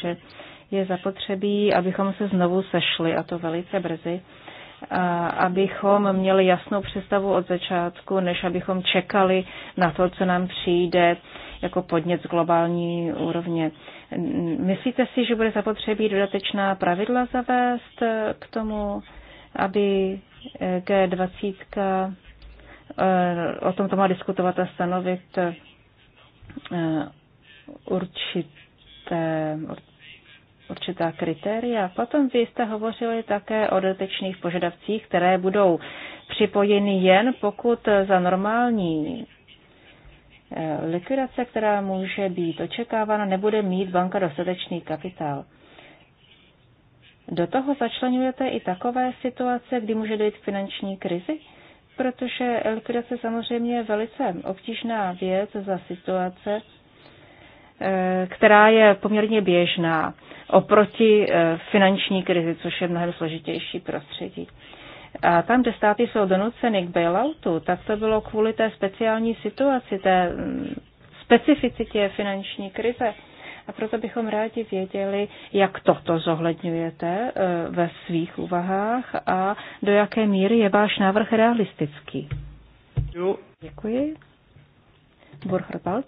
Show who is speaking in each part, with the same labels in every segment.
Speaker 1: že je zapotřebí, abychom se znovu sešli, a to velice brzy, a abychom měli jasnou představu od začátku, než abychom čekali na to, co nám přijde jako podnět z globální úrovně. Myslíte si, že bude zapotřebí dodatečná pravidla zavést k tomu, aby G20 eh, o tom to má diskutovat a stanovit eh, určitě určité, určitá kritéria. Potom vy jste hovořili také o dotečných požadavcích, které budou připojeny jen pokud za normální eh, likvidace, která může být očekávána, nebude mít banka dostatečný kapitál. Do toho začlenujete i takové situace, kdy může dojít k finanční krizi? Protože likvidace samozřejmě je velice obtížná věc za situace, Eh, která je poměrně běžná oproti eh, finanční krizi, což je mnohem složitější prostředí. A tam, kde státy jsou donuceny k bailoutu, tak to bylo kvůli té speciální situaci, té mm, specificitě finanční krize. A proto bychom rádi věděli, jak toto zohledňujete eh, ve svých úvahách a do jaké míry je váš návrh realistický. Děkuji. Burkhard Balc.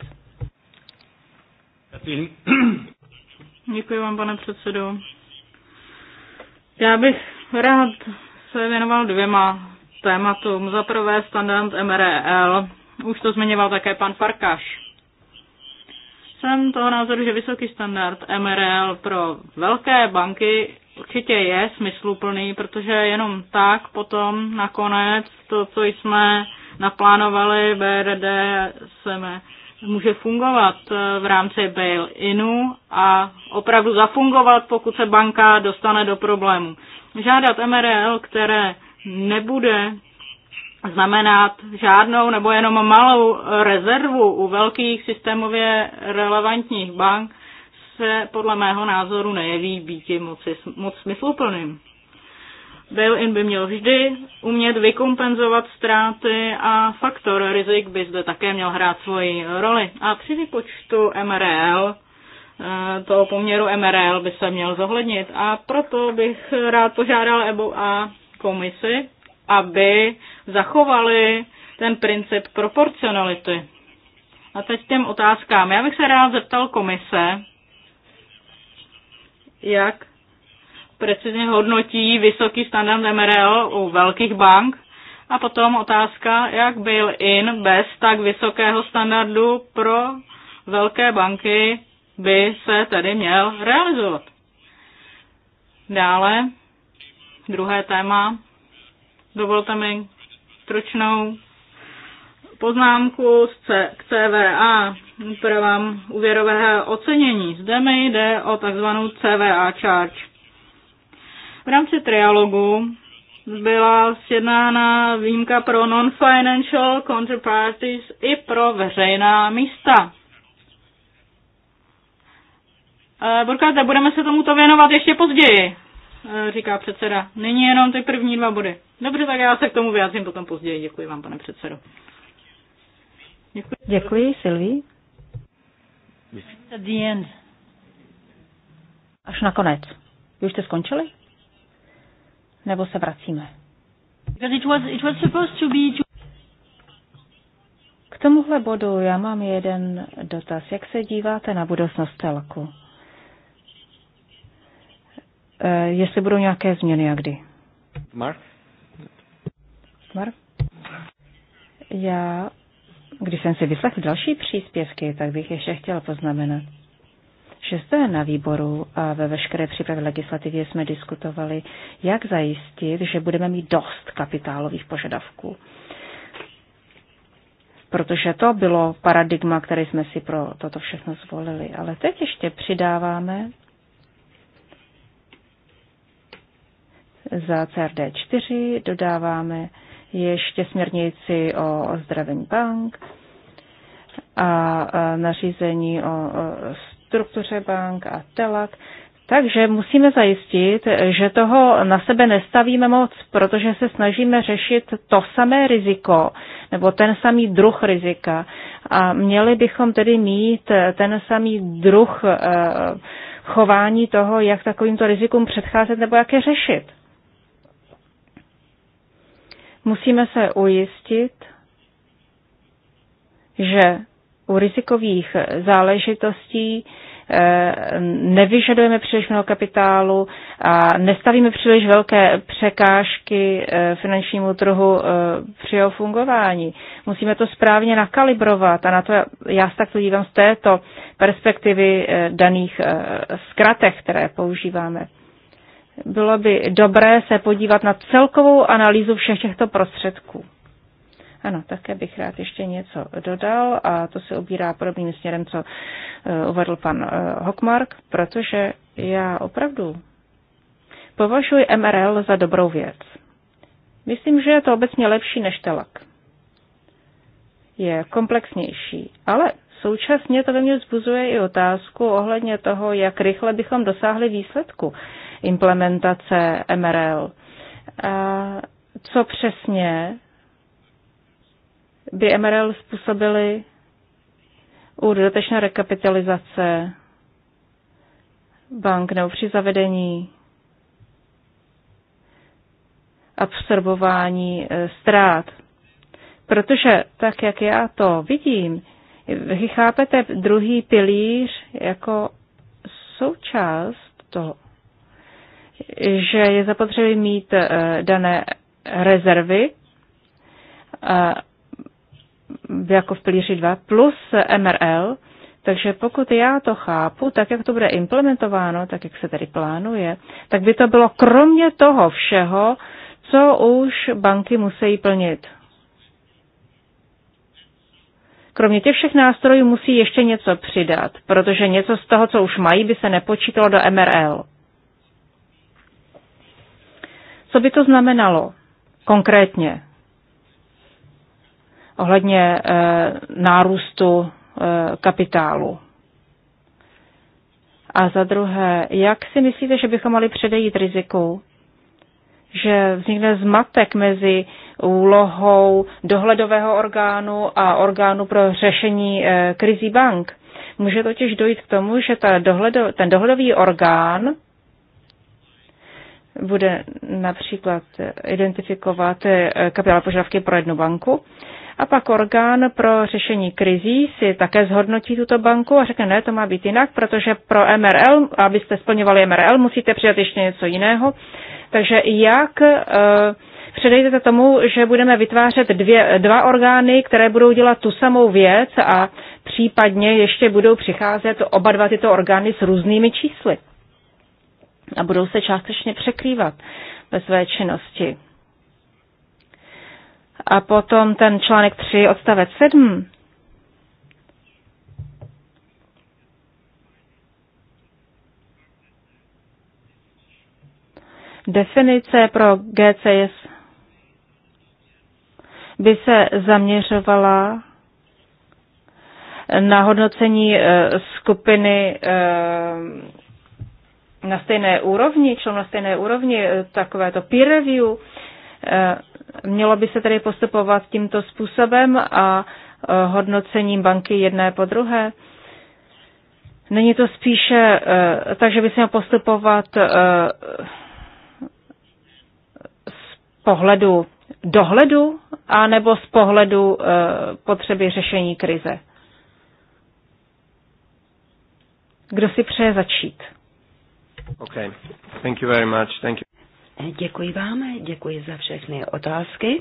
Speaker 1: Děkuji vám, pane předsedo. Já bych rád se věnoval dvěma tématům. Za prvé standard MREL. Už to zmiňoval také pan Farkaš. Jsem toho názoru, že vysoký standard MREL pro velké banky určitě je smysluplný, protože jenom tak potom nakonec to, co jsme naplánovali, BRD, jsme může fungovat eh, v rámci bail-inu a opravdu zafungovat, pokud se banka dostane do problému. Žádat MRL, které nebude znamenat žádnou nebo jenom malou rezervu u velkých systémově relevantních bank, se podle mého názoru nejeví být moc, smysluplným. Bail-in by měl vždy umět vykompenzovat ztráty a faktor rizik by zde také měl hrát svoji roli. A při výpočtu MRL, eh, toho poměru MRL by se měl zohlednit. A proto bych rád požádal ebo a komisi, aby zachovali ten princip proporcionality. A teď těm otázkám. Já bych se rád zeptal komise, jak precizně hodnotí vysoký standard MRL u velkých bank. A potom otázka, jak byl in bez tak vysokého standardu pro velké banky by se tedy měl realizovat. Dále, druhé téma, dovolte mi stručnou poznámku k CVA, úpravám úvěrového ocenění. Zde mi jde o takzvanou CVA charge. V rámci trialogu byla sjednána výjimka pro non-financial counterparties i pro veřejná místa. Eh, Burkáte, budeme se tomuto věnovat ještě později, eh, říká předseda. Nyní jenom ty první dva body. Dobře, tak já se k tomu vyjádřím potom později. Děkuji vám, pane předsedo. Děkuji, Děkuji Silví. Až nakonec. Vy už jste skončili? Nebo se vracíme? K tomuhle bodu já mám jeden dotaz. Jak se díváte na budoucnost celku? Eh, jestli budou nějaké změny a kdy? Mark? Mark? Já, když jsem si vyslechl další příspěvky, tak bych ještě chtěl poznamenat, že zde na výboru a ve veškeré přípravě legislativě jsme diskutovali, jak zajistit, že budeme mít dost kapitálových požadavků. Protože to bylo paradigma, které jsme si pro toto všechno zvolili. Ale teď ještě přidáváme za CRD 4, dodáváme ještě směrnici o ozdravení bank a nařízení o struktuře bank a telak. Takže musíme zajistit, že toho na sebe nestavíme moc, protože se snažíme řešit to samé riziko nebo ten samý druh rizika. A měli bychom tedy mít ten samý druh eh, chování toho, jak takovýmto rizikům předcházet nebo jak je řešit. Musíme se ujistit, že u rizikových záležitostí eh, nevyžadujeme příliš mnoho kapitálu a nestavíme příliš velké překážky eh, finančnímu trhu eh, při jeho fungování. Musíme to správně nakalibrovat a na to já se takto dívám z této perspektivy daných zkratek, které používáme. Bylo by dobré se podívat na celkovou analýzu všech těchto prostředků. Ano, také bych rád ještě něco dodal a to se obírá podobným směrem, co eh, uvedl pan eh, Hockmark, protože já opravdu považuji MRL za dobrou věc. Myslím, že je to obecně lepší než telak. Je komplexnější, ale současně to ve mně vzbuzuje i otázku ohledně toho, jak rychle bychom dosáhli výsledku implementace MRL. A co přesně by MRL způsobily u dodatečné rekapitalizace bank nebo při zavedení absorbování e, ztrát. Protože tak, jak já to vidím, vy chápete druhý pilíř jako součást toho, že je zapotřebí mít e, dané rezervy, jako v pilíři 2 plus MRL, takže pokud já to chápu, tak jak to bude implementováno, tak jak se tady plánuje, tak by to bylo kromě toho všeho, co už banky musí plnit. Kromě těch všech nástrojů musí ještě něco přidat, protože něco z toho, co už mají, by se nepočítalo do MRL. Co by to znamenalo konkrétně? ohledně eh, nárůstu eh, kapitálu? A za druhé, jak si myslíte, že bychom mohli předejít riziku, že vznikne zmatek mezi úlohou dohledového orgánu a orgánu pro řešení eh, krizí bank? Může totiž dojít k tomu, že ta dohledo, ten dohledový orgán bude například identifikovat kapitálové požadavky pro jednu banku a pak orgán pro řešení krizí si také zhodnotí tuto banku a řekne, ne, to má být jinak, protože pro MRL, abyste splňovali MRL, musíte přijat ještě něco jiného. Takže jak eh, předejdete tomu, že budeme vytvářet dvě, dva orgány, které budou dělat tu samou věc a případně ještě budou přicházet oba dva tyto orgány s různými čísly a budou se částečně překrývat ve své činnosti. A potom ten článek 3 odstavec 7. Definice pro GCS by se zaměřovala na hodnocení eh, skupiny eh, na stejné úrovni, člen na stejné úrovni, eh, takové to peer review, Mělo by se tedy postupovat tímto způsobem a e, hodnocením banky jedné po druhé? Není to spíše e, tak, že by se měl postupovat e, z pohledu dohledu a nebo z pohledu potřeby řešení krize? Kdo si přeje začít?
Speaker 2: Okay. Thank you very much. Thank you.
Speaker 3: Děkuji vám, děkuji za všechny otázky.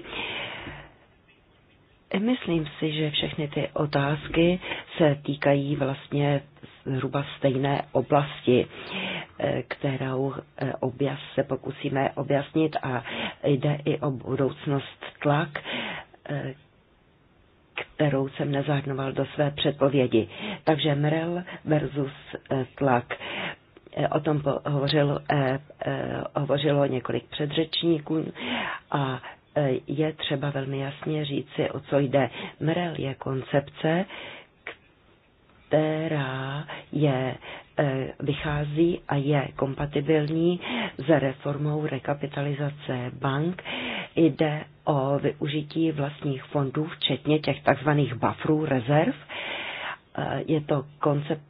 Speaker 3: Myslím si, že všechny ty otázky se týkají vlastně zhruba stejné oblasti, kterou eh, objas se pokusíme objasnit a jde i o budoucnost tlak, eh, kterou jsem nezahrnoval do své předpovědi. Takže MREL versus eh, tlak. O tom hovořilo, eh, eh, hovořilo několik předřečníků a eh, je třeba velmi jasně říci, o co jde. MREL je koncepce, která je, vychází a je kompatibilní s reformou rekapitalizace bank. Jde o využití vlastních fondů, včetně těch takzvaných bufferů, rezerv. Je to koncept,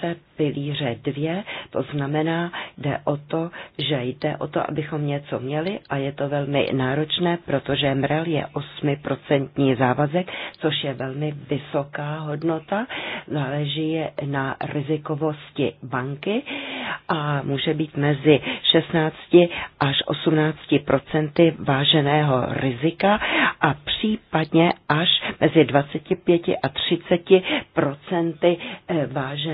Speaker 3: C pilíře 2, to znamená, jde o to, že jde o to, abychom něco měli a je to velmi náročné, protože MREL je 8% závazek, což je velmi vysoká hodnota, záleží je na rizikovosti banky a může být mezi 16 až 18% váženého rizika a případně až mezi 25 a 30% eh, váženého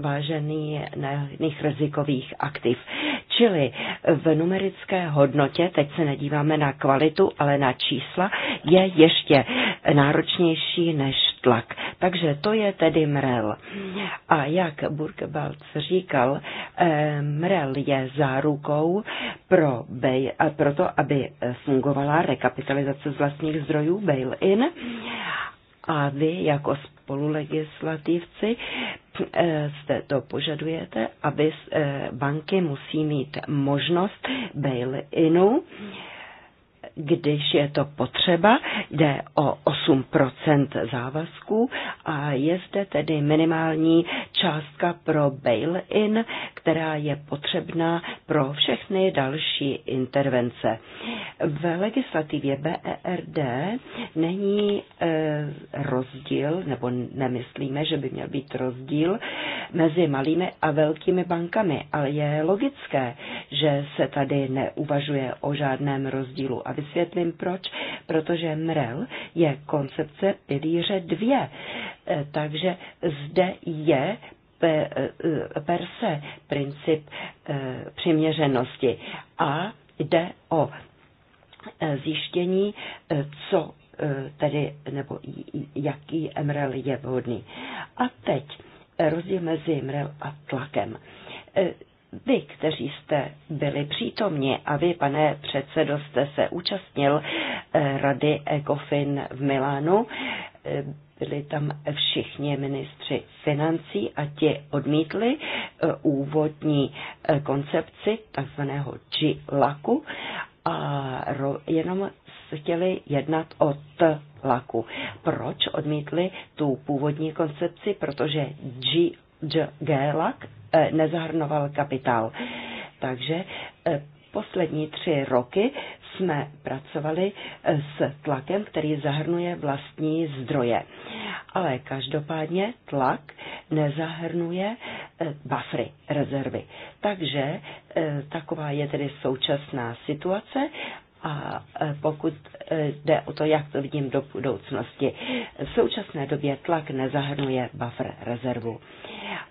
Speaker 3: vážené, jiných rizikových aktiv. Čili v numerické hodnotě, teď se nedíváme na kvalitu, ale na čísla, je ještě náročnější než tlak. Takže to je tedy MREL. A jak Burkebalc říkal, eh, MREL je zárukou pro, bail, pro to, aby fungovala rekapitalizace z vlastních zdrojů bail-in a vy jako spolulegislativci eh, jste to požadujete, aby eh, banky musí mít možnost bail-inu, když je to potřeba, jde o 8 závazků a je zde tedy minimální částka pro bail-in, která je potřebná pro všechny další intervence. V legislativě BERD není e, rozdíl, nebo nemyslíme, že by měl být rozdíl mezi malými a velkými bankami, ale je logické, že se tady neuvažuje o žádném rozdílu. A vy vysvětlím proč. Protože MREL je koncepce pilíře dvě, e, Takže zde je e, e, per se princip přiměřenosti a jde o zjištění, co tedy, nebo jaký MREL je vhodný. A teď rozdíl mezi MREL a tlakem vy, kteří jste byli přítomni a vy, pane předsedo, jste se účastnil
Speaker 4: eh,
Speaker 3: rady ECOFIN v Milánu, eh, byli tam všichni ministři financí a ti odmítli eh, úvodní koncepci takzvaného G-laku a jenom chtěli jednat o T-laku. Proč odmítli tu původní koncepci? Protože G GLAC eh, nezahrnoval kapitál. Takže eh, poslední tři roky jsme pracovali eh, s tlakem, který zahrnuje vlastní zdroje. Ale každopádně tlak nezahrnuje buffery, rezervy. Takže taková je tedy současná situace a e, pokud e, jde o to, jak to vidím do budoucnosti, v současné době tlak nezahrnuje buffer rezervu.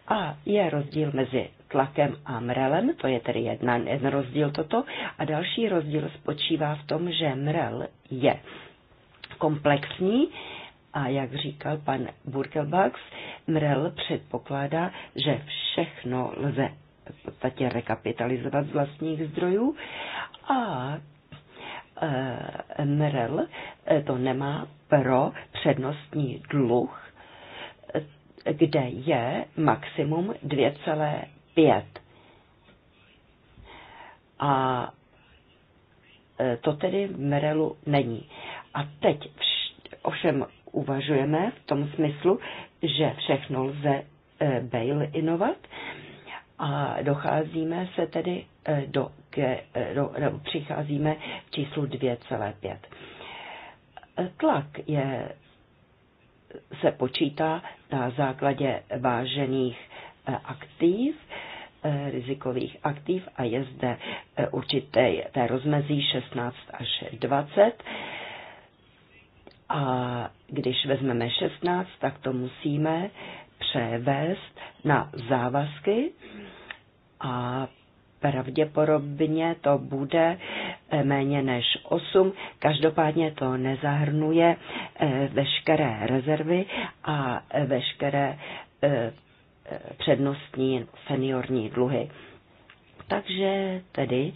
Speaker 3: A je rozdíl mezi tlakem a mrelem, to je tedy jedna, jeden rozdíl toto, a další rozdíl spočívá v tom, že mrel je komplexní, a jak říkal pan Burkelbax, Mrel předpokládá, že všechno lze v podstatě rekapitalizovat z vlastních zdrojů a Eh, MREL eh, to nemá pro přednostní dluh, eh, kde je maximum 2,5. A to tedy v MRLu není. A teď vš- ovšem uvažujeme v tom smyslu, že všechno lze bail inovat a docházíme se tedy do ke, do, no, přicházíme k číslu 2,5. Tlak je, se počítá na základě vážených eh, aktiv, eh, rizikových aktiv a je zde eh, určité té rozmezí 16 až 20. A když vezmeme 16, tak to musíme převést na závazky a pravděpodobně to bude eh, méně než 8, každopádně to nezahrnuje eh, veškeré rezervy a eh, veškeré přednostní seniorní dluhy. Takže tedy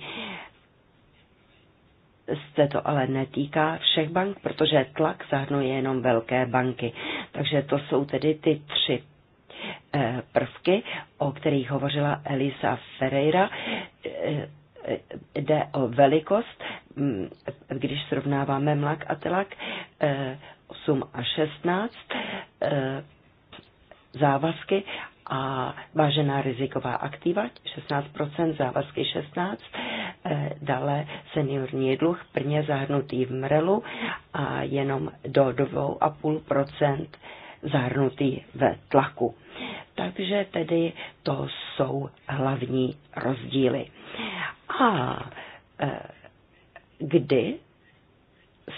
Speaker 3: se to ale netýká všech bank, protože tlak zahrnuje jenom velké banky. Takže to jsou tedy ty tři Eh, prvky, o kterých hovořila Elisa Ferreira. Eh, eh, jde o velikost, mm, když srovnáváme mlak a telak, 8 a 16 závazky a vážená riziková aktiva 16%, závazky 16, dále seniorní dluh prvně zahrnutý v MRELu a jenom do 2,5% zahrnutý ve tlaku. Takže tedy to jsou hlavní rozdíly. A e, kdy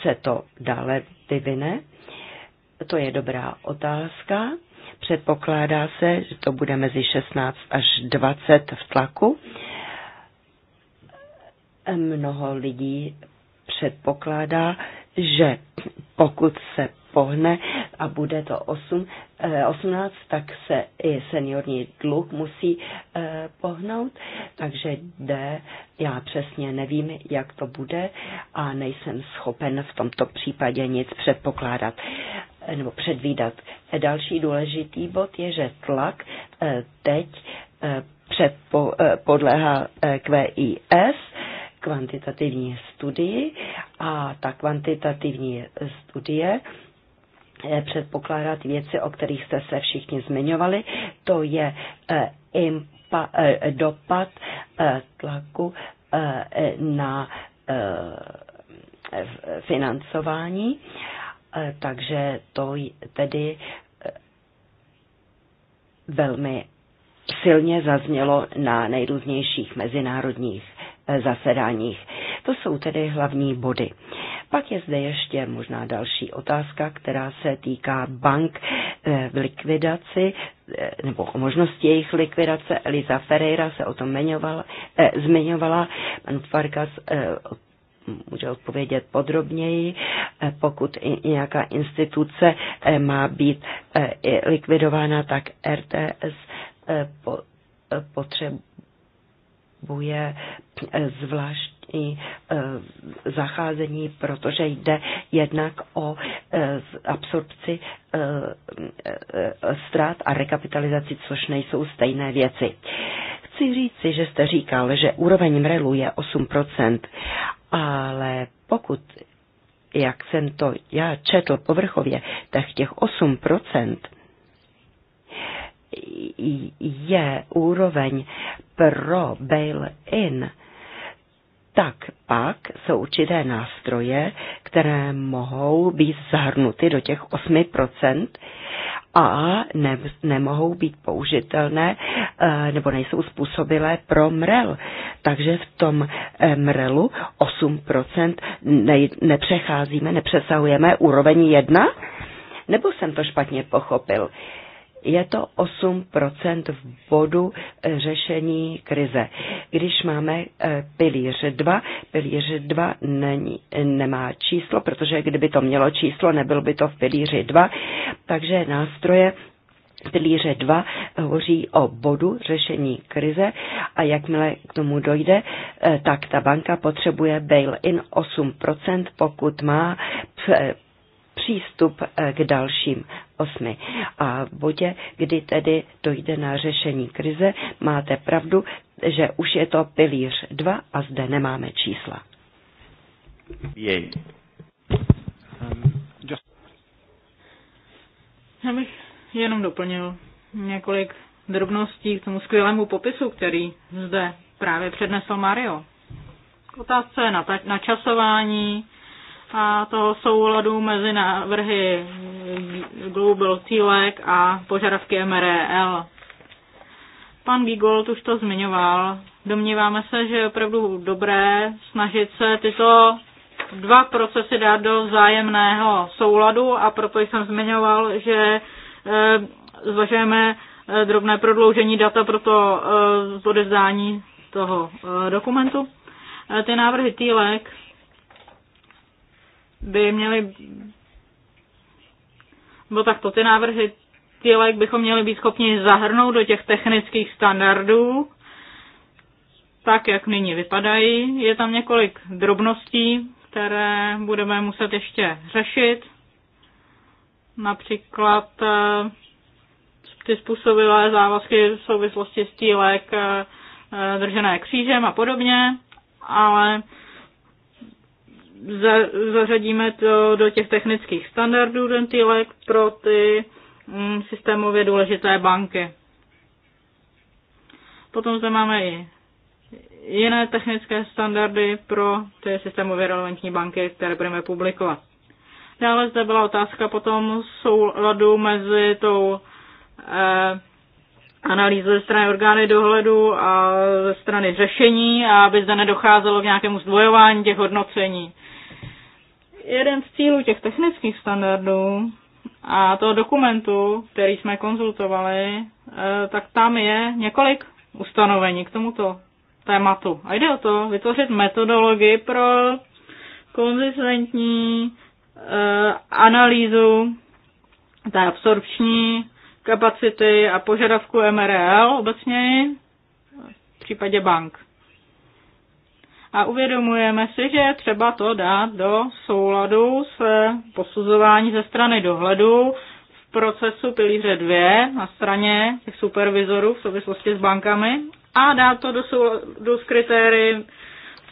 Speaker 3: se to dále vyvine? To je dobrá otázka. Předpokládá se, že to bude mezi 16 až 20 v tlaku. Mnoho lidí předpokládá, že pokud se pohne a bude to 8, 18, eh, tak se i seniorní dluh musí eh, pohnout. Takže jde, já přesně nevím, jak to bude a nejsem schopen v tomto případě nic předpokládat eh, nebo předvídat. Další důležitý bod je, že tlak teď předpo, podléhá QIS, kvantitativní studii a ta kvantitativní studie Eh, předpokládat věci, o kterých jste se všichni zmiňovali. To je eh, impa, eh, dopad tlaku na financování, takže to tedy velmi silně zaznělo na nejrůznějších mezinárodních zasedáních. To jsou tedy hlavní body. Pak je zde ještě možná další otázka, která se týká bank eh, v likvidaci eh, nebo o možnosti jejich likvidace. Eliza Ferreira se o tom jmenovala, eh, zmiňovala, pan Farkas eh, může odpovědět podrobněji, eh, pokud nějaká instituce má být likvidována, tak RTS potřebuje zvlášť zvláštní e, zacházení, protože jde jednak o e, absorpci e, ztrát a rekapitalizaci, což nejsou stejné věci. Chci říci, že jste říkal, že úroveň MRELu je 8%, ale pokud jak jsem to já četl povrchově, tak těch 8% je úroveň pro bail-in tak pak jsou určité nástroje, které mohou být zahrnuty do těch 8% a ne, nemohou být použitelné eh, nebo nejsou způsobilé pro MREL. Takže v tom eh, MRELu 8% ne, nepřecházíme, nepřesahujeme úroveň 1? Nebo jsem to špatně pochopil? Je to 8 v bodu eh, řešení krize. Když máme eh, pilíř 2, pilíř 2 není, nemá číslo, protože kdyby to mělo číslo, nebylo by to v pilíři 2, takže nástroje pilíře 2 hovoří o bodu řešení krize a jakmile k tomu dojde, eh, tak ta banka potřebuje bail-in 8%, pokud má přístup eh, k dalším osmi. A v bodě, kdy tedy dojde na řešení krize, máte pravdu, že už je to pilíř 2 a zde nemáme čísla.
Speaker 2: Jej.
Speaker 1: Já bych jenom doplnil několik drobností k tomu skvělému popisu, který zde právě přednesl Mario. K otázce na časování a toho souladu mezi návrhy Global Cílek a požadavky MREL. Pan Gigold už to zmiňoval. Domníváme se, že je opravdu dobré snažit se tyto dva procesy dát do vzájemného souladu a proto jsem zmiňoval, že eh, zvažujeme eh, drobné prodloužení data pro to eh, odevzdání toho dokumentu. Ty návrhy TILEK by měly, tak takto ty návrhy lék bychom měli být schopni zahrnout do těch technických standardů, tak jak nyní vypadají. Je tam několik drobností, které budeme muset ještě řešit. Například eh, ty způsobilé závazky v souvislosti s tílek eh, eh, držené křížem a podobně, ale zařadíme to do těch technických standardů dentilek pro ty mm, systémově důležité banky. Potom zde máme i jiné technické standardy pro ty systémově relevantní banky, které budeme publikovat. Dále zde byla otázka potom souladu mezi tou eh, analýzou ze strany orgány dohledu a ze strany řešení, aby zde nedocházelo k nějakému zdvojování těch hodnocení jeden z cílů těch technických standardů a toho dokumentu, který jsme konzultovali, eh, tak tam je několik ustanovení k tomuto tématu. A jde o to vytvořit metodologii pro konzistentní eh, analýzu té absorpční kapacity a požadavku MRL obecně v případě bank a uvědomujeme si, že je třeba to dát do souladu s posuzování ze strany dohledu v procesu pilíře 2 na straně těch supervizorů v souvislosti s bankami a dát to do souladu s kritérii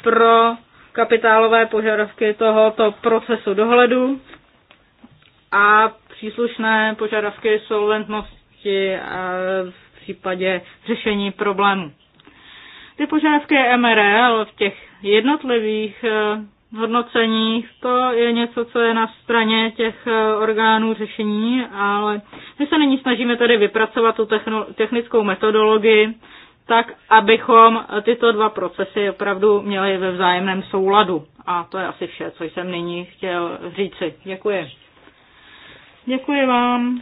Speaker 1: pro kapitálové požadavky tohoto procesu dohledu a příslušné požadavky solventnosti eh, v případě řešení problémů. Ty požadavky MRL v těch jednotlivých eh, hodnoceních, to je něco, co je na straně těch eh, orgánů řešení, ale my se nyní snažíme tady vypracovat tu technickou metodologii, tak abychom tyto dva procesy opravdu měli ve vzájemném souladu. A to je asi vše, co jsem nyní chtěl říci. Děkuji. Děkuji vám.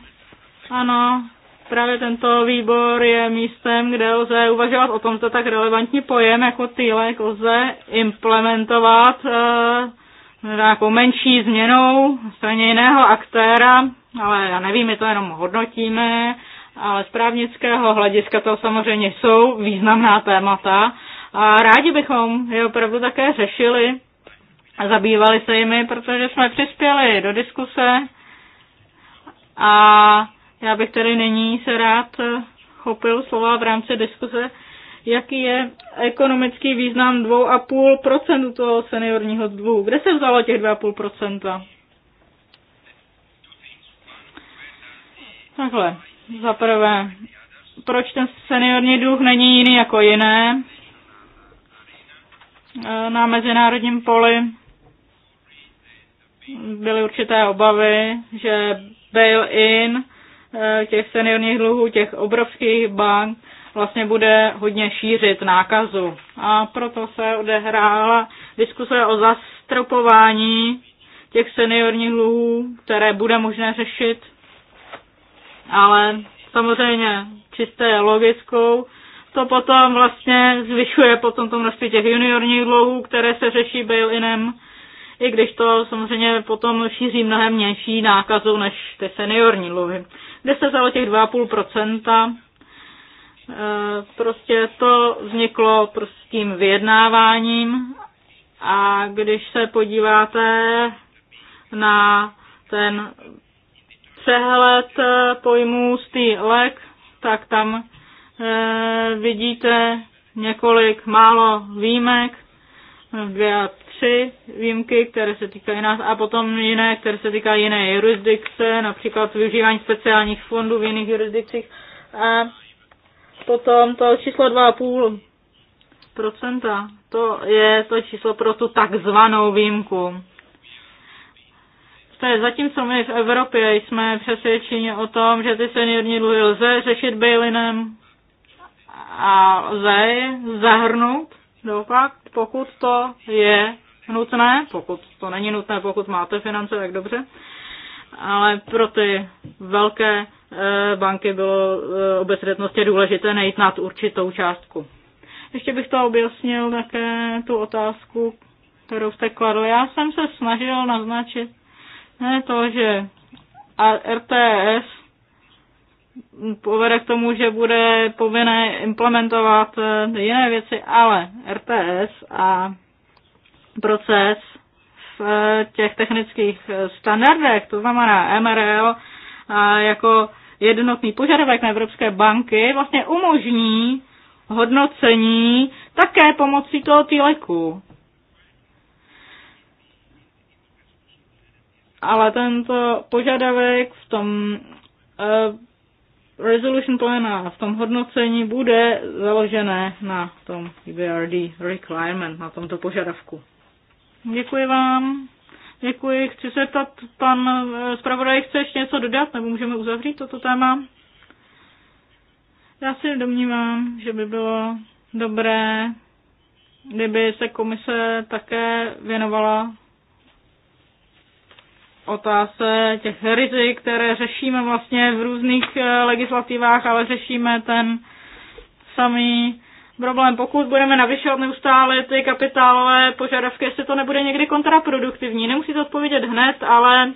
Speaker 1: Ano, Právě tento výbor je místem, kde lze uvažovat o tomto tak relevantní pojem jako týlek, lze implementovat e, eh, nějakou menší změnou straně jiného aktéra, ale já nevím, my to jenom hodnotíme, ale z právnického hlediska to samozřejmě jsou významná témata a rádi bychom je opravdu také řešili a zabývali se jimi, protože jsme přispěli do diskuse a já bych tedy nyní se rád eh, chopil slova v rámci diskuze, jaký je ekonomický význam 2,5% toho seniorního dluhu. Kde se vzalo těch 2,5%? Takhle, za prvé, proč ten seniorní dluh není jiný jako jiné eh, na mezinárodním poli? Byly určité obavy, že bail-in Eh, těch seniorních dluhů, těch obrovských bank, vlastně bude hodně šířit nákazu. A proto se odehrála diskuse o zastropování těch seniorních dluhů, které bude možné řešit. Ale samozřejmě čisté logickou, to potom vlastně zvyšuje potom to množství těch juniorních dluhů, které se řeší bail-inem i když to samozřejmě potom šíří mnohem menší nákazu než ty seniorní dluhy. Kde se vzalo těch 2,5%? E, prostě to vzniklo prostě tím vyjednáváním a když se podíváte na ten přehled pojmů z té lek, tak tam e, vidíte několik málo výjimek, 2, tři výjimky, které se týkají nás, a potom jiné, které se týkají jiné jurisdikce, například využívání speciálních fondů v jiných jurisdikcích. A potom to číslo 2,5 procenta, to je to číslo pro tu takzvanou výjimku. To je zatímco my v Evropě jsme přesvědčeni o tom, že ty seniorní dluhy lze řešit bailinem a lze zahrnout do pokud to je nutné, pokud to není nutné, pokud máte finance, tak dobře, ale pro ty velké eh, banky bylo eh, obezřetnostně důležité nejít nad určitou částku. Ještě bych to objasnil také tu otázku, kterou jste kladl. Já jsem se snažil naznačit ne to, že RTS povede k tomu, že bude povinné implementovat eh, jiné věci, ale RTS a proces v eh, těch technických standardech, to znamená MRL, jako jednotný požadavek na Evropské banky vlastně umožní hodnocení také pomocí toho týleku. Ale tento požadavek v tom uh, resolution a v tom hodnocení bude založené na tom e BRD requirement, na tomto požadavku. Děkuji vám. Děkuji. Chci se ptat, pan eh, zpravodaj chce ještě něco dodat, nebo můžeme uzavřít toto téma? Já si domnívám, že by bylo dobré, kdyby se komise také věnovala otázce těch rizik, které řešíme vlastně v různých eh, legislativách, ale řešíme ten samý problém. Pokud budeme navyšovat neustále ty kapitálové požadavky, jestli to nebude někdy kontraproduktivní. Nemusí to odpovědět hned, ale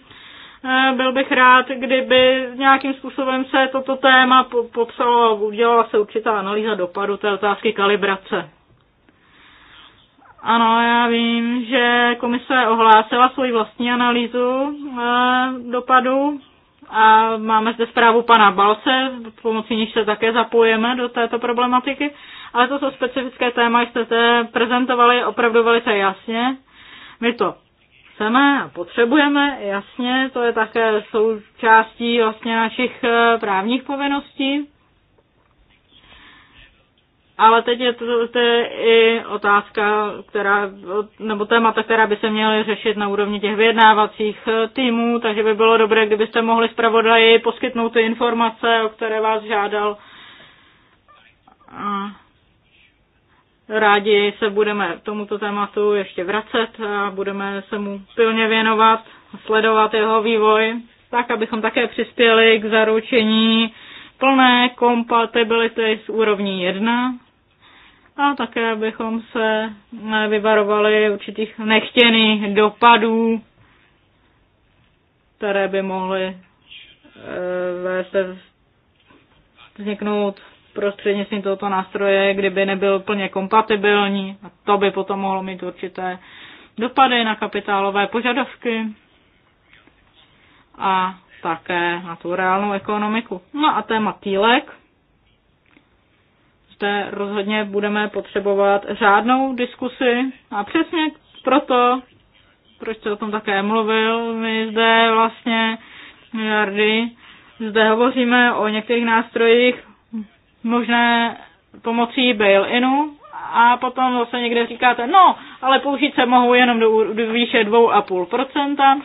Speaker 1: eh, byl bych rád, kdyby nějakým způsobem se toto téma popsalo a udělala se určitá analýza dopadu té otázky kalibrace. Ano, já vím, že komise ohlásila svoji vlastní analýzu eh, dopadu a máme zde zprávu pana Balce, pomocí níž se také zapojeme do této problematiky. Ale toto specifické téma jste zde prezentovali opravdu velice jasně. My to chceme a potřebujeme, jasně, to je také součástí vlastně našich eh, právních povinností. Ale teď je to, to je i otázka, která, nebo témata, která by se měly řešit na úrovni těch vyjednávacích eh, týmů, takže by bylo dobré, kdybyste mohli zpravodaji poskytnout ty informace, o které vás žádal. A rádi se budeme tomuto tématu ještě vracet a budeme se mu pilně věnovat, sledovat jeho vývoj, tak abychom také přispěli k zaručení plné kompatibility s úrovní 1 a také abychom se eh, vyvarovali určitých nechtěných dopadů, které by mohly eh, eh, vzniknout prostřednictvím tohoto nástroje, kdyby nebyl plně kompatibilní a to by potom mohlo mít určité dopady na kapitálové požadavky a také na tu reálnou ekonomiku. No a téma týlek zde rozhodně budeme potřebovat řádnou diskusi a přesně proto, proč se o tom také mluvil, my zde vlastně miliardy, zde hovoříme o některých nástrojích možné pomocí bail-inu a potom zase někde říkáte, no, ale použít se mohou jenom do, do výše 2,5%.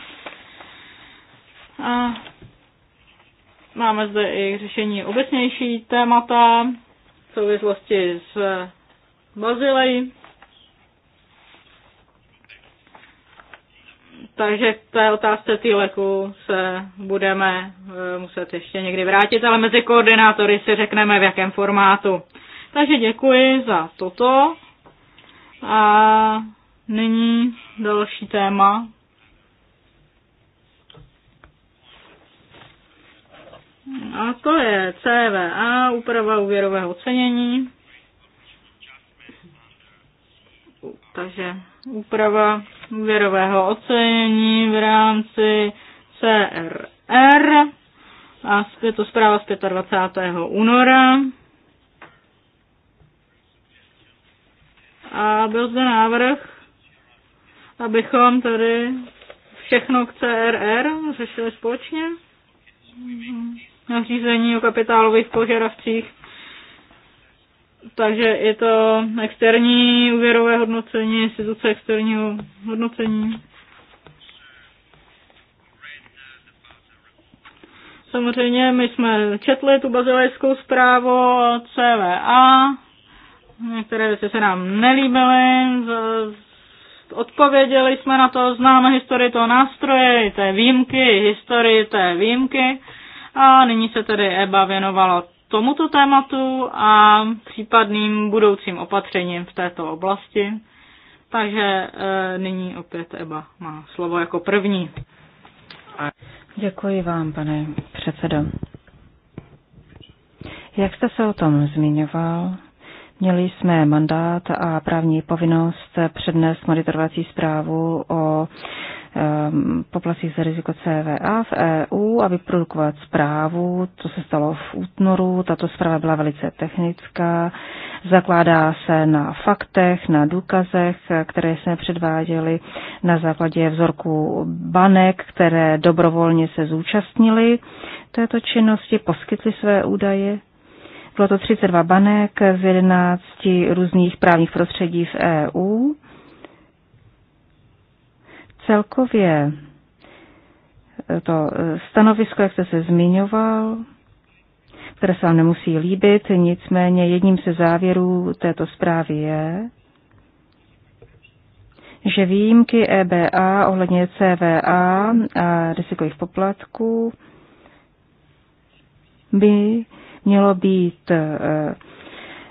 Speaker 1: A máme zde i řešení obecnější témata, souvislosti s Bazilejí. Takže k té otázce týleku se budeme eh, muset ještě někdy vrátit, ale mezi koordinátory si řekneme, v jakém formátu. Takže děkuji za toto. A nyní další téma. A to je CVA, úprava úvěrového ocenění. Takže úprava úvěrového ocenění v rámci CRR. A je to zpráva z 25. února. A byl zde návrh, abychom tady všechno k CRR řešili společně. Mm-hmm nařízení o kapitálových požadavcích. Takže je to externí úvěrové hodnocení, instituce externího hodnocení. Samozřejmě my jsme četli tu bazilejskou zprávu CVA, některé věci se nám nelíbily, odpověděli jsme na to, známe historii toho nástroje, té výjimky, historii té výjimky a nyní se tedy EBA věnovala tomuto tématu a případným budoucím opatřením v této oblasti. Takže e, nyní opět EBA má slovo jako první. Děkuji vám, pane předsedo. Jak jste se o tom zmiňoval, měli jsme mandát a právní povinnost přednést monitorovací zprávu o Ehm, poplacích za riziko CVA v EU a vyprodukovat e zprávu. To se stalo v útnoru. Tato zpráva byla velice technická. Zakládá se na faktech, na důkazech, které jsme předváděli na základě vzorku banek, které dobrovolně se zúčastnili této činnosti, poskytli své údaje. Bylo to 32 banek z 11 různých právních prostředí v EU Celkově eh, to eh, stanovisko, jak jste se zmiňoval, které se vám nemusí líbit, nicméně jedním ze závěrů této zprávy je, že výjimky EBA ohledně CVA a rizikových poplatků by mělo být eh,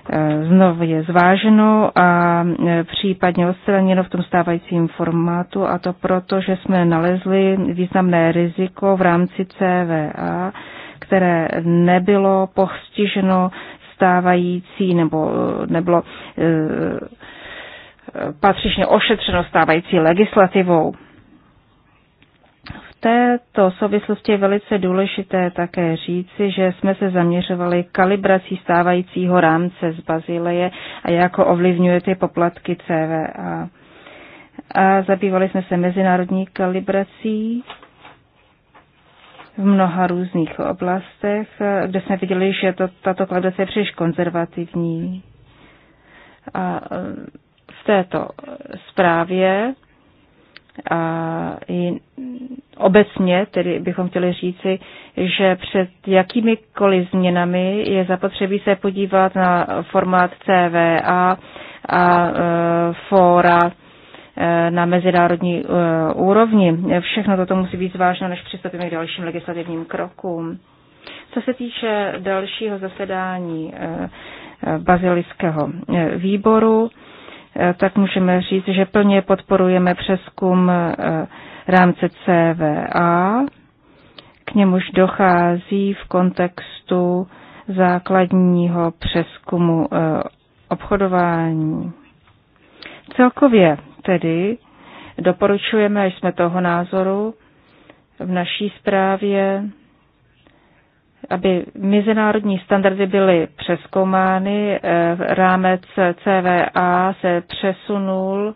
Speaker 1: Eh, znovu je zváženo a eh, případně odstraněno v tom stávajícím formátu a to proto, že jsme nalezli významné riziko v rámci CVA, které nebylo postiženo stávající nebo eh, nebylo patřičně ošetřeno stávající legislativou této souvislosti je velice důležité také říci, že jsme se zaměřovali kalibrací stávajícího rámce z Bazileje a jako ovlivňuje ty poplatky CVA. A zabývali jsme se mezinárodní kalibrací v mnoha různých oblastech, kde jsme viděli, že to, tato kalibrace je příliš konzervativní. A v této zprávě a i obecně tedy bychom chtěli říci, že před jakýmikoliv změnami je zapotřebí se podívat na formát CVA a e, fóra e, na mezinárodní e, úrovni. Všechno toto musí být zváženo, než přistoupíme k dalším legislativním krokům. Co se týče dalšího zasedání e, bazilického výboru, Eh, tak můžeme říct, že plně podporujeme přeskum eh, rámce CVA. K němuž dochází v kontextu základního přeskumu eh, obchodování. Celkově tedy doporučujeme, až jsme toho názoru, v naší zprávě aby mezinárodní standardy byly přeskoumány, eh, rámec CVA se přesunul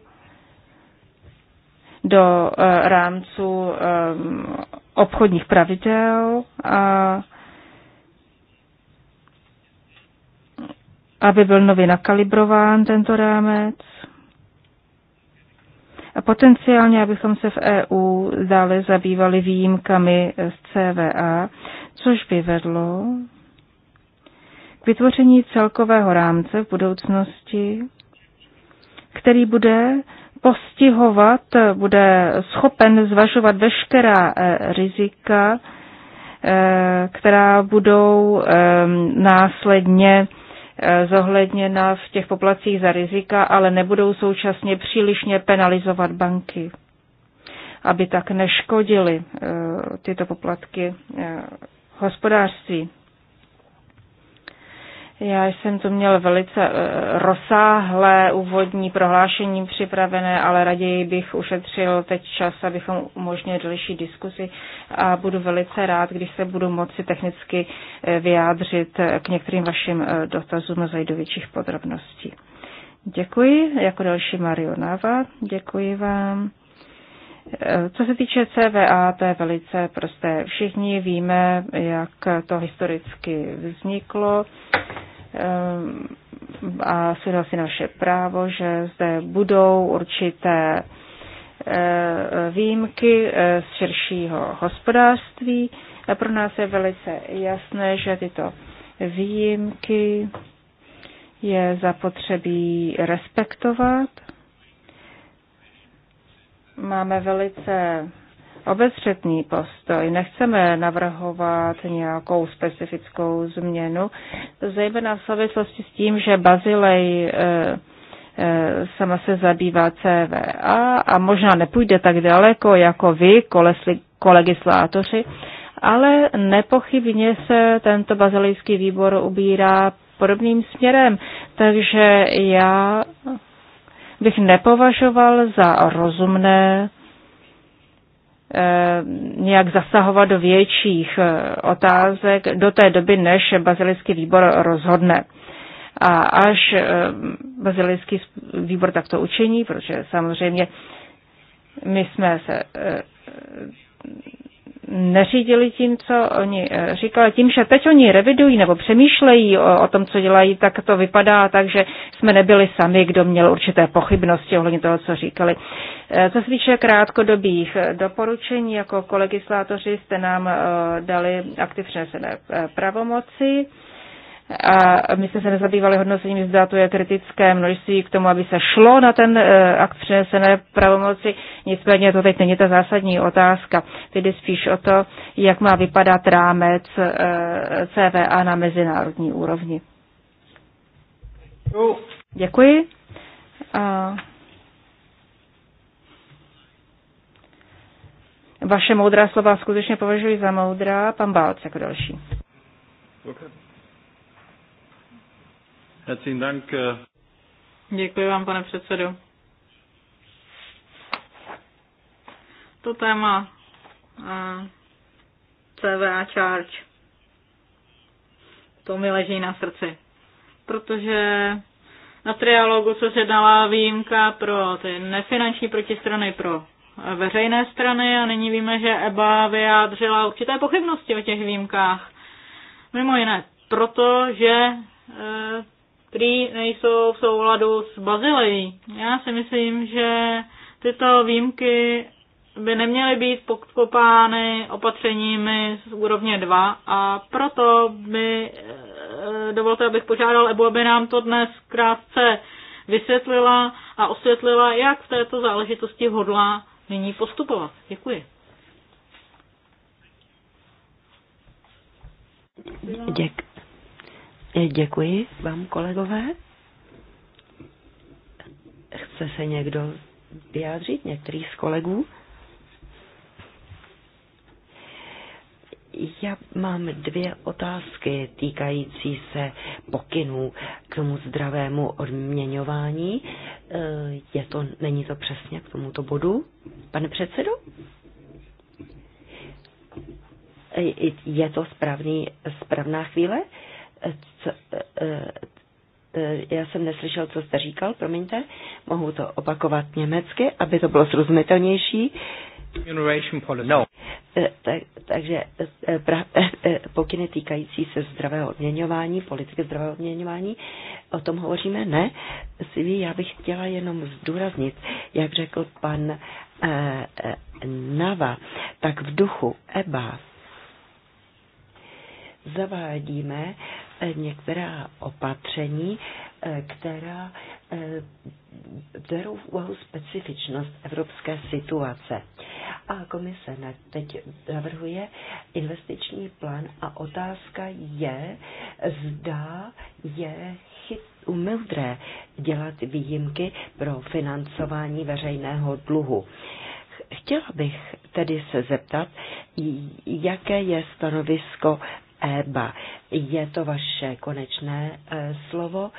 Speaker 1: do eh, rámců eh, obchodních pravidel a aby byl nově nakalibrován tento rámec a potenciálně, abychom se v EU dále zabývali výjimkami z CVA což by vedlo k vytvoření celkového rámce v budoucnosti, který bude postihovat, bude schopen zvažovat veškerá eh, rizika, eh, která budou ehm, následně eh, zohledněna v těch poplacích za rizika, ale nebudou současně přílišně penalizovat banky, aby tak neškodily tyto poplatky hospodářství. Já jsem tu měl velice eh, rozsáhlé úvodní prohlášení připravené, ale raději bych ušetřil teď čas, abychom umožnili další diskusi a budu velice rád, když se budu moci technicky eh, vyjádřit eh, k některým vašim dotazům a do větších podrobností. Děkuji, jako další Marionava. děkuji vám. Co se týče CVA, to je velice prosté. Všichni víme, jak to historicky vzniklo ehm, a souhlasí naše právo, že zde budou určité eh, výjimky eh, z širšího hospodářství. A pro nás je velice jasné, že tyto výjimky je zapotřebí respektovat máme velice obezřetný postoj. Nechceme navrhovat nějakou specifickou změnu, zejména v souvislosti s tím, že Bazilej eh, eh, sama se zabývá CVA a možná nepůjde tak daleko jako vy, kolegislátoři, ale nepochybně se tento bazilejský výbor ubírá podobným směrem. Takže já bych nepovažoval za rozumné eh, nějak zasahovat do větších eh, otázek do té doby, než bazilický výbor rozhodne. A až eh, bazilický výbor takto učiní, protože samozřejmě my jsme se neřídili tím, co oni eh, říkali. Tím, že teď oni revidují nebo přemýšlejí o, o tom, co dělají, tak to vypadá tak, že jsme nebyli sami, kdo měl určité pochybnosti ohledně toho, co říkali. Eh, co se týče krátkodobých eh, doporučení, jako kolegislátoři jste nám dali aktivně pravomoci a my jsme se nezabývali hodnocením, zda to je kritické množství k tomu, aby se šlo na ten e, akt přenesené pravomoci. Nicméně to teď není ta zásadní otázka. Tedy spíš o to, jak má vypadat rámec e, CVA na mezinárodní úrovni. Děkuji. A... Vaše moudrá slova skutečně považuji za moudrá. Pan Bálc jako další.
Speaker 2: Okay. Herzlichen Dank. Eh.
Speaker 1: Děkuji vám, pane předsedo. To téma eh, CVA Charge. To mi leží na srdci. Protože na triálogu se sjednala výjimka pro ty nefinanční protistrany pro veřejné strany a nyní víme, že EBA vyjádřila určité pochybnosti o těch výjimkách. Mimo jiné, protože eh, prý nejsou v souladu s Bazilejí. Já si myslím, že tyto výjimky by neměly být pokopány opatřeními z úrovně 2 a proto by, eh, dovolte, abych požádal Ebu, aby nám to dnes krátce vysvětlila a osvětlila, jak v této záležitosti hodlá nyní postupovat. Děkuji. Děkuji.
Speaker 3: E, děkuji vám, kolegové. Chce se někdo vyjádřit, některý z kolegů? Já mám dvě otázky týkající se pokynů k tomu zdravému odměňování. E, je to, není to přesně k tomuto bodu? Pane předsedo? E, je to správný, správná chvíle? E, e, já jsem neslyšel, co jste říkal, promiňte, mohu to opakovat německy, aby to bylo srozumitelnější. No. E, tak, takže pra, pokyny týkající se zdravého odměňování, politiky zdravého odměňování, o tom hovoříme? Ne. Siví, já bych chtěla jenom zdůraznit, jak řekl pan eh, Nava, tak v duchu EBA zavádíme eh, Eh, některá opatření, eh, která eh, berou v úvahu specifičnost evropské situace. A komise teď navrhuje investiční plán a otázka je, zda je chyt, umildré dělat výjimky pro financování veřejného dluhu. Chtěla bych tedy se zeptat, jaké je stanovisko EBA. Je to vaše konečné e, slovo?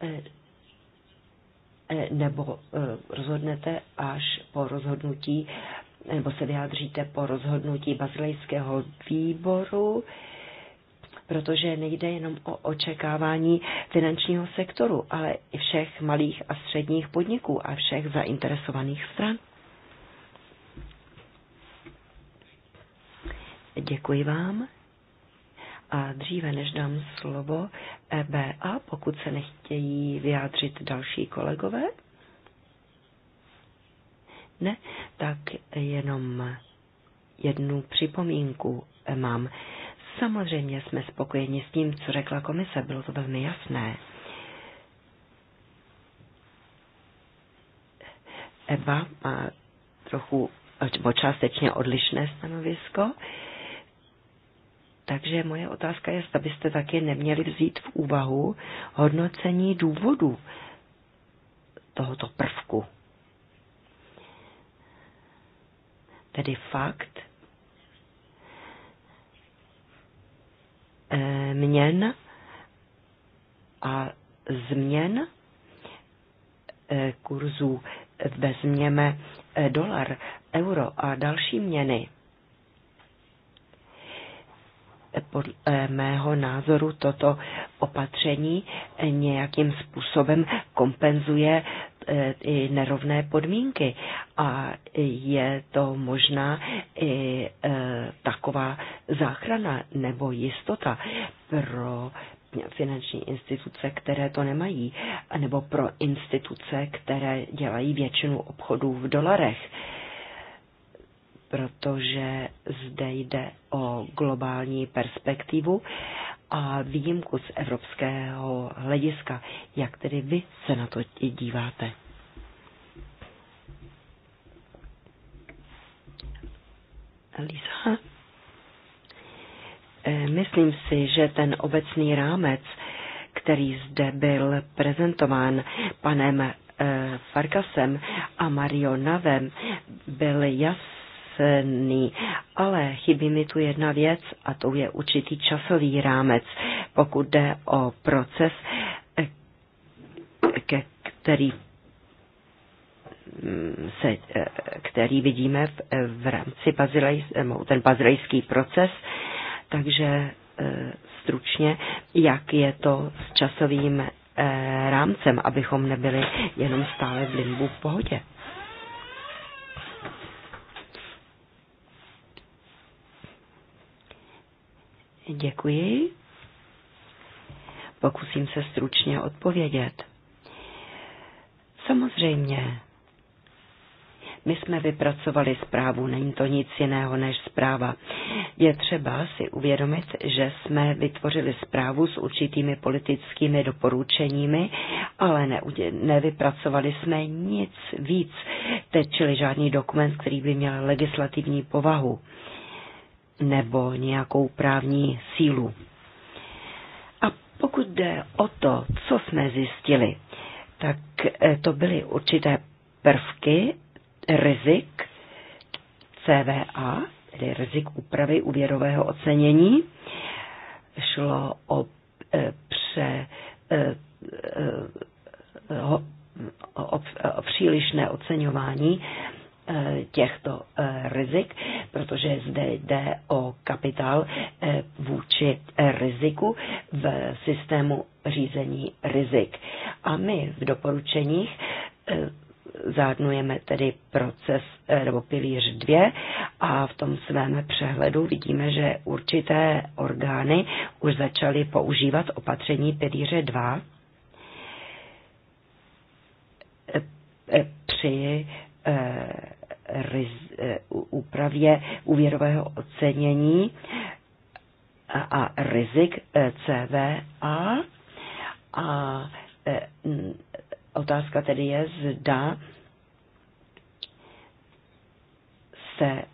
Speaker 3: E, e, nebo rozhodnete až po rozhodnutí, nebo se vyjádříte po rozhodnutí bazilejského výboru, protože nejde jenom o očekávání finančního sektoru, ale i všech malých a středních podniků a všech zainteresovaných stran. Děkuji vám. A dříve než dám slovo EBA, pokud se nechtějí vyjádřit další kolegové, ne, tak jenom jednu připomínku mám. Samozřejmě jsme spokojeni s tím, co řekla komise, bylo to velmi jasné. EBA má trochu, nebo částečně odlišné stanovisko. Eh, takže moje otázka je, zda byste taky neměli vzít v úvahu hodnocení důvodu tohoto prvku. Tedy fakt eh, měn a změn eh, kurzů. Vezměme eh, dolar, euro a další měny podle mého názoru toto opatření nějakým způsobem kompenzuje e, i nerovné podmínky a je to možná i e, taková záchrana nebo jistota pro finanční instituce, které to nemají, nebo pro instituce, které dělají většinu obchodů v dolarech protože zde jde o globální perspektivu a výjimku z evropského hlediska. Jak tedy vy se na to díváte? Lisa? Eh, myslím si, že ten obecný rámec, který zde byl prezentován panem eh, Farkasem a Mario Navem, byl jasný jasný, ale chybí mi tu jedna věc a to je určitý časový rámec, pokud jde o proces, ke který mm, se, e, který vidíme v, e, v rámci bazilej, ten bazilejský proces, takže e, stručně, jak je to s časovým rámcem, abychom nebyli jenom stále v limbu v pohodě. Děkuji. Pokusím se stručně odpovědět. Samozřejmě, my jsme vypracovali zprávu, není to nic jiného než zpráva. Je třeba si uvědomit, že jsme vytvořili zprávu s určitými politickými doporučeními, ale ne, nevypracovali jsme nic víc, teď čili žádný dokument, který by měl legislativní povahu. Uh, nebo nějakou právní sílu. A pokud jde o to, co jsme zjistili, tak eh, to byly určité prvky rizik CVA, tedy rizik úpravy úvěrového ocenění. Šlo o eh, pře, eh, o, o, o přílišné oceňování Eh, těchto eh, rizik, protože zde jde o kapitál eh, vůči riziku v systému řízení rizik. A my v doporučeních zahrnujeme tedy proces nebo pilíř 2 a v tom svém přehledu vidíme, že určité orgány už začaly používat opatření pilíře 2 při Eh, úpravě úvěrového ocenění a rizik eh, CVA. A eh, otázka tedy je, zda se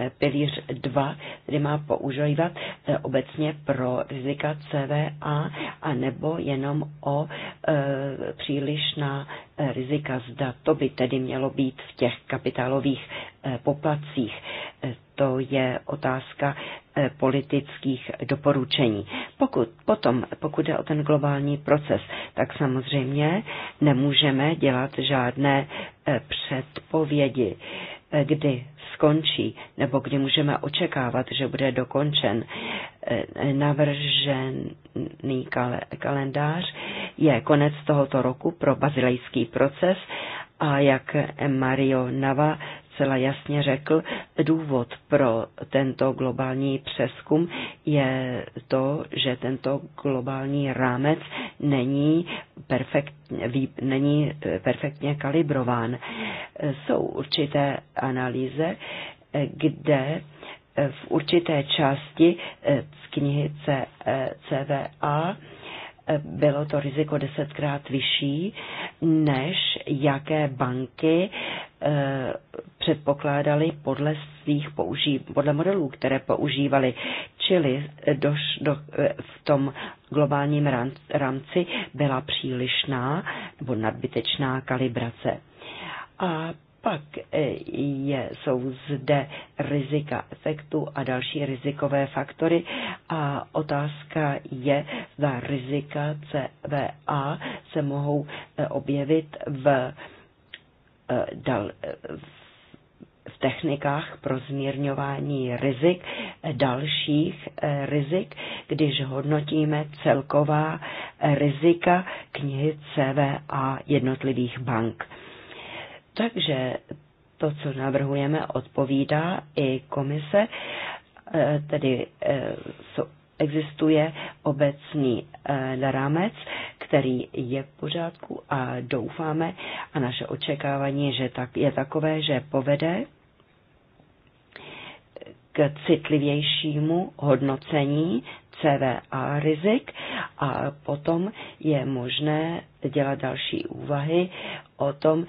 Speaker 3: Eh, pilíř 2, který má používat eh, obecně pro rizika CVA a nebo jenom o eh, přílišná rizika zda. To by tedy mělo být v těch kapitálových poplacích. To je otázka politických doporučení. Pokud, potom, pokud jde o ten globální proces, tak samozřejmě nemůžeme dělat žádné předpovědi Eh, kdy skončí, nebo kdy můžeme očekávat, že bude dokončen eh, navržený kalendář, je konec tohoto roku pro bazilejský proces a jak Mario Nava zcela jasně řekl, důvod pro tento globální přeskum je to, že tento globální rámec není, perfekt, není eh, perfektně kalibrován. Jsou určité analýze, eh, kde eh, v určité části z knihy CVA bylo to riziko desetkrát vyšší, než jaké banky eh, předpokládali podle svých použí, podle modelů, které používali. Čili doš, do, eh, v tom globálním rámci byla přílišná nebo nadbytečná kalibrace. A pak eh, je, jsou zde rizika efektu a další rizikové faktory a otázka je, zda rizika CVA se mohou eh, objevit v, eh, v technikách pro zmírňování rizik, dalších rizik, když hodnotíme celková rizika knihy CVA jednotlivých bank takže to, co navrhujeme, odpovídá i komise, e, tedy e, existuje obecný e, rámec, který je v pořádku a doufáme a naše očekávání že tak, je takové, že povede k citlivějšímu hodnocení CVA rizik a potom je možné dělat další úvahy o tom,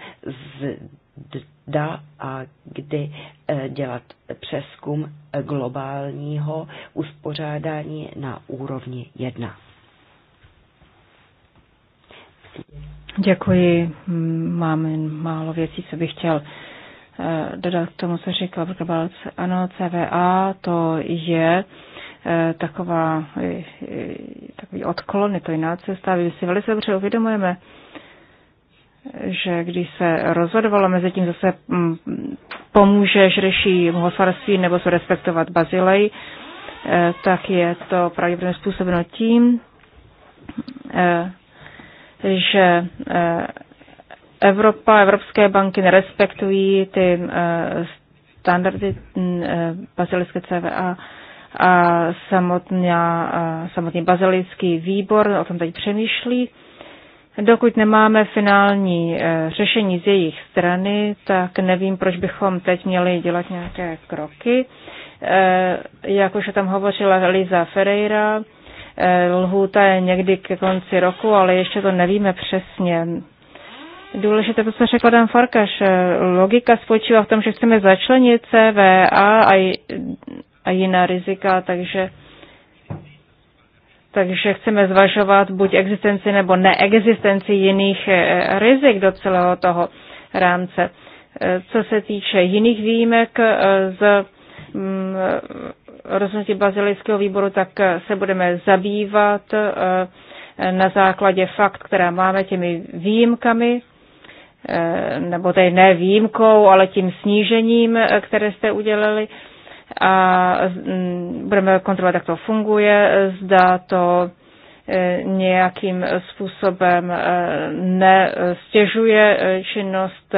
Speaker 3: zda a kdy eh, dělat přeskum globálního uspořádání na úrovni 1.
Speaker 1: Děkuji. Mám jen málo věcí, co bych chtěl eh, dodat k tomu, co říkal Brkabalc. Ano, CVA to je eh, taková, takový odklon, je to jiná cesta. My si velice dobře uvědomujeme, že když se rozhodovalo mezi tím zase mm, pomůžeš řeší mohosvarství nebo se respektovat Bazilej, eh, tak je to pravděpodobně způsobeno tím, eh, že eh, Evropa, evropské banky nerespektují ty standardy mm, bazilické CVA a samotný bazilický výbor o tom teď přemýšlí. Dokud nemáme finální eh, řešení z jejich strany, tak nevím, proč bychom teď měli dělat nějaké kroky. Eh, jak už tam hovořila Liza Ferreira, eh, lhůta je někdy ke konci roku, ale ještě to nevíme přesně. Důležité to, co řekl Dan Farkaš, logika spočívá v tom, že chceme začlenit CVA a jiná rizika, takže takže chceme zvažovat buď existenci nebo neexistenci jiných eh, rizik do celého toho rámce. Eh, co se týče jiných výjimek eh, z mm, rozhodnutí bazilického výboru, tak se budeme zabývat na základě fakt, která máme těmi výjimkami, nebo tedy ne výjimkou, ale tím snížením, které jste udělali a mm, budeme kontrolovat, jak to funguje, zda to e, nějakým způsobem e, nestěžuje e, činnost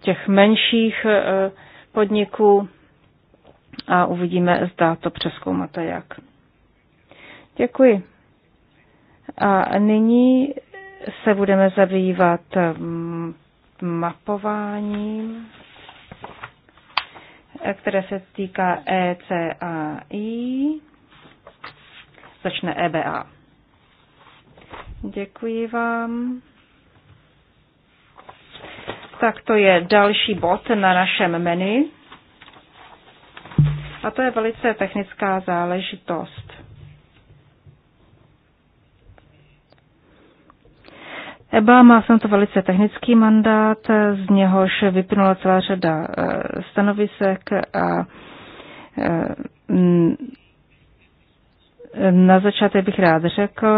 Speaker 1: těch menších podniků a uvidíme, zda to přeskoumáte jak. Děkuji. A nyní se budeme zabývat mapováním které se týká ECAI. Začne EBA. Děkuji vám. Tak to je další bod na našem menu. A to je velice technická záležitost. EBA má v tomto velice technický mandát, z něhož vyplynula celá řada eh, stanovisek a eh, na začátek bych rád řekl,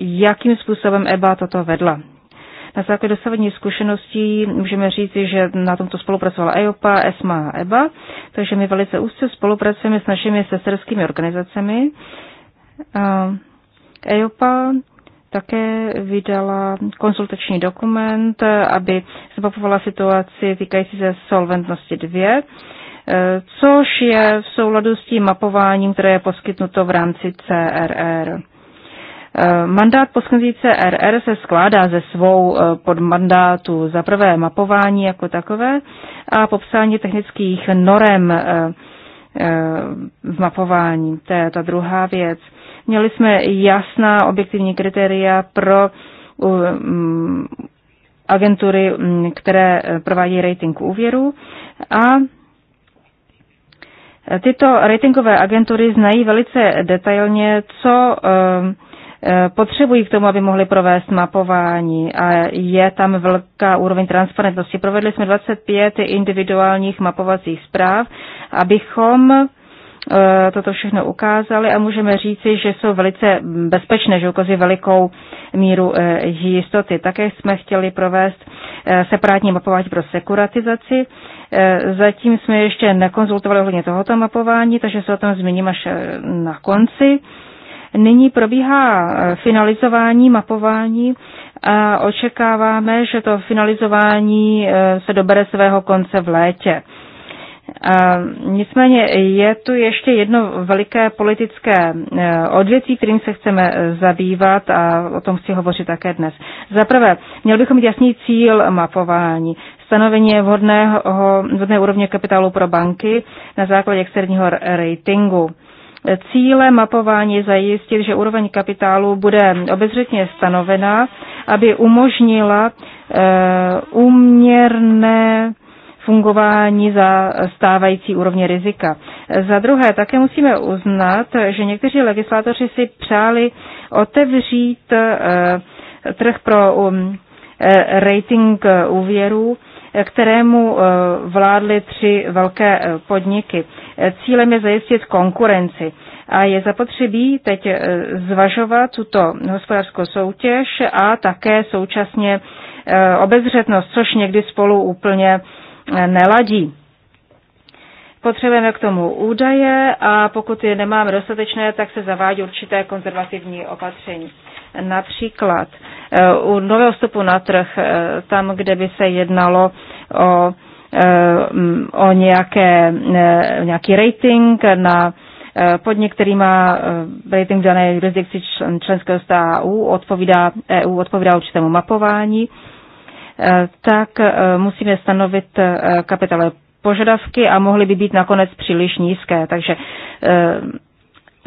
Speaker 1: jakým způsobem EBA toto vedla. Na základě dosavadní zkušeností můžeme říci, že na tomto spolupracovala EOPA, ESMA a EBA, takže my velice úzce spolupracujeme s našimi sesterskými organizacemi. EOPA také vydala konsultační dokument, aby zmapovala situaci týkající se solventnosti 2, eh, což je v souladu s tím mapováním, které je poskytnuto v rámci CRR. Eh, mandát poskytnutý CRR se skládá ze svou eh, podmandátu za prvé mapování jako takové a popsání technických norem v mapování. To je ta druhá věc. Měli jsme jasná objektivní kritéria pro mm, agentury, mm, které eh, provádí rating úvěru a Tyto ratingové agentury znají velice detailně, co eh, eh, potřebují k tomu, aby mohli provést mapování a je tam velká úroveň transparentnosti. Provedli jsme 25 individuálních mapovacích zpráv, abychom E, toto všechno ukázali a můžeme říci, že jsou velice bezpečné, že ukazují velikou míru e, jistoty. Také jsme chtěli provést e, separátní mapování pro sekuratizaci. Zatím jsme ještě nekonzultovali ohledně tohoto mapování, takže se o tom zmíním až na konci. Nyní probíhá finalizování, mapování a očekáváme, že to finalizování se dobere svého konce v létě nicméně je tu ještě jedno veliké politické e, odvětví, kterým se chceme e, zabývat a o tom chci hovořit také dnes. Za prvé, měl bychom mít jasný cíl mapování, stanovení vhodného, vhodné úrovně kapitálu pro banky na základě externího ratingu. Cílem mapování je zajistit, že úroveň kapitálu bude obezřetně stanovena, aby umožnila uh, e, uměrné fungování za stávající úrovně rizika. Za druhé, také musíme uznat, že někteří legislátoři si přáli otevřít eh, trh pro um, eh, rating úvěrů, kterému eh, vládly tři velké podniky. Cílem je zajistit konkurenci a je zapotřebí teď zvažovat tuto hospodářskou soutěž a také současně obezřetnost, což někdy spolu úplně neladí. Potřebujeme k tomu údaje a pokud je nemáme dostatečné, tak se zavádí určité konzervativní opatření. Například eh, u nového vstupu na trh, eh, tam, kde by se jednalo o, eh, o nějaké, nějaký rating na podnik, který má rating v dané jurisdikci členského státu, odpovídá, EU odpovídá určitému mapování Eh, tak eh, musíme stanovit eh, kapitálové požadavky a mohly by být nakonec příliš nízké. Takže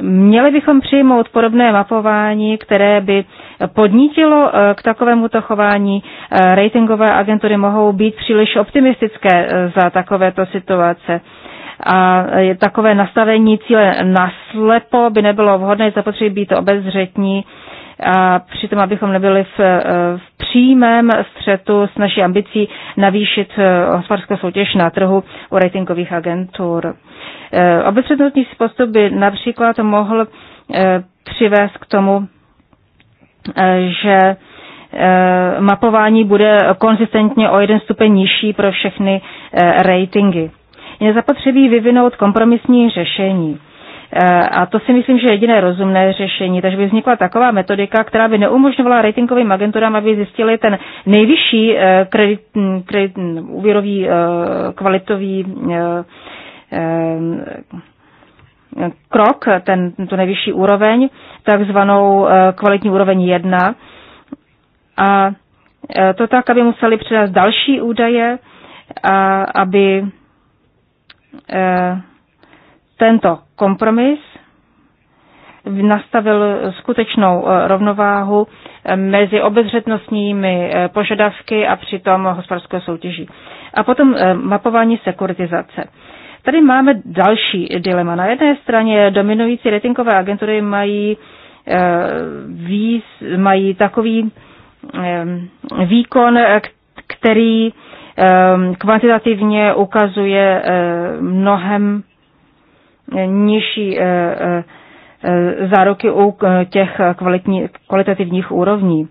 Speaker 1: Měli bychom přijmout podobné mapování, které by podnítilo k takovémuto chování. Ratingové agentury mohou být příliš optimistické za takovéto situace. A takové nastavení cíle naslepo by nebylo vhodné, zapotřebí být obezřetní a přitom, abychom nebyli v, e, v přímém střetu s naší ambicí navýšit e, hospodářskou soutěž na trhu u ratingových agentur. Obecnotní e, postup by například mohl přivést k tomu, že mapování bude konzistentně o jeden stupeň nižší pro všechny ratingy. Je zapotřebí vyvinout kompromisní řešení. Eh, a to si myslím, že je jediné rozumné řešení. Takže by vznikla taková metodika, která by neumožňovala ratingovým agenturám, aby zjistili ten nejvyšší eh, kredit, mm, kredit, mm, úvěrový eh, kvalitový krok, ten, tu nejvyšší úroveň, takzvanou kvalitní úroveň 1. A to tak, aby museli předat další údaje, a aby tento kompromis nastavil skutečnou eh, rovnováhu eh, mezi obezřetnostními eh, požadavky a přitom hospodářskou soutěží. A potom mapování sekuritizace. Tady máme další dilema. Na jedné straně dominující ratingové agentury mají, víz, mají takový výkon, který kvantitativně ukazuje mnohem nižší eh, eh, záruky u eh, těch kvalitní, kvalitativních úrovní.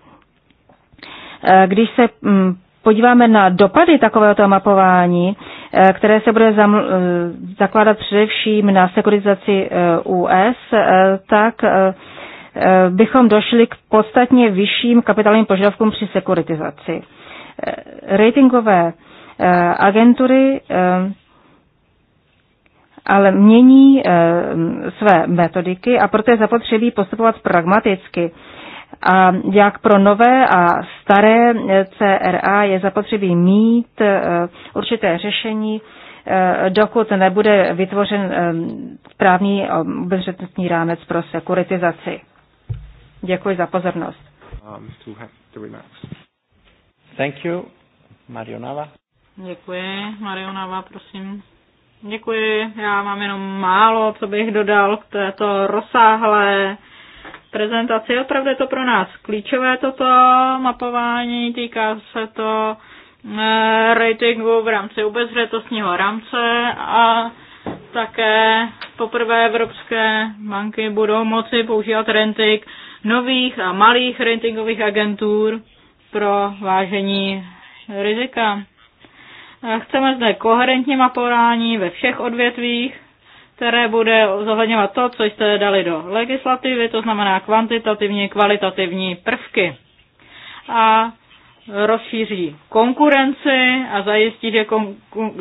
Speaker 1: Když se mm, podíváme na dopady takového mapování, které se bude zakládat především na sekuritizaci US, tak bychom došli k podstatně vyšším kapitálním požadavkům při sekuritizaci. Ratingové agentury ale mění eh, své metodiky a proto je zapotřebí postupovat pragmaticky. A jak pro nové a staré eh, CRA je zapotřebí mít eh, určité řešení, dokud nebude vytvořen správný obezřetnostní rámec pro sekuritizaci. Děkuji za pozornost. Um, Thank you. Marionava. Děkuji. Marionava, prosím. Děkuji, já mám jenom málo, co bych dodal k této rozsáhlé prezentaci. Opravdu je to pro nás klíčové toto mapování, týká se to e, ratingu v rámci obezřetostního rámce a také poprvé evropské banky budou moci používat renting nových a malých ratingových agentur pro vážení rizika. Chceme zde koherentní mapování ve všech odvětvích, které bude zohledňovat to, co jste dali do legislativy, to znamená kvantitativní, kvalitativní prvky. A rozšíří konkurenci a zajistí, že,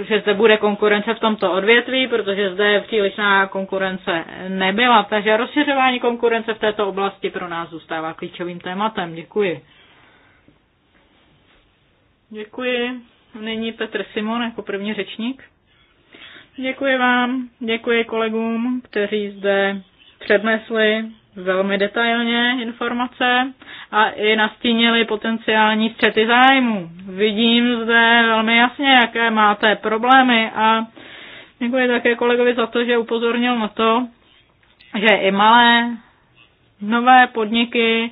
Speaker 1: že zde bude konkurence v tomto odvětví, protože zde přílišná konkurence nebyla. Takže rozšiřování konkurence v této oblasti pro nás zůstává klíčovým tématem. Děkuji. Děkuji. Nyní Petr Simon jako první řečník. Děkuji vám, děkuji kolegům, kteří zde přednesli velmi detailně informace a i nastínili potenciální střety zájmu. Vidím zde velmi jasně, jaké máte problémy a děkuji také kolegovi za to, že upozornil na to, že i malé nové podniky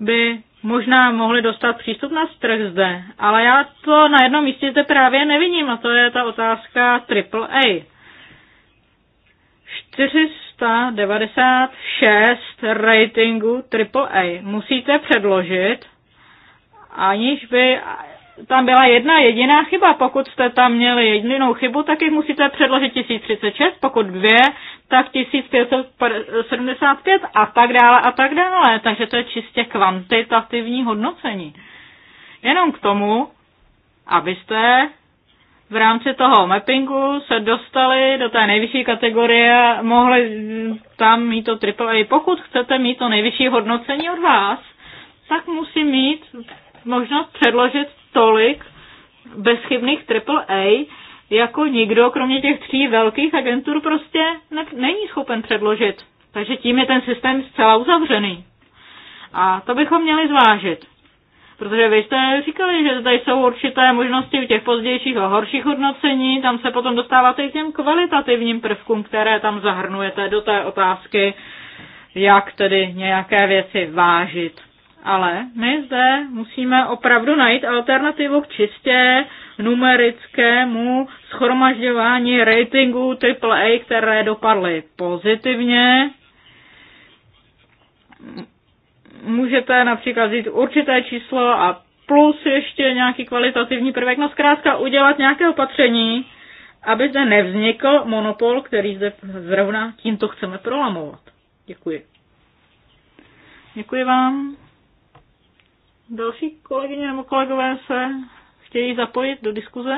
Speaker 1: by možná mohli dostat přístup na trh zde, ale já to na jednom místě zde právě nevidím a to je ta otázka AAA. 496 ratingu AAA musíte předložit, aniž by tam byla jedna jediná chyba. Pokud jste tam měli jedinou chybu, tak jich musíte předložit 1036, pokud dvě, tak 1575 a tak dále a tak dále. Takže to je čistě kvantitativní hodnocení. Jenom k tomu, abyste v rámci toho mappingu se dostali do té nejvyšší kategorie, mohli tam mít to triple A. Pokud chcete mít to nejvyšší hodnocení od vás, tak musí mít možnost předložit tolik bezchybných triple A jako nikdo, kromě těch tří velkých agentur, prostě ne- není schopen předložit. Takže tím je ten systém zcela uzavřený. A to bychom měli zvážit. Protože vy jste říkali, že tady jsou určité možnosti u těch pozdějších a horších hodnocení, tam se potom dostáváte i k těm kvalitativním prvkům, které tam zahrnujete do té otázky, jak tedy nějaké věci vážit. Ale my zde musíme opravdu najít alternativu k čistě numerickému schromažďování ratingů AAA, které dopadly pozitivně. Můžete například vzít určité číslo a plus ještě nějaký kvalitativní prvek, no zkrátka udělat nějaké opatření, aby zde nevznikl monopol, který zde zrovna tímto chceme prolamovat. Děkuji. Děkuji vám. Další kolegyně nebo kolegové se chtějí zapojit do diskuze?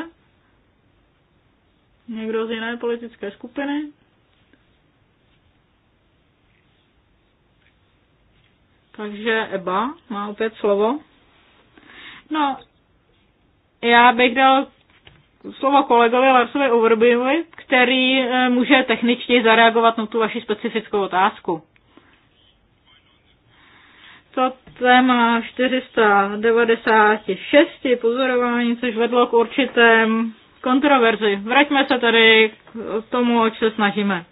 Speaker 1: Někdo z jiné politické skupiny? Takže Eba má opět slovo. No, já bych dal slovo kolegovi Larsovi Overbyovi, který eh, může techničtěji zareagovat na tu vaši specifickou otázku. To téma 496 pozorování, což vedlo k určitém kontroverzi. Vraťme se tady k tomu, oč se snažíme.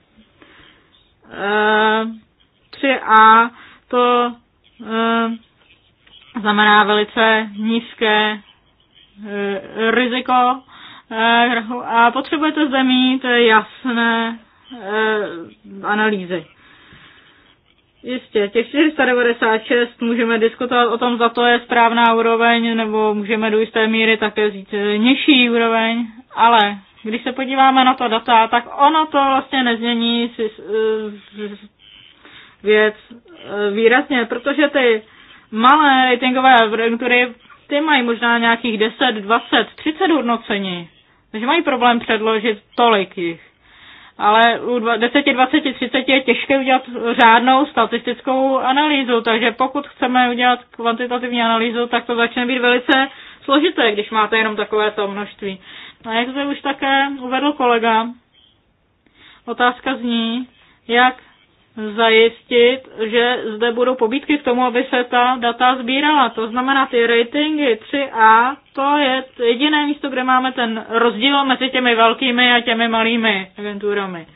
Speaker 1: E, 3a to e, znamená velice nízké e, riziko e, a potřebujete zde mít jasné e, analýzy. Jistě, těch 496 můžeme diskutovat o tom, za to je správná úroveň, nebo můžeme do jisté míry také říct eh, nižší úroveň, ale když se podíváme na to data, tak ono to vlastně nezmění eh, věc eh, výrazně, protože ty malé ratingové agentury, ty mají možná nějakých 10, 20, 30 hodnocení, takže mají problém předložit tolik jich ale u 10, 20, 30 je těžké udělat řádnou statistickou analýzu, takže pokud chceme udělat kvantitativní analýzu, tak to začne být velice složité, když máte jenom takovéto množství. A jak se už také uvedl kolega, otázka zní, jak zajistit, že zde budou pobídky k tomu, aby se ta data sbírala. To znamená, ty ratingy 3A, to je jediné místo, kde máme ten rozdíl mezi těmi velkými a těmi malými agenturami.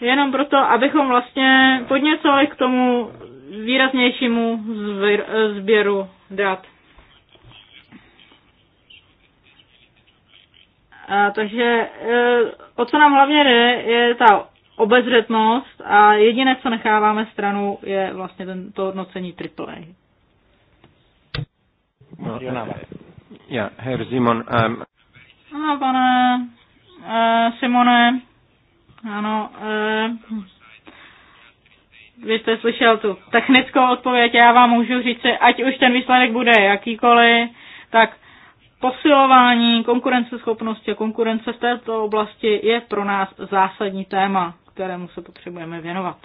Speaker 1: Jenom proto, abychom vlastně podněcovali k tomu výraznějšímu sběru dat. A, takže e, o co nám hlavně jde, je ta obezřetnost a jediné, co necháváme stranu, je vlastně ten to hodnocení AAA.
Speaker 2: No, no, no. no, já, Herr Simon. Um...
Speaker 1: Ano, pane uh, Simone. Ano, uh, vy jste slyšel tu technickou odpověď, já vám můžu říct, ať už ten výsledek bude jakýkoliv, tak posilování konkurenceschopnosti a konkurence v této oblasti je pro nás zásadní téma kterému se potřebujeme věnovat.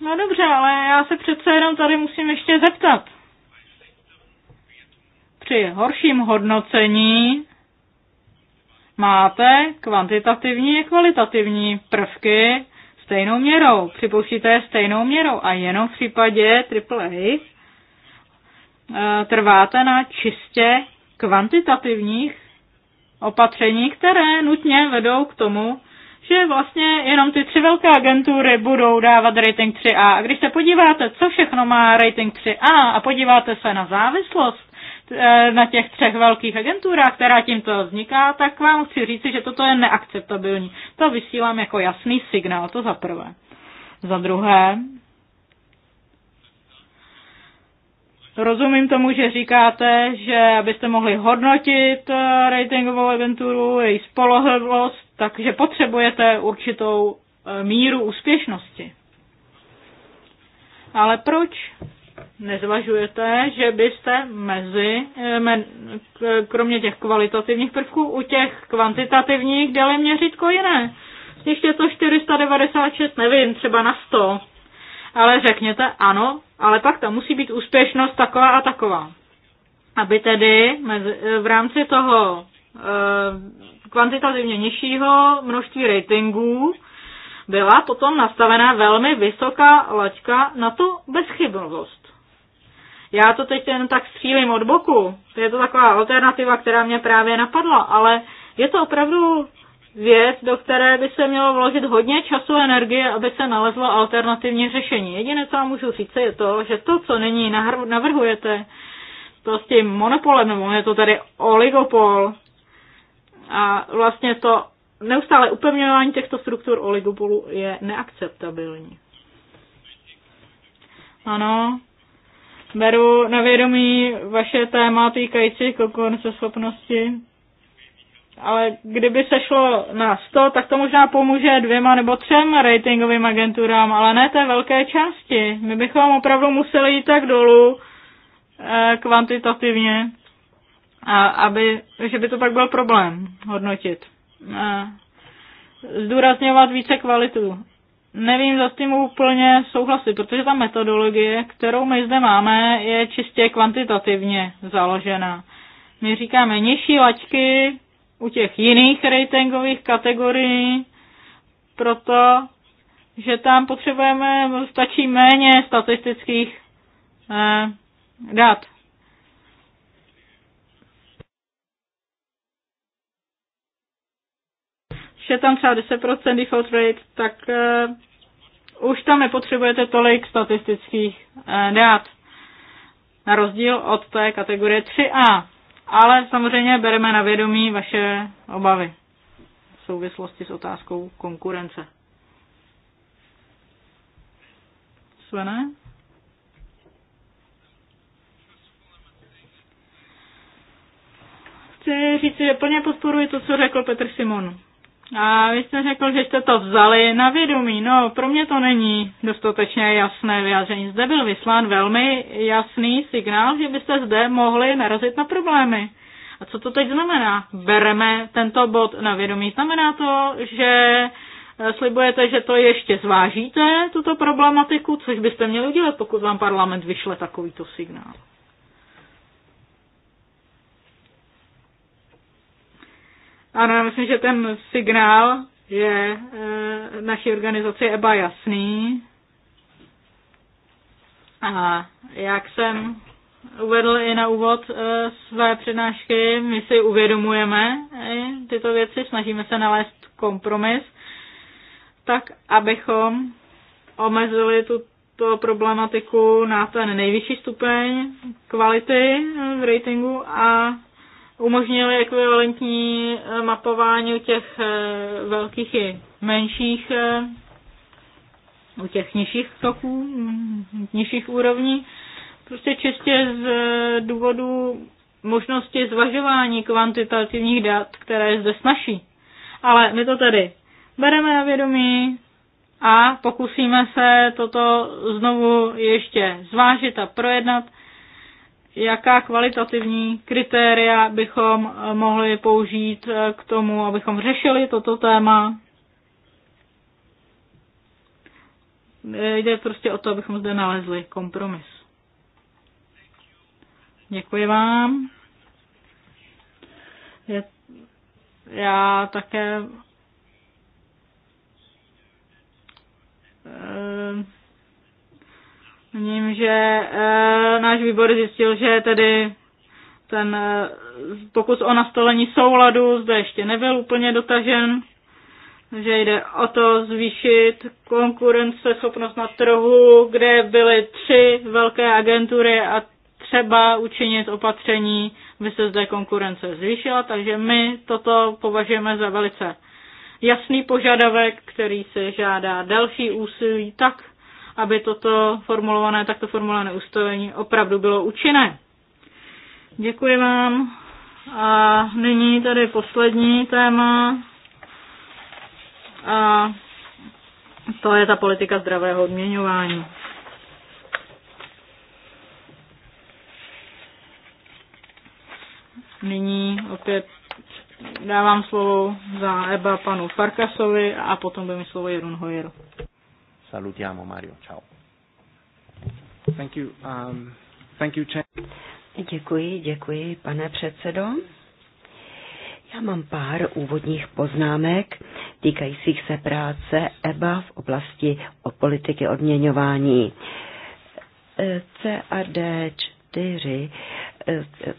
Speaker 1: No dobře, ale já se přece jenom tady musím ještě zeptat. Při horším hodnocení máte kvantitativní a kvalitativní prvky stejnou měrou. Připouštíte je stejnou měrou a jenom v případě AAA eh, trváte na čistě kvantitativních opatření, které nutně vedou k tomu, že vlastně jenom ty tři velké agentury budou dávat rating 3A. A když se podíváte, co všechno má rating 3A a podíváte se na závislost e, na těch třech velkých agenturách, která tímto vzniká, tak vám chci říct, že toto je neakceptabilní. To vysílám jako jasný signál, to za prvé. Za druhé, Rozumím tomu, že říkáte, že abyste mohli hodnotit e, ratingovou agenturu, její spolehlivost, takže potřebujete určitou e, míru úspěšnosti. Ale proč nezvažujete, že byste mezi, e, e, kromě těch kvalitativních prvků, u těch kvantitativních dali měřitko jiné? Z je to 496, nevím, třeba na 100. Ale řekněte ano, ale pak tam musí být úspěšnost taková a taková. Aby tedy v rámci toho kvantitativně nižšího množství ratingů byla potom nastavena velmi vysoká laťka na tu bezchybnost. Já to teď jen tak střílím od boku. Je to taková alternativa, která mě právě napadla, ale je to opravdu věc, do které by se mělo vložit hodně času a energie, aby se nalezlo alternativní řešení. Jediné, co vám můžu říct, je to, že to, co nyní navrhujete, to s tím monopolem, nebo je to tady oligopol, a vlastně to neustále upevňování těchto struktur oligopolu je neakceptabilní. Ano, beru na vědomí vaše téma týkající konkurenceschopnosti, ale kdyby se šlo na 100, tak to možná pomůže dvěma nebo třem ratingovým agenturám, ale ne té velké části. My bychom opravdu museli jít tak dolů eh, kvantitativně a aby, že by to pak byl problém hodnotit. Zdůrazňovat více kvalitu. Nevím, za s tím úplně souhlasit, protože ta metodologie, kterou my zde máme, je čistě kvantitativně založená. My říkáme nižší laťky u těch jiných ratingových kategorií, proto, že tam potřebujeme, stačí méně statistických eh, dat. je tam třeba 10% default rate, tak uh, už tam nepotřebujete tolik statistických uh, eh, dát. Na rozdíl od té kategorie 3A. Ale samozřejmě bereme na vědomí vaše obavy v souvislosti s otázkou konkurence. Svené? Chci říct, že plně podporuji to, co řekl Petr Simon a vy jste řekl, že jste to vzali na vědomí. No, pro mě to není dostatečně jasné vyjádření. Zde byl vyslán velmi jasný signál, že byste zde mohli narazit na problémy. A co to teď znamená? Bereme tento bod na vědomí. Znamená to, že eh, slibujete, že to ještě zvážíte, tuto problematiku, což byste měli udělat, pokud vám parlament vyšle takovýto signál. Ano, já myslím, že ten signál e, je e, naší organizaci EBA jasný. A jak jsem uvedl i na úvod e, své přednášky, my si uvědomujeme e, tyto věci, snažíme se nalézt kompromis, tak abychom omezili tuto problematiku na ten nejvyšší stupeň kvality v ratingu a umožnili ekvivalentní eh, mapování těch eh, velkých i menších, eh, u těch nižších toků, mm, nižších úrovní. Prostě čistě z důvodu možnosti zvažování kvantitativních dat, které je zde snaží. Ale my to tedy bereme na vědomí a pokusíme se toto znovu ještě zvážit a projednat jaká kvalitativní kritéria bychom eh, mohli použít eh, k tomu, abychom řešili toto téma. Eh, jde prostě o to, abychom zde nalezli kompromis. Děkuji vám. Je, já také Mním, že e, náš výbor zjistil, že tedy ten e, pokus o nastolení souladu zde ještě nebyl úplně dotažen, že jde o to zvýšit konkurenceschopnost na trhu, kde byly tři velké agentury a třeba učinit opatření, by se zde konkurence zvýšila, takže my toto považujeme za velice jasný požadavek, který se žádá další úsilí tak, aby toto formulované, takto formulované ustavení opravdu bylo účinné. Děkuji vám. A nyní tady poslední téma. A to je ta politika zdravého odměňování. Nyní opět dávám slovo za EBA panu Farkasovi a potom by mi slovo Jerun Hojeru.
Speaker 2: Salutiamo Mario, ciao.
Speaker 3: Thank you, um, thank you, Chen. děkuji, děkuji, pane předsedo. Já mám pár úvodních poznámek týkajících se práce EBA v oblasti o politiky odměňování. CRD 4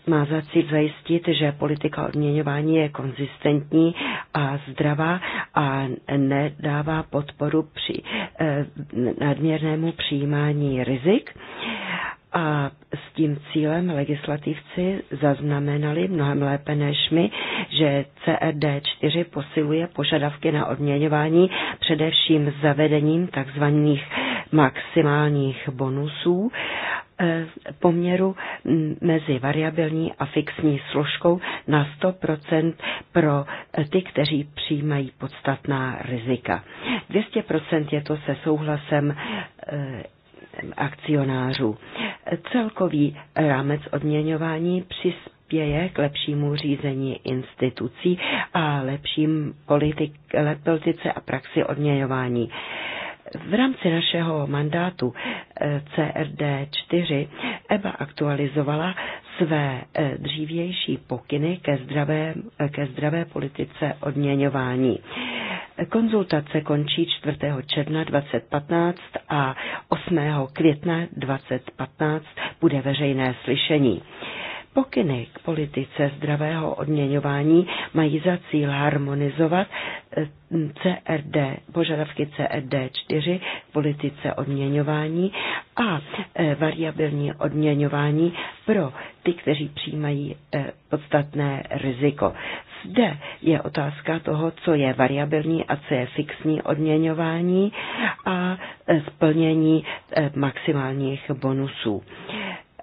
Speaker 3: má za cíl zajistit, že politika odměňování je konzistentní a zdravá a nedává podporu při eh, nadměrnému přijímání rizik. A s tím cílem legislativci zaznamenali mnohem lépe než my, že CRD e 4 posiluje požadavky na odměňování především zavedením tzv. maximálních bonusů Eh, poměru mm, mezi variabilní a fixní složkou na 100% pro eh, ty, kteří přijímají podstatná rizika. 200% je to se souhlasem eh, akcionářů. Celkový rámec odměňování přispívá přispěje k lepšímu řízení institucí a lepším politice a praxi odměňování. V rámci našeho mandátu CRD 4 EBA aktualizovala své eh, dřívější pokyny ke zdravé, eh, ke zdravé politice odměňování. Konzultace končí 4. června 2015 a 8. května 2015 bude veřejné slyšení. Pokyny k politice zdravého odměňování mají za cíl harmonizovat eh, CRD, požadavky CRD 4 v politice odměňování a eh, variabilní odměňování pro ty, kteří přijímají eh, podstatné riziko. Zde je otázka toho, co je variabilní a co je fixní odměňování a splnění maximálních bonusů.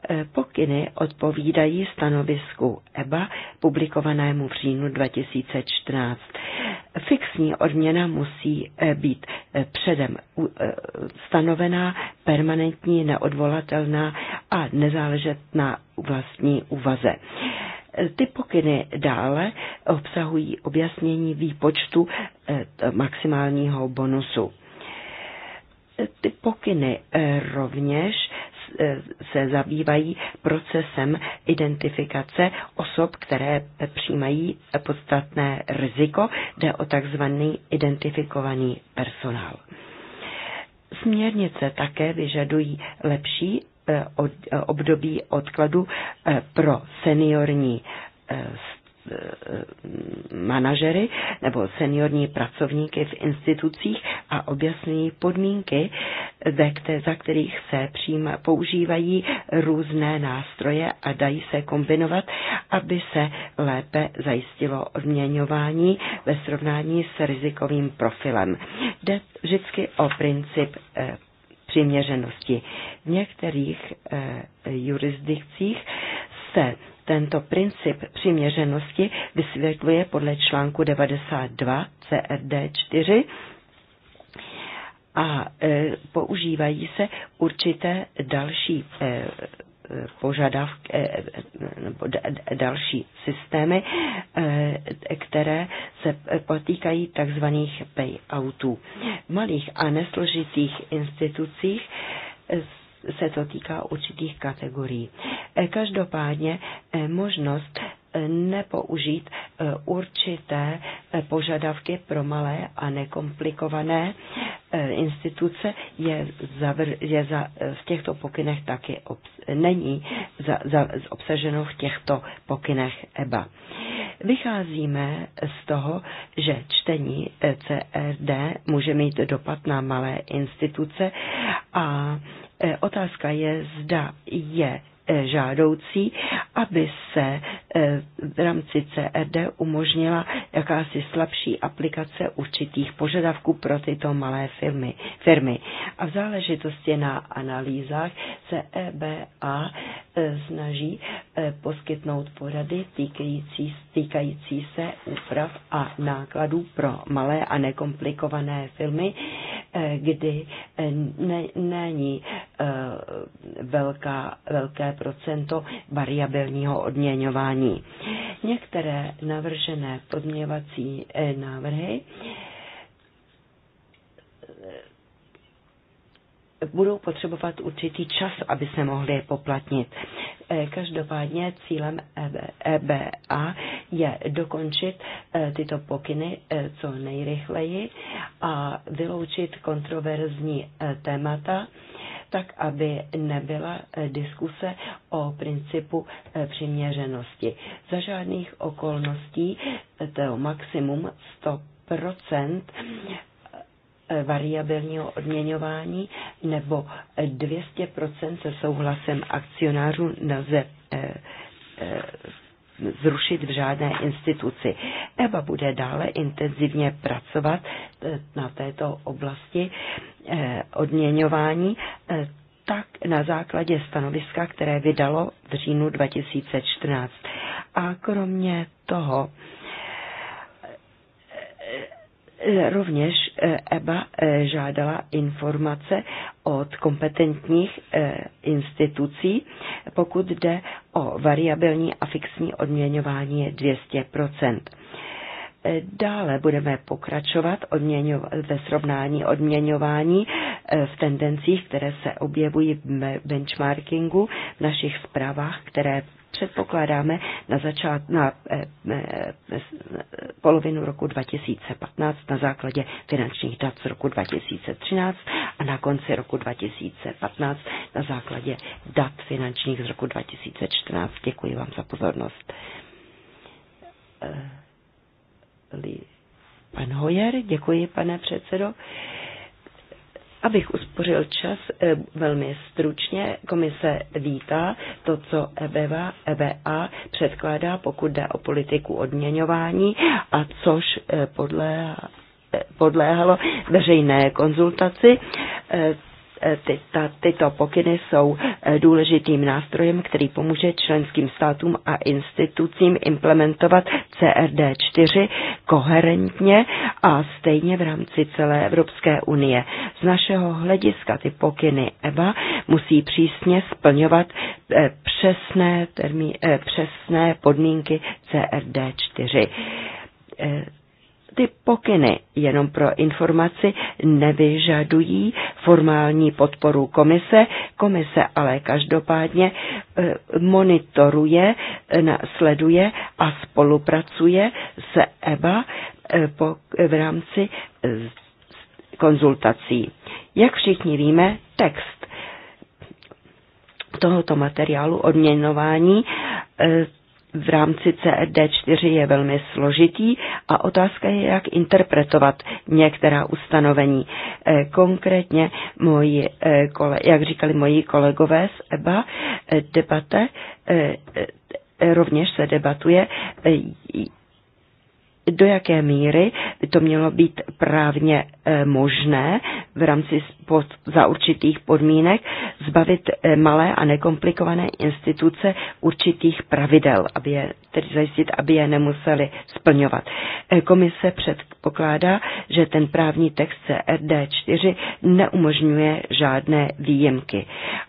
Speaker 3: Eh, pokyny odpovídají stanovisku EBA publikovanému v říjnu 2014. Fixní odměna musí eh, být eh, předem stanovená, permanentní, neodvolatelná a nezáležet na vlastní úvaze. Ty pokyny dále obsahují objasnění výpočtu maximálního bonusu. Ty pokyny rovněž se zabývají procesem identifikace osob, které přijímají podstatné riziko. Jde o takzvaný identifikovaný personál. Směrnice také vyžadují lepší eh, eh, období odkladu eh, pro seniorní Eh, manažery nebo seniorní pracovníky v institucích a objasní podmínky, za kterých se přijíma, používají různé nástroje a dají se kombinovat, aby se lépe zajistilo odměňování ve srovnání s rizikovým profilem. Jde vždycky o princip eh, přiměřenosti. V některých eh, jurisdikcích se tento princip přiměřenosti vysvětluje podle článku 92 CRD 4 a e, používají se určité další e, e požadavky e, nebo další systémy, e, které se potýkají tzv. payoutů. V malých a nesložitých institucích se to týká určitých kategorií. E, každopádně e, možnost e, nepoužít určité požadavky pro malé a nekomplikované instituce je, zavr, je za, v těchto pokynech taky obs, není za, za, obsaženo v těchto pokynech EBA. Vycházíme z toho, že čtení CRD může mít dopad na malé instituce a Eh, otázka je, zda je Eh, žádoucí, aby se eh, v rámci CRD umožnila jakási slabší aplikace určitých požadavků pro tyto malé firmy. firmy. A v záležitosti na analýzách se EBA eh, snaží poskytnout porady týkající, týkající se úprav a nákladů pro malé a nekomplikované firmy, kdy není velká, velké procento variabilního odměňování. Některé navržené podměvací eh, návrhy eh, budou potřebovat určitý čas, aby se mohly poplatnit. Eh, každopádně cílem EBA je dokončit tyto pokyny co nejrychleji a vyloučit kontroverzní témata, tak aby nebyla eh, diskuse o principu eh, přiměřenosti. Za žádných okolností eh, to maximum 100 variabilního odměňování nebo 200% se souhlasem akcionářů nelze zrušit v žádné instituci. EBA bude dále intenzivně pracovat eh, na této oblasti eh, odměňování eh, tak na základě stanoviska, které vydalo v říjnu 2014. A kromě toho E, rovněž EBA e e, žádala informace od kompetentních institucí, pokud jde o variabilní a fixní odměňování je 200 Dále budeme pokračovat ve srovnání odměňování v tendencích, které se objevují v benchmarkingu, v našich zprávách, které předpokládáme na, začát, na eh, eh, eh, polovinu roku 2015 na základě finančních dat z roku 2013 a na konci roku 2015 na základě dat finančních z roku 2014. Děkuji vám za pozornost. Pan Hojer, děkuji, pane předsedo. Abych uspořil čas eh, velmi stručně, komise vítá to, co EBA, EBA předkládá, pokud jde o politiku odměňování, a což eh, podle eh, podléhalo veřejné konzultaci ty, ta, tyto pokyny jsou eh, důležitým nástrojem, který pomůže členským státům a institucím implementovat CRD4 koherentně a stejně v rámci celé Evropské unie. Z našeho hlediska ty pokyny EBA musí přísně splňovat eh, přesné, termí, eh, přesné podmínky CRD4 ty pokyny, jenom pro informaci, nevyžadují formální podporu komise. Komise ale každopádně e, monitoruje, e, sleduje a spolupracuje se EBA e, v rámci konzultací. Jak všichni víme, text tohoto materiálu odměňování v rámci CRD4 je velmi složitý a otázka je, jak interpretovat některá ustanovení. Eh, konkrétně, moji, eh, jak říkali moji kolegové z EBA, eh, debate, rovněž se debatuje, do jaké míry by to mělo být právně eh, možné v rámci pod, za určitých podmínek zbavit eh, malé a nekomplikované instituce určitých pravidel, aby je, tedy zajistit, aby je nemuseli splňovat. Eh, komise předpokládá, že ten právní text CRD4 neumožňuje žádné výjimky.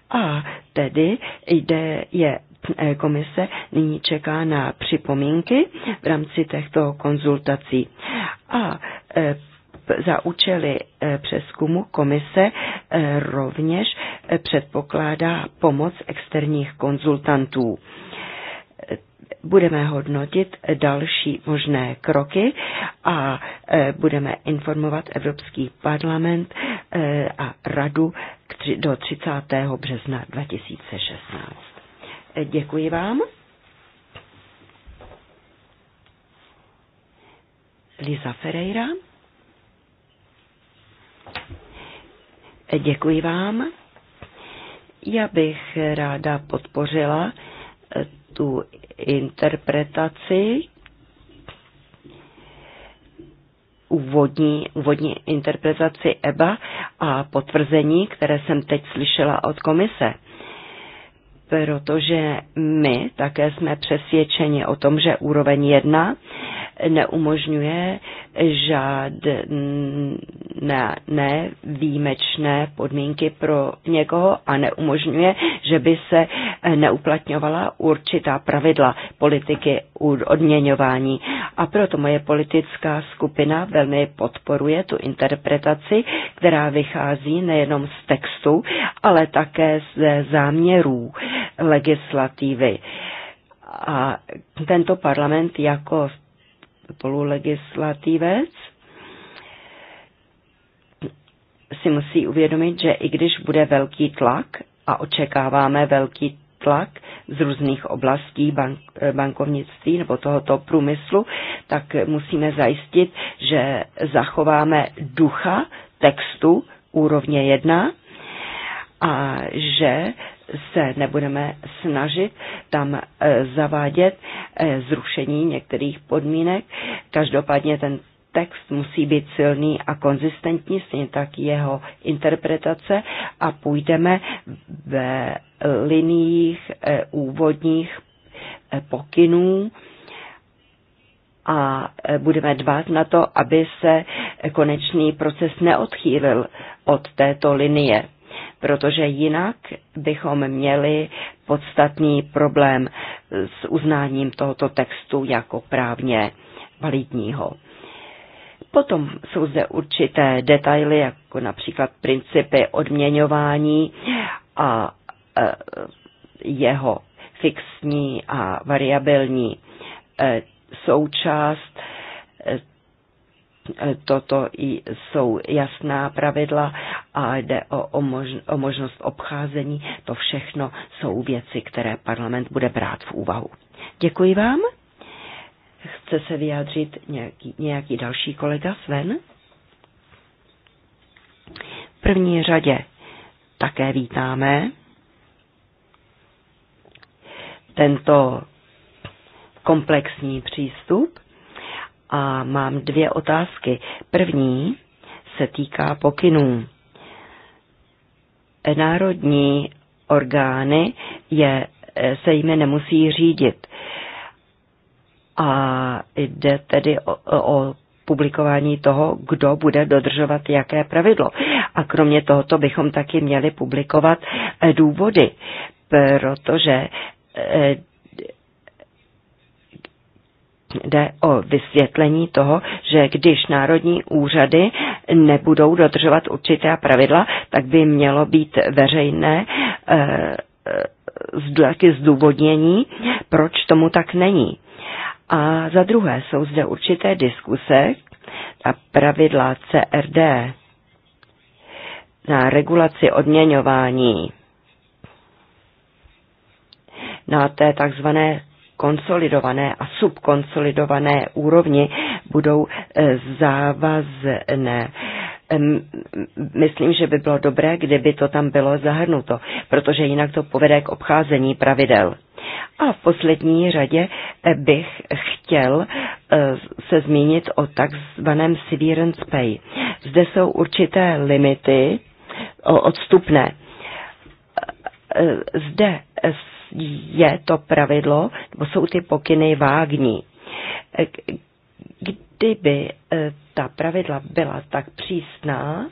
Speaker 3: A tedy jde, je E, komise nyní čeká na připomínky v rámci těchto konzultací. A e, za účely e, přeskumu komise rovněž předpokládá pomoc externích konzultantů. Budeme hodnotit další možné kroky a budeme informovat Evropský parlament a radu do 30. března 2016. Děkuji vám. Liza Ferreira. Děkuji vám. Já bych ráda podpořila eh, tu interpretaci, úvodní, úvodní interpretaci EBA a potvrzení, které jsem teď slyšela od komise protože my také jsme přesvědčeni o tom, že úroveň 1 neumožňuje žádné ne výjimečné podmínky pro někoho a neumožňuje, že by se neuplatňovala určitá pravidla politiky odměňování. A proto moje politická skupina velmi podporuje tu interpretaci, která vychází nejenom z textu, ale také z záměrů legislativy. A tento parlament jako spolulegislativec si musí uvědomit, že i když bude velký tlak a očekáváme velký tlak z různých oblastí bank, bankovnictví nebo tohoto průmyslu, tak musíme zajistit, že zachováme ducha textu úrovně 1 a že se nebudeme snažit tam eh, zavádět eh, zrušení některých podmínek. Každopádně ten text musí být silný a konzistentní, stejně tak jeho interpretace a půjdeme ve liniích eh, úvodních pokynů a budeme dbát na to, aby se konečný proces neodchýlil od této linie protože jinak bychom měli podstatný problém s uznáním tohoto textu jako právně validního. Potom jsou zde určité detaily, jako například principy odměňování a e, jeho fixní a variabilní e, součást e, E, toto jsou jasná pravidla a jde o, o možnost obcházení. To všechno jsou věci, které parlament bude brát v úvahu. Děkuji vám. Chce se vyjádřit nějaký, nějaký další kolega Sven? V první řadě také vítáme tento komplexní přístup a mám dvě otázky. První se týká pokynů. Národní orgány je, se jimi nemusí řídit. A jde tedy o, o publikování toho, kdo bude dodržovat jaké pravidlo. A kromě tohoto bychom taky měli publikovat důvody, protože eh, jde o vysvětlení toho, že když národní úřady nebudou dodržovat určitá pravidla, tak by mělo být veřejné eh, eh, taky zdůvodnění, proč tomu tak není. A za druhé jsou zde určité diskuse a pravidla CRD na regulaci odměňování na té takzvané konsolidované a subkonsolidované úrovni budou eh, závazné myslím, že by bylo dobré, kdyby to tam bylo zahrnuto, protože jinak to povede k obcházení pravidel. A v poslední řadě eh, bych chtěl eh, se zmínit o takzvaném severance pay. Zde jsou určité limity odstupné. Zde je to pravidlo, nebo jsou ty pokyny vágní. Kdyby eh, ta pravidla byla tak přísná,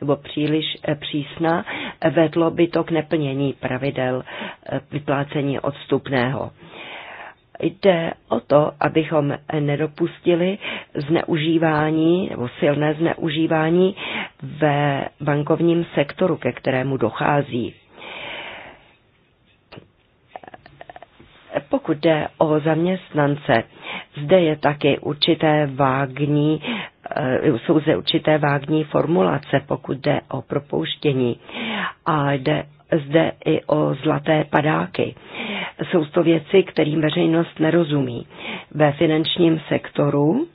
Speaker 3: nebo příliš eh, přísná, vedlo by to k neplnění pravidel eh, vyplácení odstupného. Jde o to, abychom nedopustili zneužívání nebo silné zneužívání ve bankovním sektoru, ke kterému dochází. Pokud jde o zaměstnance, zde je taky určité vágní, eh, jsou zde určité vágní formulace, pokud jde o propouštění a jde zde i o zlaté padáky. Jsou to věci, kterým veřejnost nerozumí. Ve finančním sektoru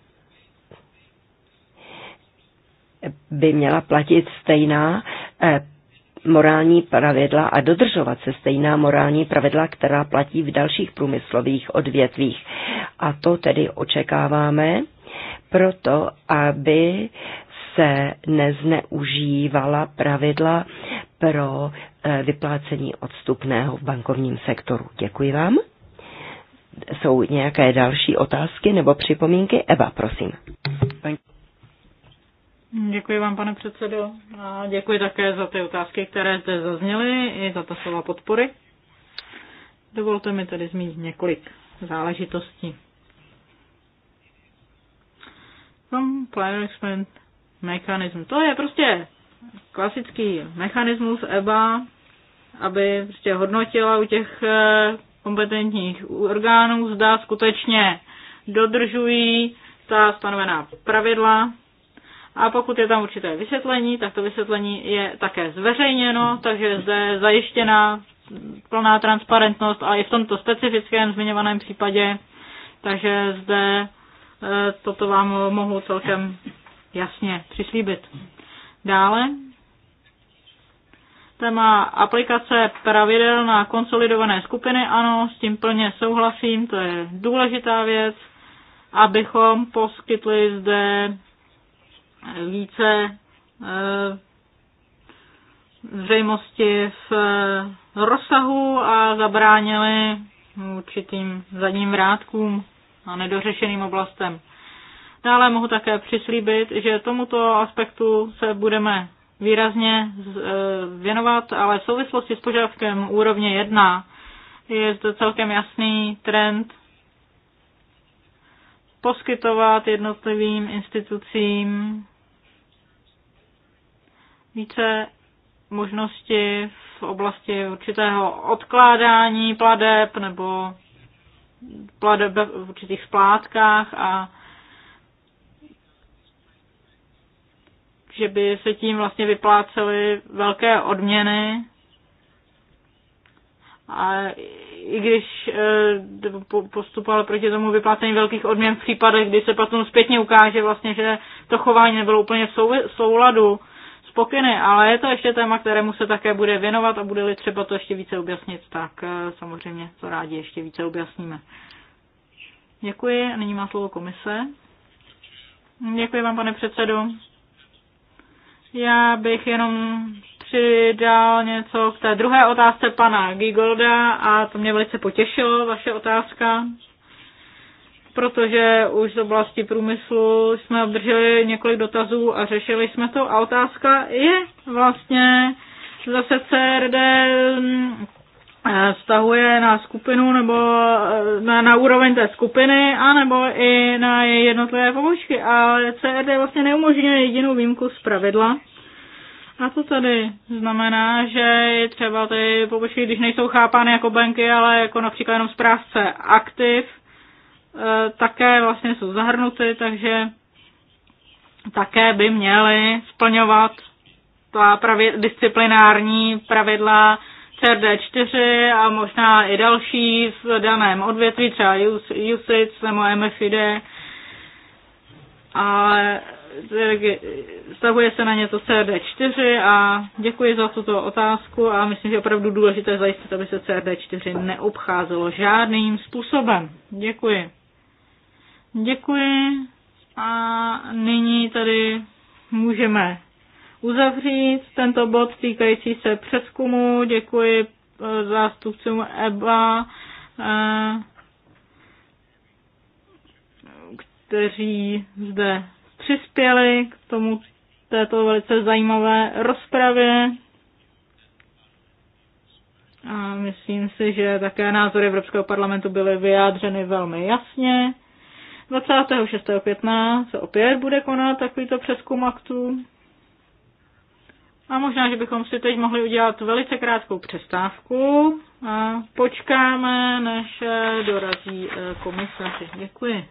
Speaker 3: by měla platit stejná eh, morální pravidla a dodržovat se stejná morální pravidla, která platí v dalších průmyslových odvětvích. A to tedy očekáváme proto, aby se nezneužívala pravidla pro eh, vyplácení odstupného v bankovním sektoru. Děkuji vám. Jsou nějaké další otázky nebo připomínky? Eva, prosím.
Speaker 1: Děkuji vám, pane předsedo. A děkuji také za ty otázky, které zde zazněly, i za ta slova podpory. Dovolte mi tedy zmínit několik záležitostí. Complier Mechanism. To je prostě klasický mechanismus EBA, aby prostě hodnotila u těch eh, kompetentních orgánů, zda skutečně dodržují ta stanovená pravidla, a pokud je tam určité vysvětlení, tak to vysvětlení je také zveřejněno, takže zde je zajištěna plná transparentnost a i v tomto specifickém zmiňovaném případě, takže zde eh, toto vám mohu celkem jasně přislíbit. Dále téma aplikace pravidel na konsolidované skupiny, ano, s tím plně souhlasím, to je důležitá věc, abychom poskytli zde více eh, zřejmosti v eh, rozsahu a zabránili určitým zadním vrátkům a nedořešeným oblastem. Dále mohu také přislíbit, že tomuto aspektu se budeme výrazně eh, věnovat, ale v souvislosti s požadavkem úrovně 1 je zde celkem jasný trend poskytovat jednotlivým institucím více možnosti v oblasti určitého odkládání pladeb nebo pladeb v určitých splátkách a že by se tím vlastně vyplácely velké odměny a i když e, postupoval proti tomu vyplácení velkých odměn v případech, kdy se potom zpětně ukáže vlastně, že to chování nebylo úplně v souladu s pokyny, ale je to ještě téma, kterému se také bude věnovat a bude-li třeba to ještě více objasnit, tak e, samozřejmě to rádi ještě více objasníme. Děkuji a nyní má slovo komise. Děkuji vám, pane předsedo. Já bych jenom přidal něco k té druhé otázce pana Gigolda a to mě velice potěšilo, vaše otázka, protože už z oblasti průmyslu jsme obdrželi několik dotazů a řešili jsme to a otázka je vlastně zase CRD stahuje mm, na skupinu nebo eh, na, na úroveň té skupiny a nebo i na jednotlivé pomočky. A CRD vlastně neumožňuje jedinou výjimku z pravidla. A to tedy znamená, že třeba ty pobočky, když nejsou chápány jako banky, ale jako například jenom zprávce aktiv, eh, také vlastně jsou zahrnuty, takže také by měly splňovat ta pravě, disciplinární pravidla CRD4 a možná i další v daném odvětví, třeba USIC nebo MFID. Ale stavuje se na ně to CRD4 a děkuji za tuto otázku a myslím, že je opravdu důležité zajistit, aby se CRD4 neobcházelo žádným způsobem. Děkuji. Děkuji a nyní tady můžeme uzavřít tento bod týkající se přeskumu. Děkuji eh, zástupcům EBA, eh, kteří zde přispěli k tomu této velice zajímavé rozpravě. A myslím si, že také názory Evropského parlamentu byly vyjádřeny velmi jasně. 26. května se opět bude konat takovýto přeskum aktů. A možná, že bychom si teď mohli udělat velice krátkou přestávku a počkáme, než dorazí eh, komisaři. Děkuji.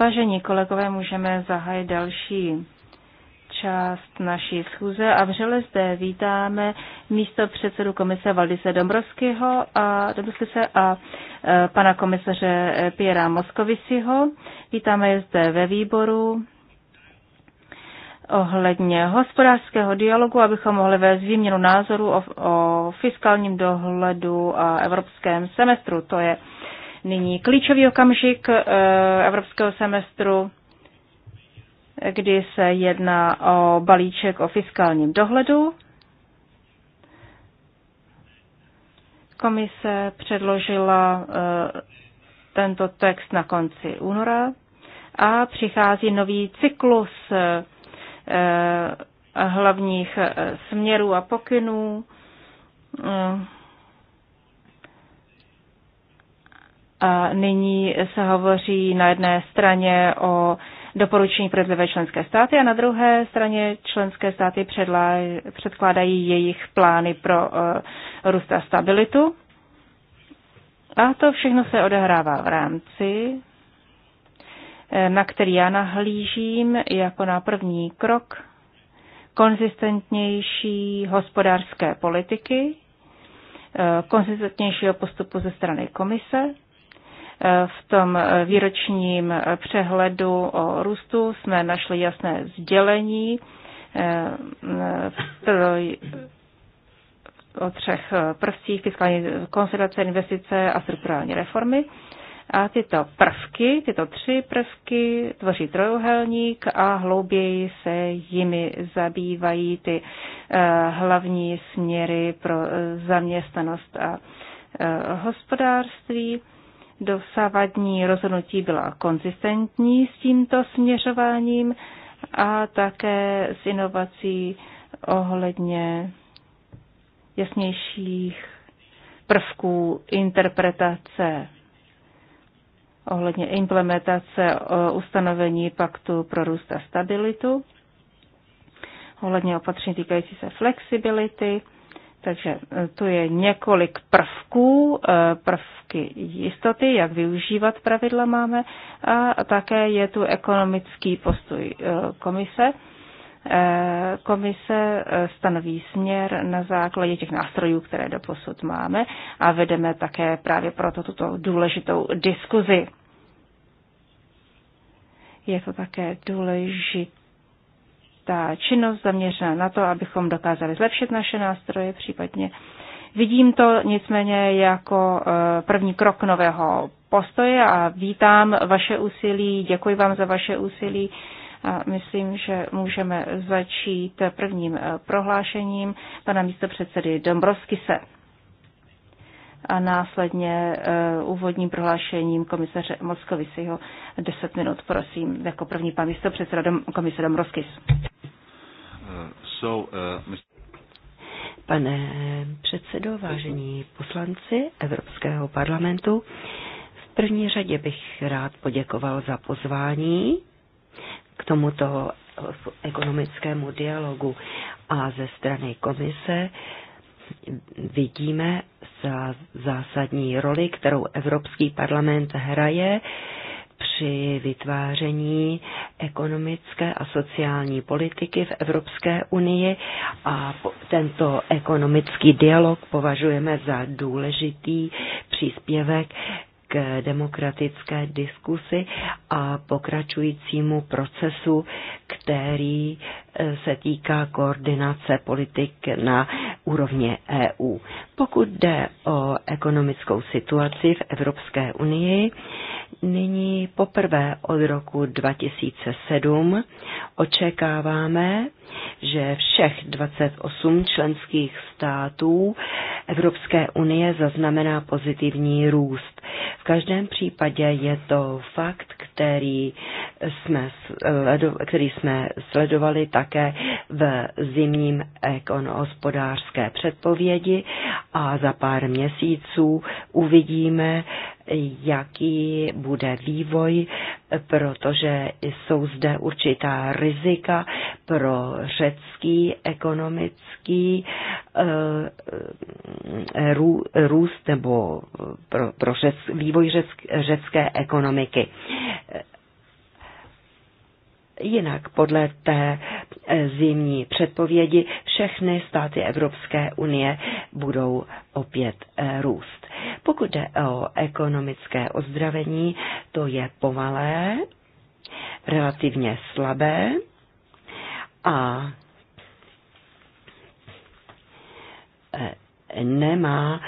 Speaker 1: Vážení kolegové, můžeme zahájit další část naší schůze a vřele zde vítáme místo předsedu komise Valdise Dombrovského a, se a e, pana komisaře Piera Moskovisiho. Vítáme je zde ve výboru ohledně hospodářského dialogu, abychom mohli vést výměnu názorů o, o fiskálním dohledu a evropském semestru. To je nyní klíčový okamžik e, evropského semestru, kdy se jedná o balíček o fiskálním dohledu. Komise předložila e, tento text na konci února a přichází nový cyklus e, Eh, hlavních eh, směrů a pokynů. Eh, a nyní se hovoří na jedné straně o doporučení pro jednotlivé členské státy a na druhé straně členské státy předkládají jejich plány pro růst a stabilitu. A to všechno se odehrává v rámci Eh, na který já nahlížím jako na první krok konzistentnější hospodářské politiky, eh, konzistentnějšího postupu ze strany komise. Eh, v tom výročním přehledu o růstu jsme našli jasné sdělení o třech prvcích fiskální konsolidace, investice a strukturální reformy. A tyto prvky, tyto tři prvky tvoří trojuhelník a hlouběji se jimi zabývají ty eh, hlavní směry pro eh, zaměstnanost a eh, hospodářství. Dosavadní rozhodnutí byla konzistentní s tímto směřováním a také s inovací ohledně jasnějších prvků interpretace ohledně implementace e, ustanovení paktu pro růst a stabilitu, ohledně opatření týkající se flexibility. Takže e, tu je několik prvků, e, prvky jistoty, jak využívat pravidla máme a také je tu ekonomický postoj komise Komise eh, stanoví směr na základě těch nástrojů, které do posud máme a vedeme také právě proto tuto důležitou diskuzi. Je to také důležitá činnost zaměřená na to, abychom dokázali zlepšit naše nástroje, případně Vidím to nicméně jako eh, první krok nového postoje a vítám vaše úsilí, děkuji vám za vaše úsilí a myslím, že můžeme začít prvním eh, prohlášením pana předsedy Dombrovskise a následně eh, úvodním prohlášením komisaře Moskovisiho 10 minut, prosím, jako první pan předseda Dom, komise Dombrovskis.
Speaker 2: So, uh,
Speaker 3: Pane předsedo, vážení poslanci Evropského parlamentu, v první řadě bych rád poděkoval za pozvání k tomuto eh, ekonomickému dialogu. A ze strany komise vidíme za zásadní roli, kterou Evropský parlament hraje při vytváření ekonomické a sociální politiky v Evropské unii a tento ekonomický dialog považujeme za důležitý příspěvek k demokratické diskusi a pokračujícímu procesu, který se týká koordinace politik na úrovni EU. Pokud jde o ekonomickou situaci v Evropské unii, nyní poprvé od roku 2007 očekáváme, že všech 28 členských států Evropské unie zaznamená pozitivní růst. V každém případě je to fakt, který jsme, který jsme sledovali tak také v zimním ekonohospodářské předpovědi a za pár měsíců uvidíme, jaký bude vývoj, protože jsou zde určitá rizika pro řecký ekonomický eh, růst nebo pro, pro řec, vývoj řeck, řecké ekonomiky. Jinak podle té e, zimní předpovědi všechny státy Evropské unie budou opět e, růst. Pokud jde o ekonomické ozdravení, to je pomalé, relativně slabé a e, nemá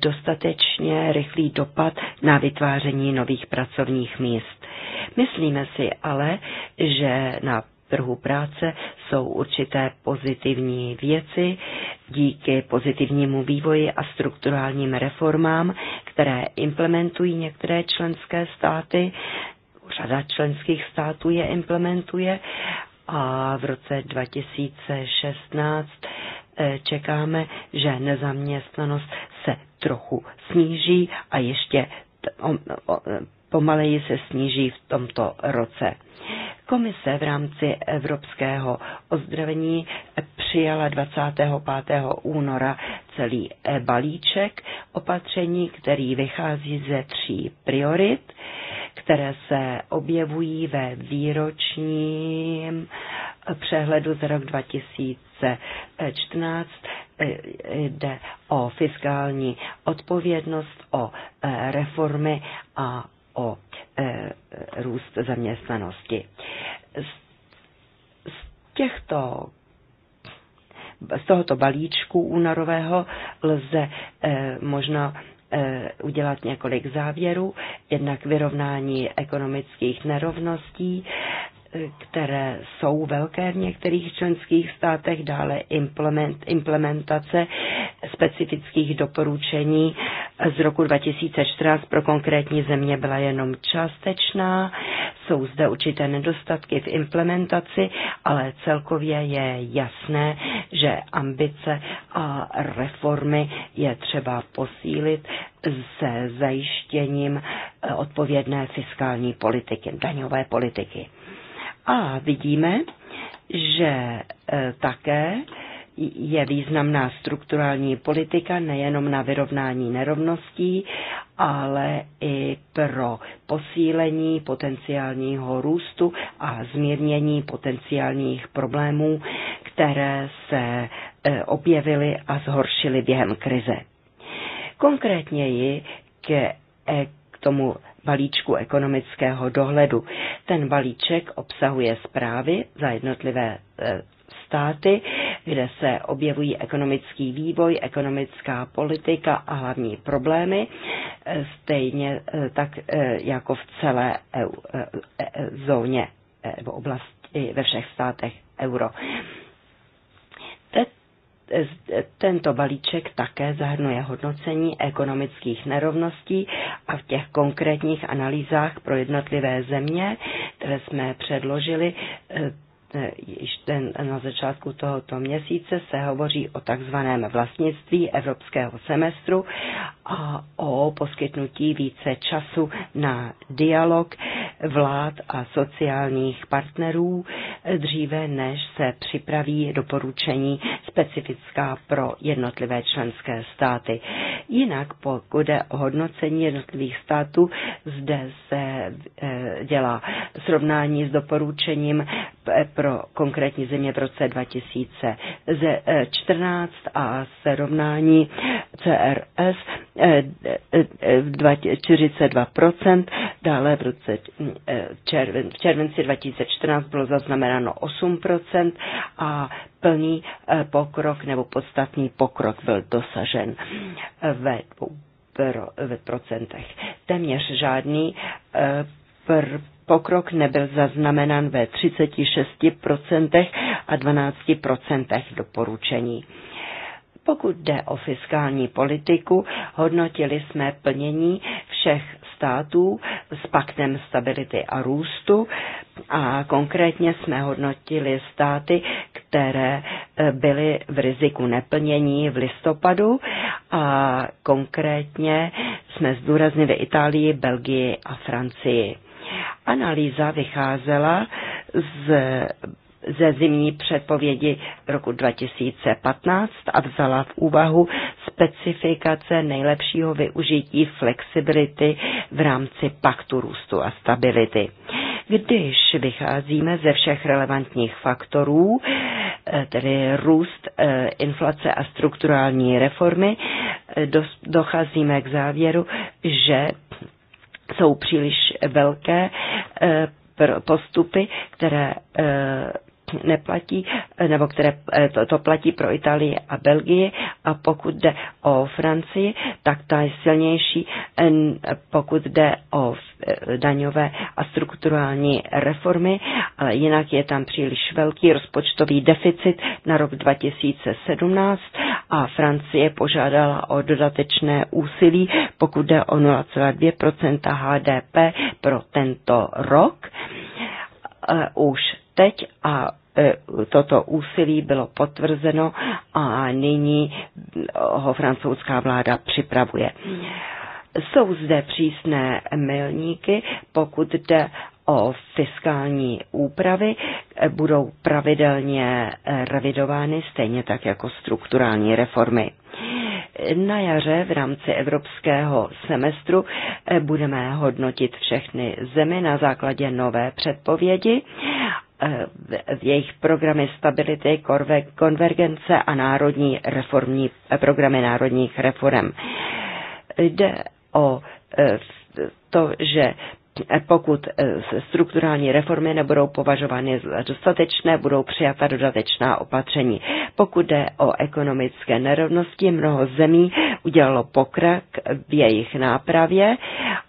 Speaker 3: dostatečně rychlý dopad na vytváření nových pracovních míst. Myslíme si ale, že na trhu práce jsou určité pozitivní věci díky pozitivnímu vývoji a strukturálním reformám, které implementují některé členské státy. Řada členských států je implementuje a v roce 2016 eh, čekáme, že nezaměstnanost se trochu sníží a ještě pomaleji se sníží v tomto roce. Komise v rámci evropského ozdravení přijala 25. února celý eh, balíček opatření, který vychází ze tří priorit, které se objevují ve výročním eh, přehledu za rok 2014. Eh, jde o fiskální odpovědnost, o reformy a o e, růst zaměstnanosti. Z těchto z tohoto balíčku únorového lze e, možná e, udělat několik závěrů, jednak vyrovnání ekonomických nerovností, které jsou velké v některých členských státech, dále implement, implementace specifických doporučení z roku 2014 pro konkrétní země byla jenom částečná. Jsou zde určité nedostatky v implementaci, ale celkově je jasné, že ambice a reformy je třeba posílit se zajištěním eh, odpovědné fiskální politiky, daňové politiky. A vidíme, že e, také je významná strukturální politika nejenom na vyrovnání nerovností, ale i pro posílení potenciálního růstu a zmírnění potenciálních problémů, které se e, objevily a zhoršily během krize. Konkrétněji e, k, tomu balíčku ekonomického dohledu. Ten balíček obsahuje zprávy za jednotlivé e, státy, kde se objevují ekonomický vývoj, ekonomická politika a hlavní problémy, e, stejně e, tak jako v celé EU, zóně nebo oblasti ve všech státech euro tento balíček také zahrnuje hodnocení ekonomických nerovností a v těch konkrétních analýzách pro jednotlivé země, které jsme předložili, eh, E, již ten, na začátku tohoto měsíce se hovoří o takzvaném vlastnictví evropského semestru a o poskytnutí více času na dialog vlád a sociálních partnerů e, dříve, než se připraví doporučení specifická pro jednotlivé členské státy. Jinak, pokud jde o hodnocení jednotlivých států, zde se e, dělá srovnání s doporučením pro pro konkrétní země v roce 2014 eh, a srovnání CRS 42%, dále v, roce, mm, eh, červen, v červenci 2014 bylo zaznamenáno 8% a plný eh, pokrok nebo podstatný pokrok byl dosažen ve dvou v procentech. Téměř žádný pr- pokrok nebyl zaznamenán ve 36% a 12% doporučení. Pokud jde o fiskální politiku, hodnotili jsme plnění všech států s paktem stability a růstu a konkrétně jsme hodnotili státy, které eh, byly v riziku neplnění v listopadu a konkrétně jsme zdůraznili Itálii, Belgii a Francii. Analýza vycházela z, ze zimní předpovědi roku 2015 a vzala v úvahu specifikace nejlepšího využití flexibility v rámci paktu růstu a stability. Když vycházíme ze všech relevantních faktorů, eh, tedy růst, eh, inflace a strukturální reformy, eh, docházíme k závěru, že jsou příliš velké eh, postupy, které eh, neplatí, eh, nebo které eh, to, to platí pro Itálii a Belgii a pokud jde o Francii, tak ta je silnější, pokud jde o eh, daňové a strukturální reformy, ale jinak je tam příliš velký rozpočtový deficit na rok 2017 a Francie požádala o dodatečné úsilí, pokud jde o 0,2 HDP pro tento rok. Už teď a E, toto úsilí bylo potvrzeno a nyní ho francouzská vláda připravuje. Jsou zde přísné milníky, pokud jde o fiskální úpravy, e, budou pravidelně e, revidovány, stejně tak jako strukturální reformy. Na jaře v rámci evropského semestru budeme hodnotit všechny zemi na základě nové předpovědi Eh, v jejich programy stability, konvergence a národní reformní, eh, programy národních reform. Jde o eh, to, že pokud eh, strukturální reformy nebudou považovány za dostatečné, budou přijata dodatečná opatření. Pokud jde o ekonomické nerovnosti, mnoho zemí udělalo pokrok v jejich nápravě,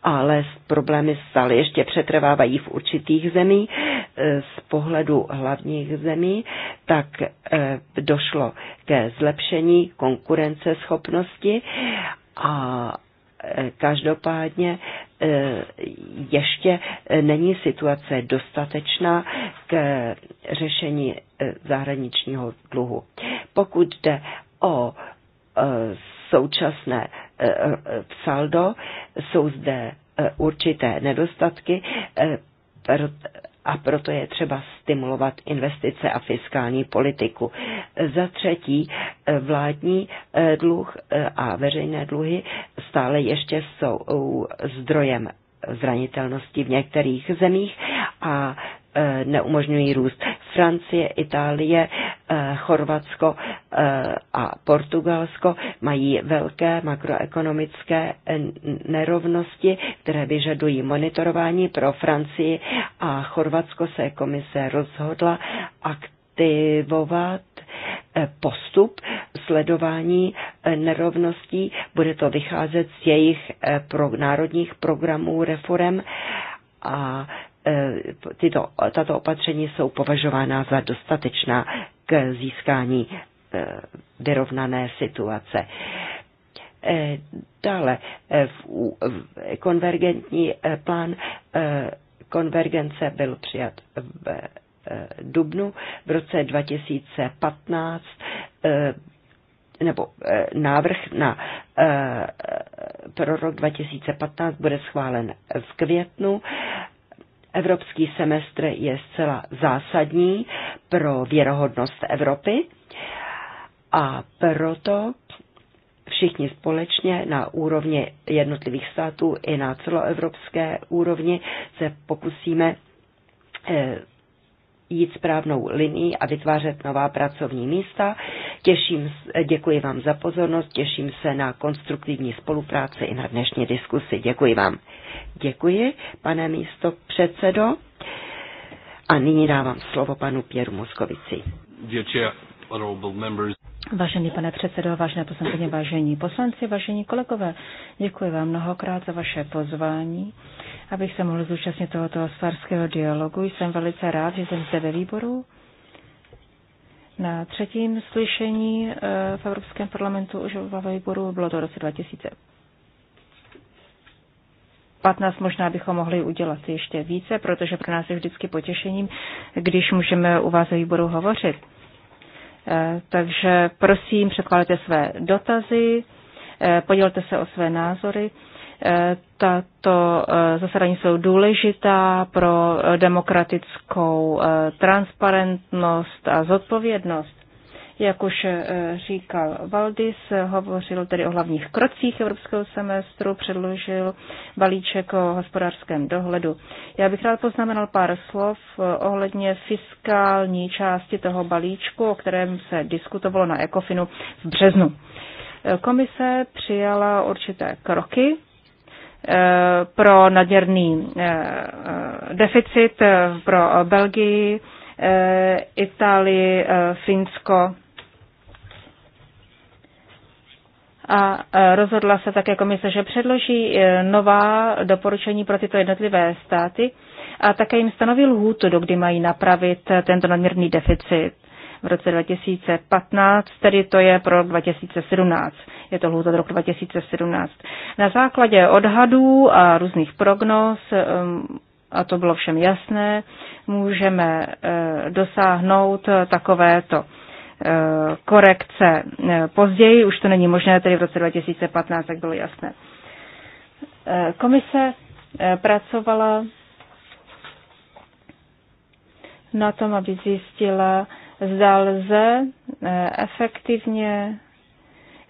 Speaker 3: ale problémy stále ještě přetrvávají v určitých zemí. Eh, z pohledu hlavních zemí tak eh, došlo ke zlepšení konkurenceschopnosti a Každopádně eh, ještě eh, není situace dostatečná k řešení eh, zahraničního dluhu. Pokud jde o současné saldo, jsou zde určité nedostatky, a proto je třeba stimulovat investice a fiskální politiku. Za třetí, eh, vládní eh, dluh eh, a veřejné dluhy stále ještě jsou zdrojem zranitelnosti v některých zemích a Eh, neumožňují růst. Francie, Itálie, eh, Chorvatsko eh, a Portugalsko mají velké makroekonomické nerovnosti, které vyžadují monitorování. Pro Francii a Chorvatsko se komise rozhodla aktivovat postup sledování nerovností. Bude to vycházet z jejich národních programů reform a Eh, tyto, tato opatření jsou považována za dostatečná k získání eh, vyrovnané situace. Eh, dále, v konvergentní plán konvergence byl přijat v dubnu. V roce 2015 nebo návrh na, pro rok 2015 bude schválen v květnu Evropský semestr je zcela zásadní pro věrohodnost Evropy a proto všichni společně na úrovni jednotlivých států i na celoevropské úrovni se pokusíme eh, jít správnou linií a vytvářet nová pracovní místa. Těším, děkuji vám za pozornost, těším se na konstruktivní spolupráci i na dnešní diskusi. Děkuji vám. Děkuji, pane místo předsedo. A nyní dávám slovo panu Pěru Moskovici. Děkuji.
Speaker 1: Vážený pane předsedo, vážené poslankyně, vážení poslanci, vážení kolegové, děkuji vám mnohokrát za vaše pozvání. Abych se mohl zúčastnit tohoto svarského dialogu, jsem velice rád, že jsem zde ve výboru. Na třetím slyšení eh, v Evropském parlamentu už ve výboru bylo to v roce 15 možná bychom mohli udělat ještě více, protože pro nás je vždycky potěšením, když můžeme u vás ve výboru hovořit. Eh, takže prosím, předkládejte své dotazy, eh, podělte se o své názory. Eh, tato zasedání jsou důležitá pro demokratickou transparentnost a zodpovědnost. Jak už eh, říkal Valdis, hovořil tedy o hlavních krocích evropského semestru, předložil balíček o hospodářském dohledu. Já bych rád poznamenal pár slov eh, ohledně fiskální části toho balíčku, o kterém se diskutovalo na Ekofinu v březnu. Eh, komise přijala určité kroky pro nadměrný deficit pro Belgii, Itálii, Finsko a e, rozhodla se také komise, že předloží e, nová doporučení pro tyto jednotlivé státy a také jim stanoví lhůtu, do kdy mají napravit e, tento nadměrný deficit v roce 2015, tedy to je pro rok 2017. Je to lhůta do roku 2017. Na základě odhadů a různých prognóz, a to bylo všem jasné, můžeme dosáhnout takovéto Eh, korekce eh, později, už to není možné, tedy v roce 2015, tak bylo jasné. Eh, komise pracovala na tom, aby zjistila, zda lze efektivně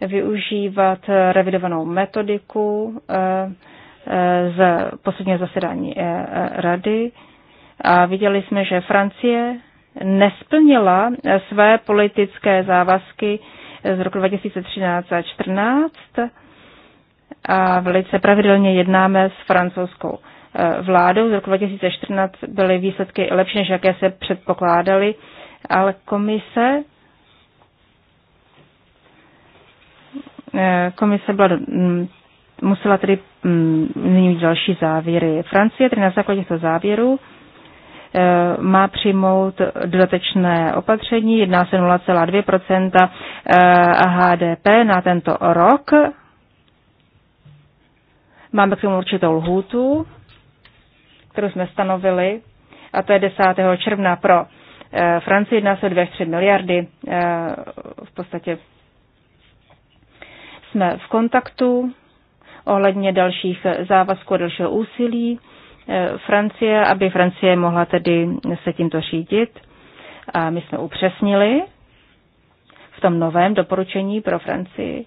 Speaker 1: využívat revidovanou metodiku z posledního zasedání rady. A viděli jsme, že Francie nesplnila své politické závazky z roku 2013 a 2014 a velice pravidelně jednáme s francouzskou eh, vládou. Z roku 2014 byly výsledky lepší, než jaké se předpokládaly, ale komise eh, komise byla, musela tedy nyní další závěry. Francie tedy na základě těchto závěrů Eh, má přijmout dodatečné opatření, jedná se 0,2 eh, HDP na tento rok. Máme k tomu určitou lhůtu, kterou jsme stanovili, a to je 10. června pro eh, Francii, jedná se 2-3 miliardy v podstatě jsme v kontaktu ohledně dalších závazků a dalšího úsilí. Eh, Francie, aby Francie mohla tedy se tímto řídit. A my jsme upřesnili v tom novém doporučení pro Francii,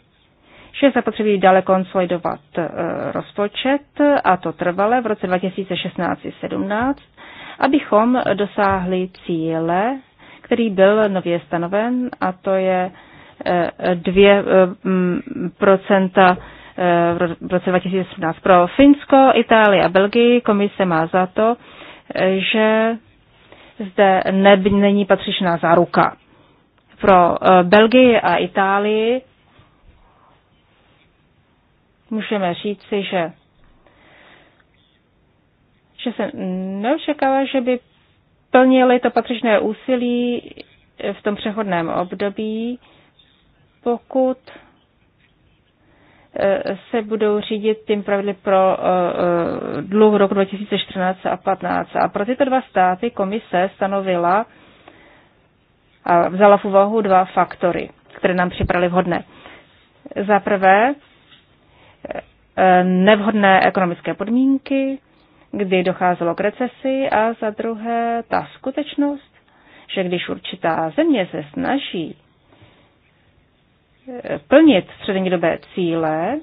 Speaker 1: že zapotřebí dále konsolidovat eh, rozpočet, a to trvale v roce 2016-17, abychom dosáhli cíle, který byl nově stanoven, a to je 2 eh, procenta v roce 2017. Pro Finsko, Itálii a Belgii komise má za to, že zde ne, není patřičná záruka. Pro eh, Belgii a Itálii můžeme říci, že, že se neočekává, že by plnili to patřičné úsilí v tom přechodném období, pokud se budou řídit tím pravidly pro eh, eh, dluh roku 2014 a 2015. A pro tyto dva státy komise stanovila a vzala v úvahu dva faktory, které nám připravili vhodné. Za prvé, eh, nevhodné ekonomické podmínky, kdy docházelo k recesi a za druhé ta skutečnost, že když určitá země se snaží plnit střednědobé cíle,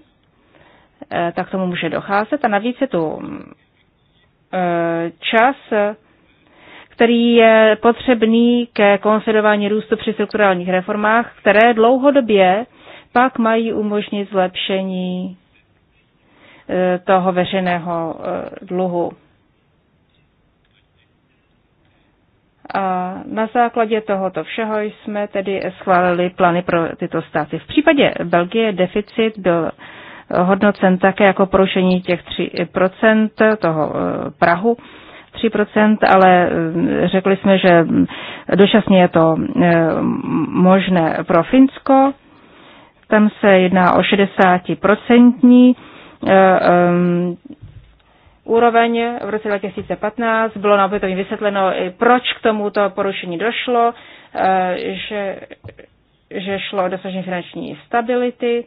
Speaker 1: eh, tak tomu může docházet. A navíc je tu eh, čas, který je potřebný ke konsolidování růstu při strukturálních reformách, které dlouhodobě pak mají umožnit zlepšení eh, toho veřejného dluhu. A na základě tohoto všeho jsme tedy schválili plány pro tyto státy. V případě Belgie deficit byl hodnocen také jako porušení těch 3% toho e, Prahu. 3%, ale e, řekli jsme, že dočasně je to e, možné pro Finsko. Tam se jedná o 60% úroveň v roce 2015. Bylo na opětovně vysvětleno, proč k tomuto porušení došlo, eh, že, že šlo o dosažení finanční stability.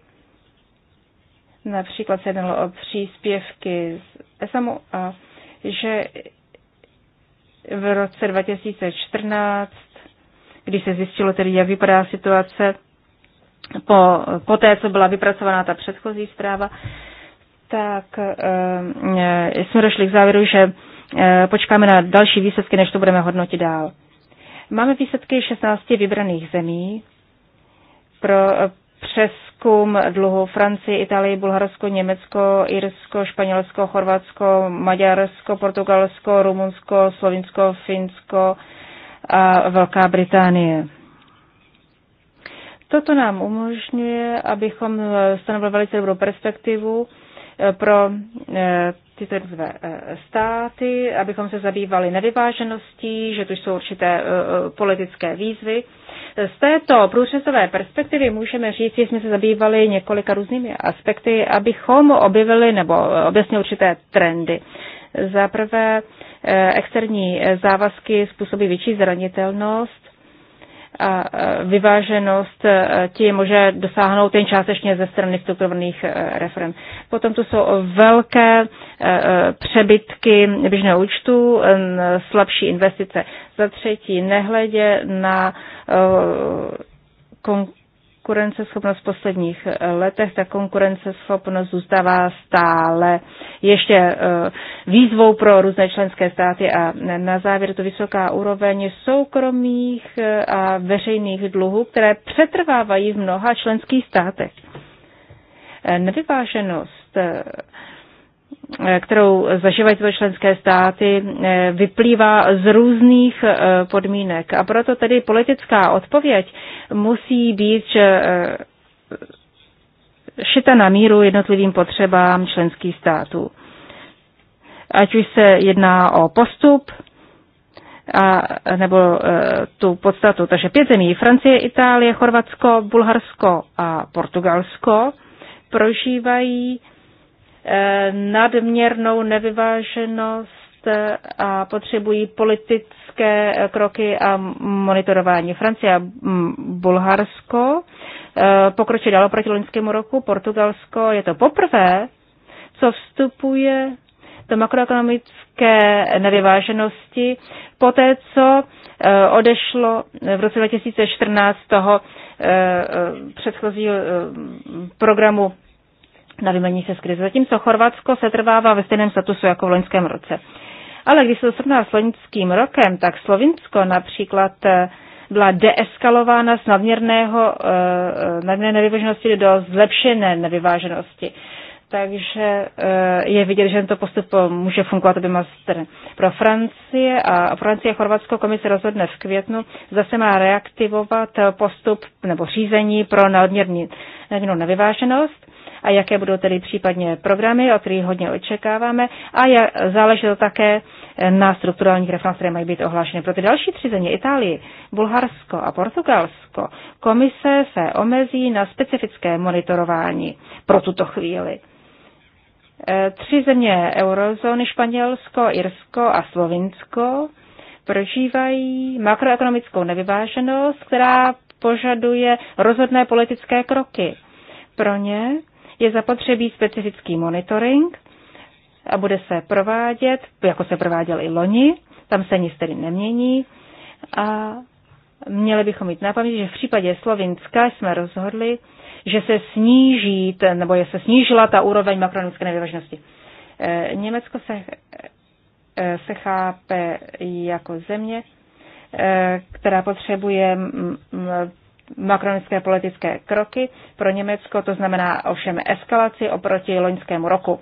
Speaker 1: Například se jednalo o příspěvky z SMU a že v roce 2014, když se zjistilo tedy, jak vypadá situace po, po té, co byla vypracovaná ta předchozí zpráva, tak eh, jsme došli k závěru, že eh, počkáme na další výsledky, než to budeme hodnotit dál. Máme výsledky 16 vybraných zemí pro eh, přeskum dluhu Francii, Itálii, Bulharsko, Německo, Irsko, Španělsko, Chorvatsko, Maďarsko, Portugalsko, Rumunsko, Slovinsko, Finsko a Velká Británie. Toto nám umožňuje, abychom stanovili velice dobrou perspektivu pro eh, tyto dvě eh, státy, abychom se zabývali nevyvážeností, že tu jsou určité eh, politické výzvy. Z této průřezové perspektivy můžeme říct, že jsme se zabývali několika různými aspekty, abychom objevili nebo objasnili určité trendy. Za prvé, externí závazky způsobí větší zranitelnost a vyváženost ti může dosáhnout jen částečně ze strany strukturovaných reform. Potom tu jsou velké přebytky běžného účtu, slabší investice. Za třetí, nehledě na konkurenceschopnost v posledních eh, letech, ta konkurenceschopnost zůstává stále ještě eh, výzvou pro různé členské státy a na závěr to vysoká úroveň soukromých eh, a veřejných dluhů, které přetrvávají v mnoha členských státech. Nevyváženost Eh, kterou zažívají tyto členské státy, eh, vyplývá z různých eh, podmínek. A proto tedy politická odpověď musí být šita na míru jednotlivým potřebám členských států. Ať už se jedná o postup, a, nebo e, tu podstatu. Takže pět zemí, Francie, Itálie, Chorvatsko, Bulharsko a Portugalsko, prožívají e, Eh, nadměrnou nevyváženost eh, a potřebují politické eh, kroky a monitorování. Francie a mm, Bulharsko pokročí dál proti loňskému roku, Portugalsko je to poprvé, co vstupuje do makroekonomické nevyváženosti po té, co odešlo v roce 2014 toho předchozího programu na vymení se z krize, zatímco Chorvatsko se trvává ve stejném statusu jako v loňském roce. Ale když se to srovná s loňským rokem, tak Slovinsko například eh, byla deeskalována z nadměrného, eh, nadměrné nevyváženosti do zlepšené nevyváženosti. Takže eh, je vidět, že tento postup může fungovat oběma strany. Pro Francie a Francie a Chorvatsko komise rozhodne v květnu, zase má reaktivovat postup nebo řízení pro nadměrnou nevyváženost a jaké budou tedy případně programy, o kterých hodně očekáváme. A je, záleží to také na strukturálních reformách, které mají být ohlášeny. Pro ty další tři země, Itálii, Bulharsko a Portugalsko, komise se omezí na specifické monitorování pro tuto chvíli. E, tři země eurozóny, Španělsko, Irsko a Slovinsko, prožívají makroekonomickou nevyváženost, která požaduje rozhodné politické kroky. Pro ně je zapotřebí specifický monitoring a bude se provádět, jako se prováděl i loni, tam se nic tedy nemění. A měli bychom mít na paměti, že v případě Slovinska jsme rozhodli, že se sníží, ten, nebo je se snížila ta úroveň makronické nevyvažnosti. E, eh, Německo se, e, se chápe jako země, e, která potřebuje mm, mm, makronické politické kroky pro Německo, to znamená ovšem eskalaci oproti loňskému roku.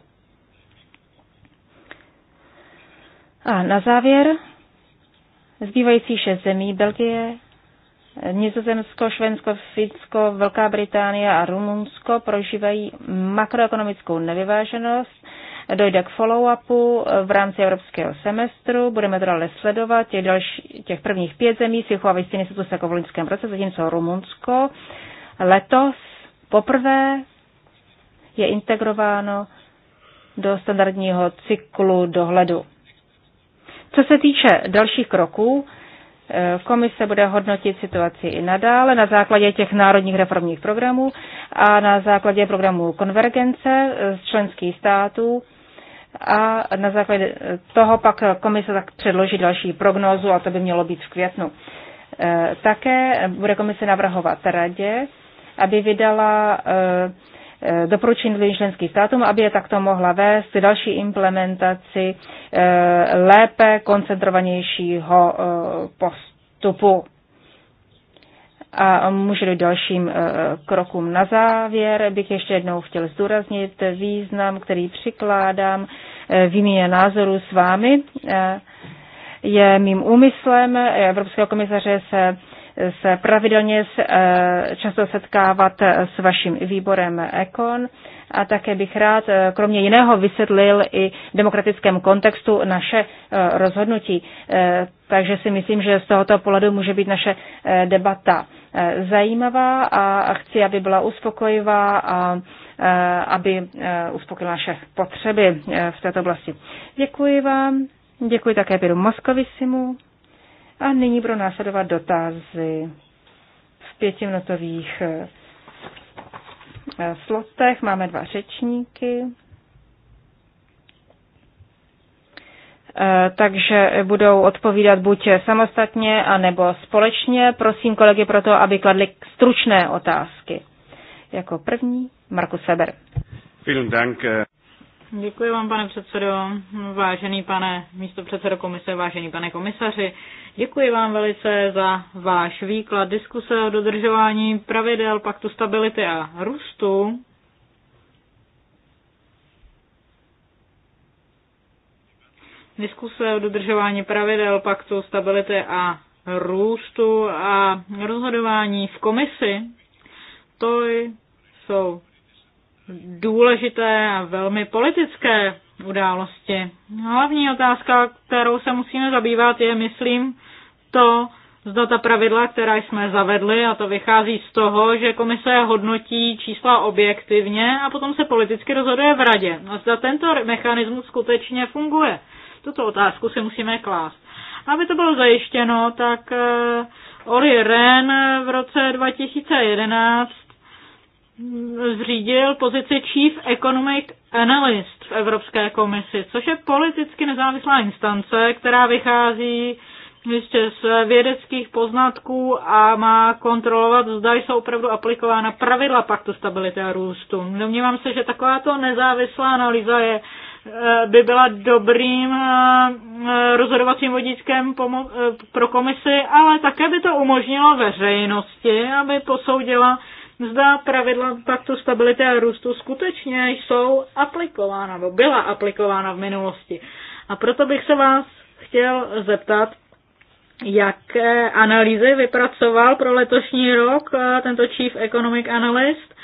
Speaker 1: A na závěr zbývající šest zemí Belgie, Nizozemsko, Švédsko, Finsko, Velká Británie a Rumunsko prožívají makroekonomickou nevyváženost Dojde k follow-upu eh, v rámci evropského semestru, budeme to dále sledovat těch, další, těch prvních pět zemí, si uchovávají stejný status jako v loňském roce, zatímco Rumunsko letos poprvé je integrováno do standardního cyklu dohledu. Co se týče dalších kroků, eh, Komise bude hodnotit situaci i nadále na základě těch národních reformních programů a na základě programů konvergence z členských států a na základě toho pak komise tak předloží další prognózu a to by mělo být v květnu. E, také bude komise navrhovat radě, aby vydala e, e, doporučení jednotlivým členským státům, aby je takto mohla vést k další implementaci lépe koncentrovanějšího postupu a můžu do dalším eh, krokům. Na závěr bych ještě jednou chtěl zdůraznit význam, který přikládám eh, výměně názoru s vámi. Eh, je mým úmyslem Evropského komisaře se se pravidelně často setkávat s vaším výborem ECON a také bych rád kromě jiného vysvětlil i v demokratickém kontextu naše rozhodnutí. Takže si myslím, že z tohoto pohledu může být naše debata Eh, zajímavá a chci, aby byla uspokojivá a eh, aby eh, uspokojila naše potřeby v této oblasti. Děkuji vám, děkuji také Piru Moskovisimu a nyní budou následovat dotazy v pětiminutových slotech. Máme dva řečníky. Eh, takže budou odpovídat buď samostatně, anebo společně. Prosím kolegy proto, aby kladli stručné otázky. Jako první Markus Seber.
Speaker 2: Eh.
Speaker 1: Děkuji vám, pane předsedo, vážený pane místo předsedo komise, vážený pane komisaři. Děkuji vám velice za váš výklad diskuse o dodržování pravidel paktu stability a růstu Diskuse o dodržování pravidel paktu stability a růstu a rozhodování v komisi, to jsou důležité a velmi politické události. Hlavní otázka, kterou se musíme zabývat, je, myslím, to, zda ta pravidla, která jsme zavedli, a to vychází z toho, že komise hodnotí čísla objektivně a potom se politicky rozhoduje v radě. A zda tento mechanismus skutečně funguje. Tuto otázku si musíme klást. Aby to bylo zajištěno, tak eh, Oli Ren v roce 2011 mm, zřídil pozici Chief Economic Analyst v Evropské komisi, což je politicky nezávislá instance, která vychází ještě z vědeckých poznatků a má kontrolovat, zda jsou opravdu aplikována pravidla paktu stability a růstu. Domnívám se, že takováto nezávislá analýza je Eh, by byla dobrým eh, rozhodovacím vodítkem eh, pro komisi, ale také by to umožnilo veřejnosti, aby posoudila, zda pravidla paktu stability a růstu skutečně jsou aplikována, nebo byla aplikována v minulosti. A proto bych se vás chtěl zeptat, jaké analýzy vypracoval pro letošní rok tento chief economic analyst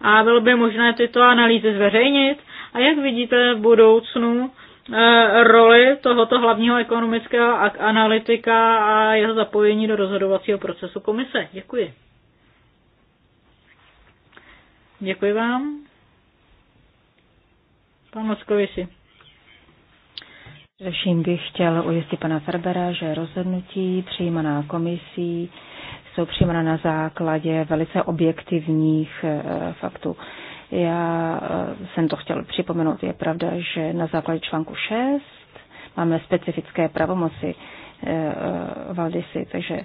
Speaker 1: a bylo by možné tyto analýzy zveřejnit a jak vidíte v budoucnu eh, roli tohoto hlavního ekonomického analytika a jeho zapojení do rozhodovacího procesu komise? Děkuji. Děkuji vám. Pan Moskovici. Především bych chtěl ujistit pana Ferbera, že rozhodnutí přijímaná komisí jsou přijímána na základě velice objektivních eh, faktů. Já eh, jsem to chtěl připomenout. Je pravda, že na základě článku 6 máme specifické pravomoci eh, eh, Valdisy, takže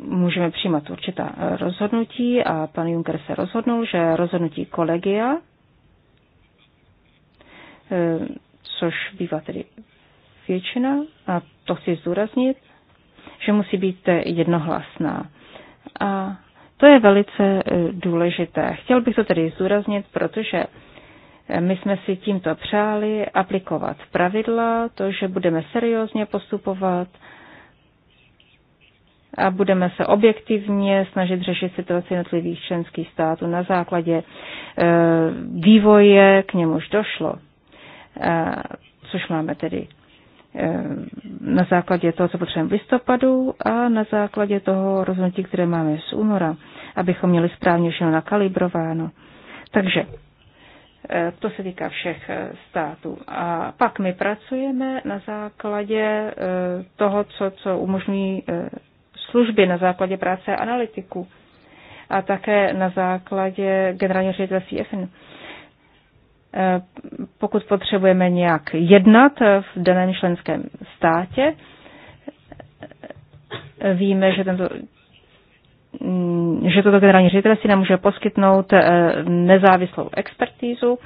Speaker 1: můžeme přijímat určitá rozhodnutí a pan Juncker se rozhodnul, že rozhodnutí kolegia, což bývá tedy většina, a to chci zdůraznit, že musí být jednohlasná. A to je velice e, důležité. Chtěl bych to tedy zúraznit, protože e, my jsme si tímto přáli aplikovat pravidla, to, že budeme seriózně postupovat a budeme se objektivně snažit řešit situaci jednotlivých členských států na základě e, vývoje, k němuž došlo, což máme tedy na základě toho, co potřebujeme v listopadu a na základě toho rozhodnutí, které máme z února, abychom měli správně všechno nakalibrováno. Takže eh, to se týká všech eh, států. A pak my pracujeme na základě eh, toho, co, co umožňují služby, na základě práce analytiků a také na základě generálního ředitelství FN. Eh, pokud potřebujeme nějak jednat eh, v daném členském státě, eh, víme, že tento mm, že toto generální ředitel si nemůže poskytnout nezávislou expertízu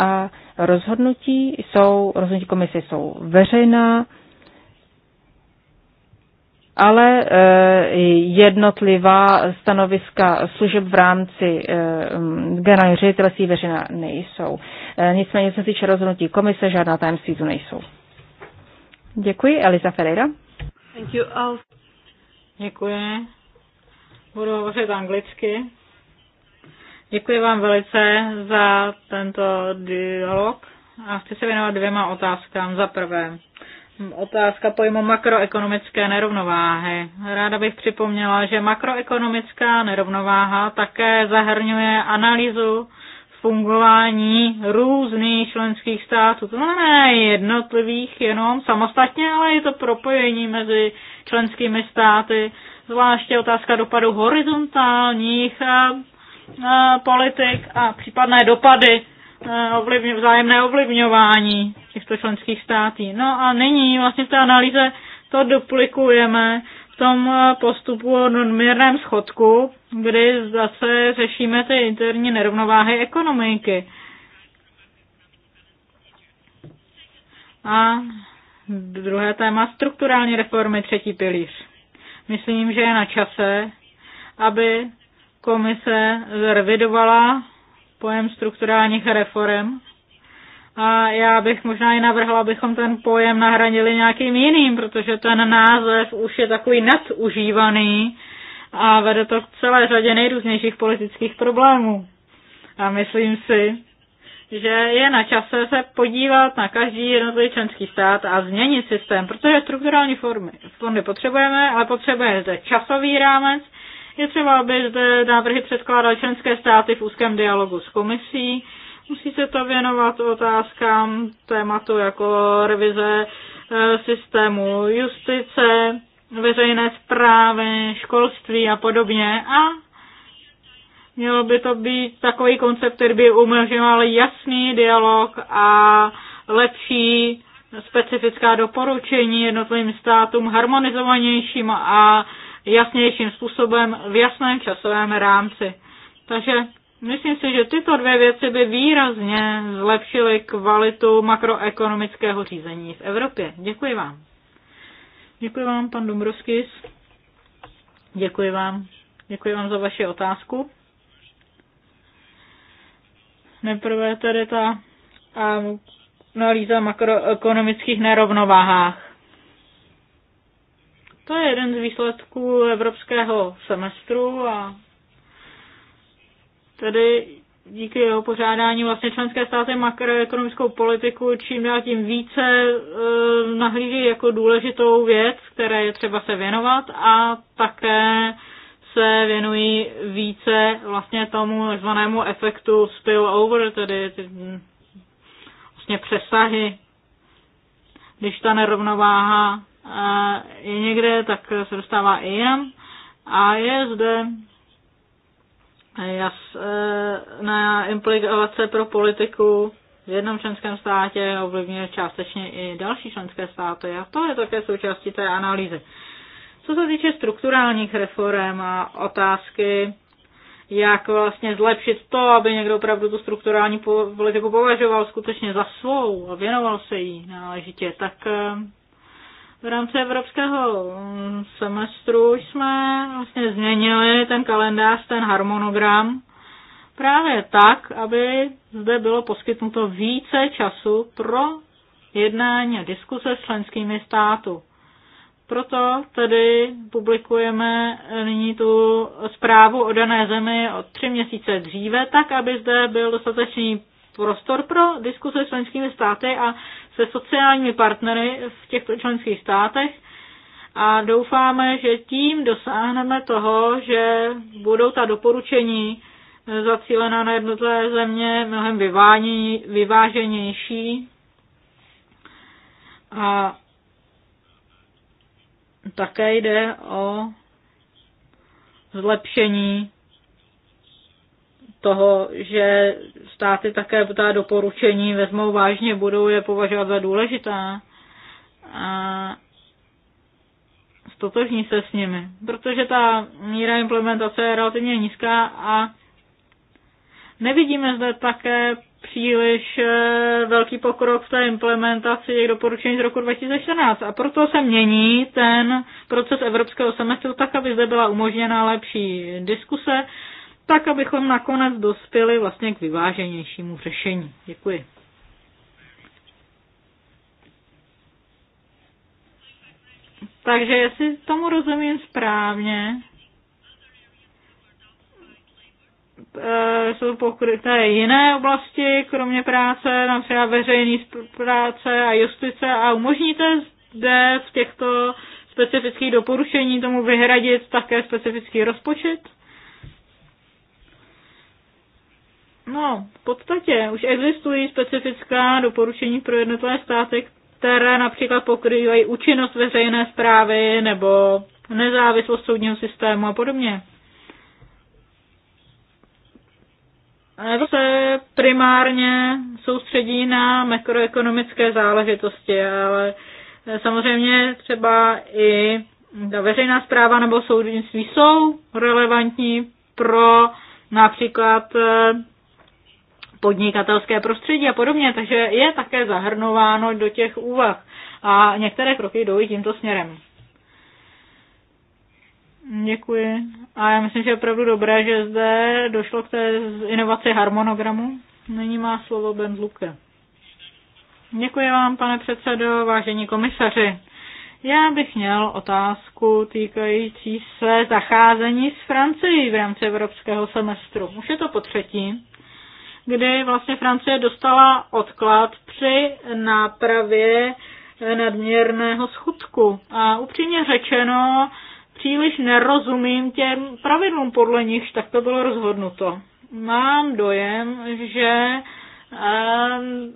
Speaker 1: a rozhodnutí jsou, rozhodnutí komise jsou veřejná, ale eh, jednotlivá stanoviska služeb v rámci eh, generální ředitelství veřejná nejsou. Eh, nicméně, co se týče rozhodnutí komise, žádná tajemství tu nejsou. Děkuji, Eliza Ferreira. Thank you all. Děkuji. Budu hovořit anglicky. Děkuji vám velice za tento dialog a chci se věnovat dvěma otázkám. Za prvé, otázka pojmu makroekonomické nerovnováhy. Ráda bych připomněla, že makroekonomická nerovnováha také zahrnuje analýzu fungování různých členských států. To znamená ne jednotlivých jenom samostatně, ale je to propojení mezi členskými státy, zvláště otázka dopadu horizontálních a, eh, a, eh, politik a případné dopady Eh, ovlivň, vzájemné ovlivňování těchto členských států. No a nyní vlastně v té analýze to duplikujeme v tom eh, postupu o nadměrném schodku, kdy zase řešíme ty interní nerovnováhy ekonomiky. A druhé téma strukturální reformy třetí pilíř. Myslím, že je na čase, aby komise zrevidovala pojem strukturálních reform. A já bych možná i navrhla, abychom ten pojem nahradili nějakým jiným, protože ten název už je takový nadužívaný a vede to k celé řadě nejrůznějších politických problémů. A myslím si, že je na čase se podívat na každý jednotlivý členský stát a změnit systém, protože strukturální formy, fondy potřebujeme, ale potřebujeme zde časový rámec, je třeba, aby zde návrhy předkládaly členské státy v úzkém dialogu s komisí. Musí se to věnovat otázkám tématu jako revize eh, systému justice, veřejné zprávy, školství a podobně. A mělo by to být takový koncept, který by umožňoval jasný dialog a lepší specifická doporučení jednotlivým státům harmonizovanějším a jasnějším způsobem v jasném časovém rámci. Takže myslím si, že tyto dvě věci by výrazně zlepšily kvalitu makroekonomického řízení v Evropě. Děkuji vám. Děkuji vám, pan Dombrovskis. Děkuji vám. Děkuji vám za vaši otázku. Nejprve tedy ta analýza makroekonomických nerovnováhách. To je jeden z výsledků evropského semestru a tedy díky jeho pořádání vlastně členské státy makroekonomickou politiku čím dál tím více e, eh, nahlíží jako důležitou věc, které je třeba se věnovat a také se věnují více vlastně tomu zvanému efektu spillover, tedy ty, hm, vlastně přesahy, když ta nerovnováha je někde, tak se dostává i jinam. A je zde jas eh, na implikace pro politiku v jednom členském státě ovlivňuje částečně i další členské státy a to je také součástí té analýzy. Co se týče strukturálních reform a otázky, jak vlastně zlepšit to, aby někdo opravdu tu strukturální politiku považoval skutečně za svou a věnoval se jí náležitě, tak eh, v rámci evropského mm, semestru jsme vlastně změnili ten kalendář, ten harmonogram právě tak, aby zde bylo poskytnuto více času pro jednání a diskuse s členskými státy. Proto tedy publikujeme nyní tu zprávu o dané zemi o tři měsíce dříve, tak aby zde byl dostatečný prostor pro diskuse s členskými státy a se sociálními partnery v těchto členských státech a doufáme, že tím dosáhneme toho, že budou ta doporučení eh, zacílená na jednotlivé země mnohem vyvážení, vyváženější a také jde o zlepšení toho, že státy také ta doporučení vezmou vážně, budou je považovat za důležitá a stotožní se s nimi, protože ta míra implementace je relativně nízká a nevidíme zde také příliš eh, velký pokrok v té implementaci těch doporučení z roku 2014 a proto se mění ten proces evropského semestru tak, aby zde byla umožněna lepší diskuse tak abychom nakonec dospěli vlastně k vyváženějšímu řešení. Děkuji. Takže jestli tomu rozumím správně, eh, jsou pokryté jiné oblasti, kromě práce, například veřejný práce a justice a umožníte zde v těchto specifických doporušení tomu vyhradit také specifický rozpočet? No, v podstatě už existují specifická doporučení pro jednotlivé státy, které například pokrývají účinnost veřejné zprávy nebo nezávislost soudního systému a podobně. Evo se primárně soustředí na makroekonomické záležitosti, ale samozřejmě třeba i ta veřejná zpráva nebo soudnictví jsou relevantní pro například podnikatelské prostředí a podobně, takže je také zahrnováno do těch úvah a některé kroky jdou i tímto směrem. Děkuji. A já myslím, že je opravdu dobré, že zde došlo k té inovaci harmonogramu. Nyní má slovo Ben Luke. Děkuji vám, pane předsedo, vážení komisaři. Já bych měl otázku týkající se zacházení s Francií v rámci evropského semestru. Už je to po třetí kdy vlastně Francie dostala odklad při nápravě nadměrného schudku. A upřímně řečeno, příliš nerozumím těm pravidlům, podle nichž tak to bylo rozhodnuto. Mám dojem, že ehm,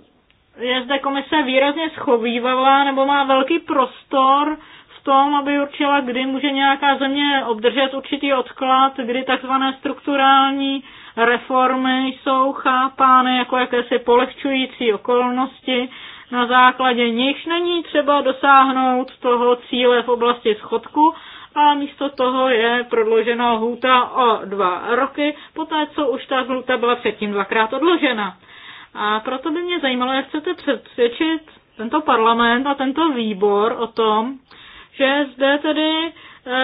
Speaker 1: je zde komise výrazně schovývala nebo má velký prostor v tom, aby určila, kdy může nějaká země obdržet určitý odklad, kdy takzvané strukturální Reformy jsou chápány jako jakési polehčující okolnosti, na základě nichž není třeba dosáhnout toho cíle v oblasti schodku, a místo toho je prodloužena lhůta o dva roky, poté co už ta lhůta byla předtím dvakrát odložena. A proto by mě zajímalo, jak chcete přesvědčit tento parlament a tento výbor o tom, že zde tedy E,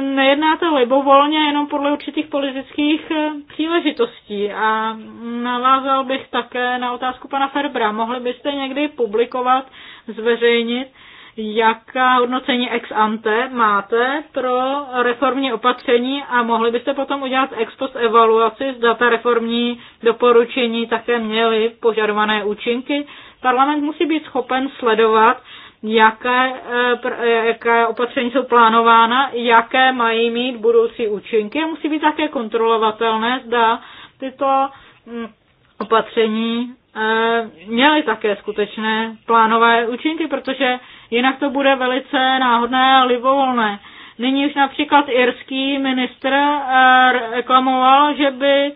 Speaker 1: nejednáte libovolně jenom podle určitých politických e, příležitostí. A navázal bych také na otázku pana Ferbra. Mohli byste někdy publikovat, zveřejnit, jaká hodnocení ex ante máte pro reformní opatření a mohli byste potom udělat ex post evaluaci, zda ta reformní doporučení také měly požadované účinky. Parlament musí být schopen sledovat, jaké, eh, eh, jaké opatření jsou plánována, jaké mají mít budoucí účinky. Musí být také kontrolovatelné, zda tyto mm, opatření eh, měly také skutečné plánové účinky, protože jinak to bude velice náhodné a libovolné. Nyní už například irský ministr reklamoval, že by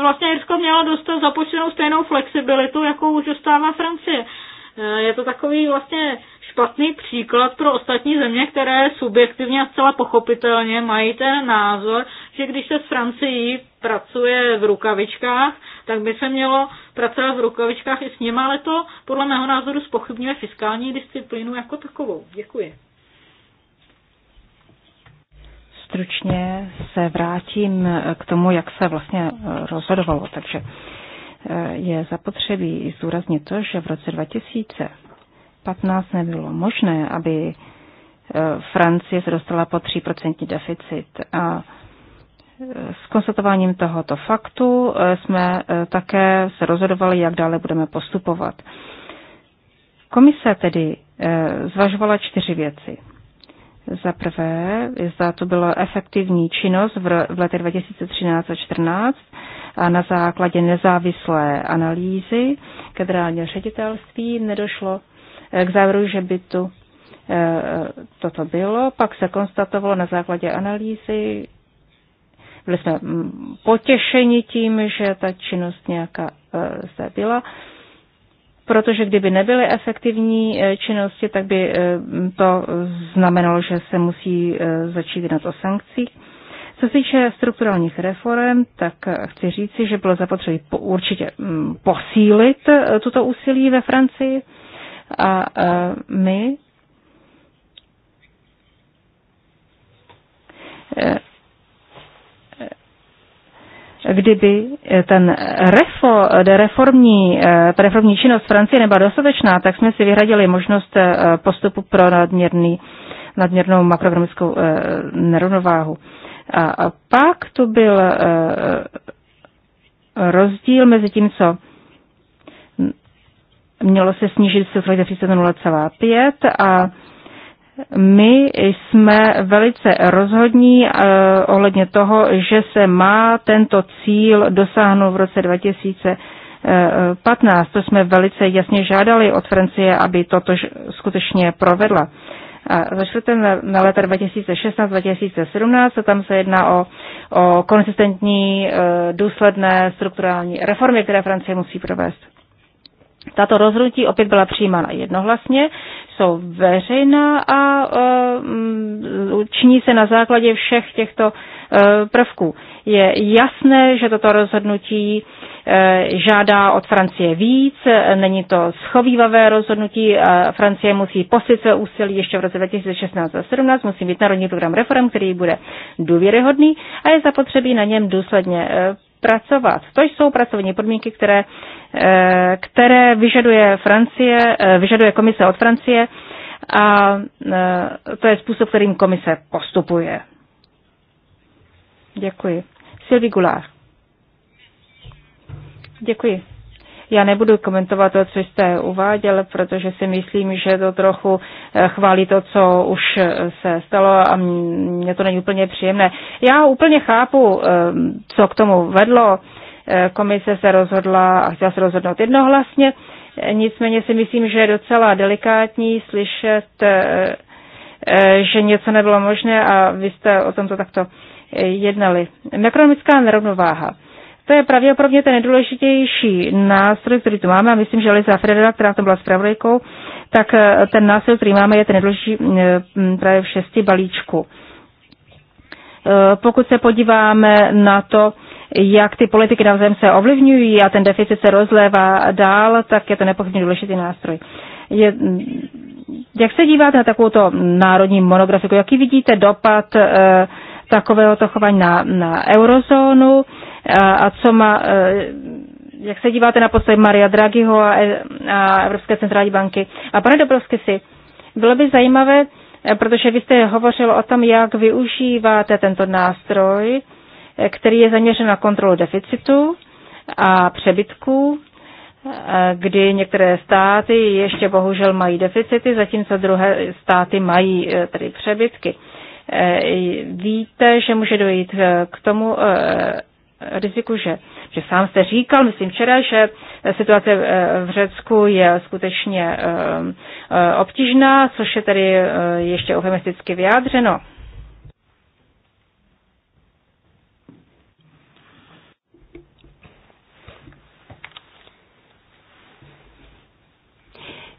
Speaker 1: vlastně Irsko mělo dostat započtenou stejnou flexibilitu, jakou už dostává Francie. Je to takový vlastně špatný příklad pro ostatní země, které subjektivně a zcela pochopitelně mají ten názor, že když se s Francií pracuje v rukavičkách, tak by se mělo pracovat v rukavičkách i s nimi, ale to podle mého názoru spochybňuje fiskální disciplínu jako takovou. Děkuji. Stručně se vrátím k tomu, jak se vlastně eh, rozhodovalo. Takže je zapotřebí zdůraznit to, že v roce 2015 nebylo možné, aby e, Francie zrostla po 3% deficit. A e, s konstatováním tohoto faktu e, jsme také se rozhodovali, jak dále budeme postupovat. Komise tedy zvažovala čtyři věci. Za prvé, zda to byla efektivní činnost v letech 2013 a 2014 a na základě nezávislé analýzy generálního ředitelství nedošlo eh, k závěru, že by tu eh, toto bylo. Pak se konstatovalo na základě analýzy, byli jsme mm, potěšeni tím, že ta činnost nějaká eh, zde byla protože kdyby nebyly efektivní eh, činnosti, tak by eh, to znamenalo, že se musí eh, začít jednat o sankcích. Co se týče strukturálních reform, tak chci říci, že bylo zapotřebí určitě mm, posílit tuto úsilí ve Francii a my kdyby eh, ten refo, reformní, eh, ta reformní činnost Francie nebyla dostatečná, tak jsme si vyhradili možnost eh, postupu pro nadměrný, nadměrnou makroekonomickou nerovnováhu. A, a pak tu byl rozdíl mezi tím, co mělo se snížit se 0,5 a my jsme velice rozhodní eh, ohledně toho, že se má tento cíl dosáhnout v roce 2015. Eh, to jsme velice jasně žádali od Francie, aby toto skutečně provedla. A za na léta 2016-2017 a tam se jedná o, o konsistentní, eh, důsledné strukturální reformy, které Francie musí provést. Tato rozhodnutí opět byla přijímána jednohlasně, jsou veřejná a e, uh, činí se na základě všech těchto uh, prvků. Je jasné, že toto rozhodnutí uh, žádá od Francie víc, není to schovývavé rozhodnutí, uh, Francie musí poslit své úsilí ještě v roce 2016 a 2017, musí mít národní program reform, který bude důvěryhodný a je zapotřebí na něm důsledně uh, pracovat. To jsou pracovní podmínky, které Eh, které vyžaduje, Francie, eh, vyžaduje komise od Francie a eh, to je způsob, kterým komise postupuje. Děkuji. Sylvie Goulart. Děkuji. Já nebudu komentovat to, co jste uváděl, protože si myslím, že to trochu chválí to, co už se stalo a mně to není úplně příjemné. Já úplně chápu, co k tomu vedlo Komise se rozhodla a chtěla se rozhodnout jednohlasně, nicméně si myslím, že je docela delikátní slyšet, eh, eh, že něco nebylo možné a vy jste o tomto takto jednali. Ekonomická nerovnováha. To je pravděpodobně ten nejdůležitější nástroj, který tu máme a myslím, že Liza Freda, která to byla zpravodajkou, tak eh, ten nástroj, který máme, je ten nejdůležitější mm, právě v šesti balíčku. Pokud se podíváme na to, jak ty politiky navzájem se ovlivňují a ten deficit se rozlévá dál, tak je to nepochybně důležitý nástroj. Je, jak se díváte na takovouto národní monografiku? Jaký vidíte dopad e, eh, to chování na, na eurozónu? A, a co má, e, jak se díváte na postoj Maria Draghiho a, eh, a Evropské centrální banky? A pane Dobrovsky si, bylo by zajímavé, protože vy jste hovořil o tom, jak využíváte tento nástroj, který je zaměřen na kontrolu deficitu a přebytků, kdy některé státy ještě bohužel mají deficity, zatímco druhé státy mají eh, tedy přebytky. Eh, víte, že může dojít eh, k tomu riziku, že, že sám jste říkal, myslím včera, že situace v Řecku je skutečně obtížná, což je tedy ještě eufemisticky vyjádřeno.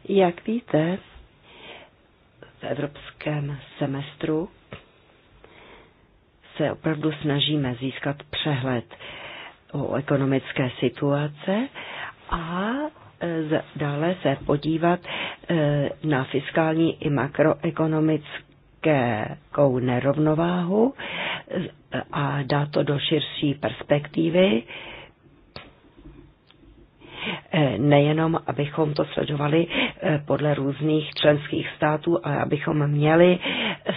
Speaker 3: Jak víte, v evropském semestru se opravdu snažíme získat přehled o ekonomické situace a e, dále se podívat e, na fiskální i makroekonomickou nerovnováhu a dát to do širší perspektivy Eh, nejenom abychom to sledovali eh, podle různých členských států, ale abychom měli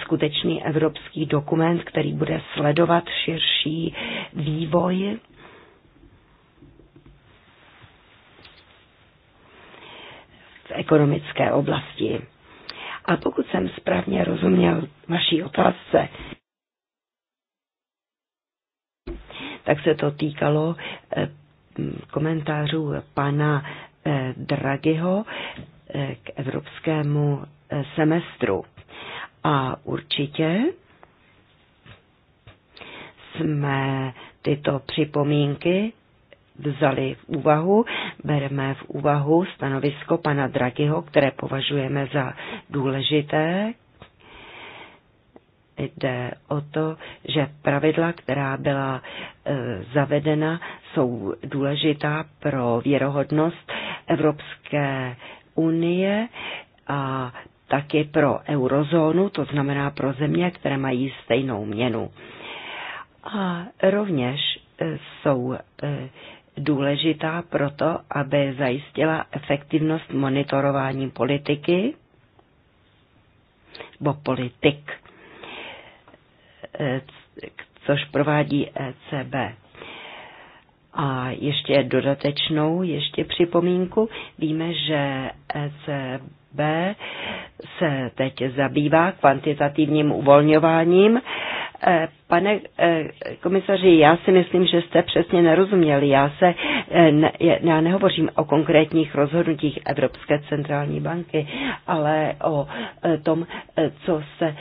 Speaker 3: skutečný evropský dokument, který bude sledovat širší vývoj v ekonomické oblasti. A pokud jsem správně rozuměl vaší otázce, tak se to týkalo eh, komentářů pana eh, Dragiho eh, k evropskému eh, semestru. A určitě jsme tyto připomínky vzali v úvahu, bereme v úvahu stanovisko pana Dragiho, které považujeme za důležité jde o to, že pravidla, která byla e, zavedena, jsou důležitá pro věrohodnost Evropské unie a taky pro eurozónu, to znamená pro země, které mají stejnou měnu. A rovněž e, jsou e, důležitá proto, aby zajistila efektivnost monitorování politiky bo politik Eh, což provádí ECB. A ještě dodatečnou, ještě připomínku. Víme, že ECB se teď zabývá kvantitativním uvolňováním Eh, pane eh, komisaři, já si myslím, že jste přesně nerozuměli. Já, se, eh, já nehovořím o konkrétních rozhodnutích Evropské centrální banky, ale o tom, co se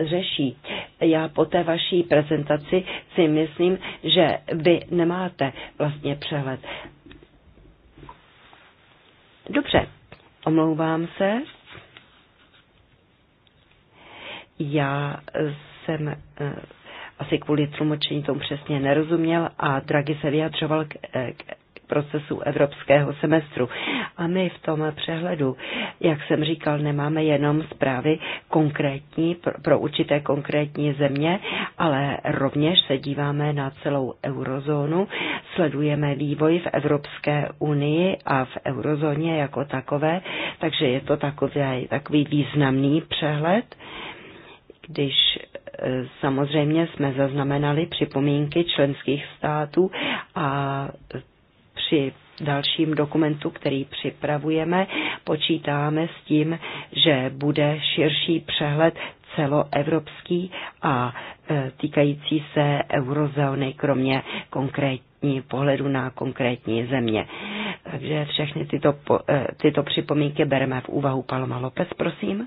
Speaker 3: řeší. Já po té vaší prezentaci si myslím, že vy nemáte vlastně přehled. Dobře, omlouvám se. Já jsem eh, asi kvůli tlumočení tomu přesně nerozuměl a Draghi se vyjadřoval eh, k, k procesu evropského semestru. A my v tom přehledu, jak jsem říkal, nemáme jenom zprávy konkrétní pro, pro určité konkrétní země, ale rovněž se díváme na celou eurozónu, sledujeme vývoj v Evropské unii a v eurozóně jako takové, takže je to takový, takový významný přehled, když Samozřejmě jsme zaznamenali připomínky členských států a při dalším dokumentu, který připravujeme, počítáme s tím, že bude širší přehled celoevropský a e, týkající se eurozóny, kromě konkrétní pohledu na konkrétní země. Takže všechny tyto, e, tyto připomínky bereme v úvahu. Paloma López, prosím.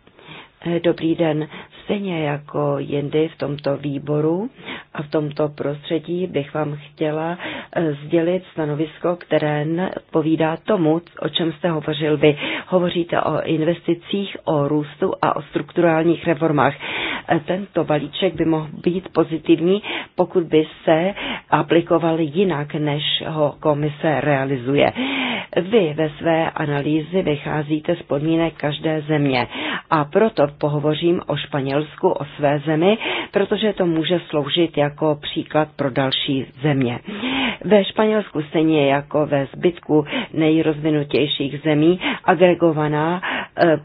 Speaker 3: Eh, dobrý den. Stejně jako jindy v tomto výboru a v tomto prostředí bych vám chtěla eh, sdělit stanovisko, které odpovídá tomu, o čem jste hovořil vy. Hovoříte o investicích, o růstu a o strukturálních reformách. Eh, tento balíček by mohl být pozitivní, pokud by se aplikoval jinak, než ho komise realizuje. Vy ve své analýzi vycházíte z podmínek každé země a proto pohovořím o Španělsku, o své zemi, protože to může sloužit jako příklad pro další země. Ve Španělsku stejně jako ve zbytku nejrozvinutějších zemí agregovaná eh,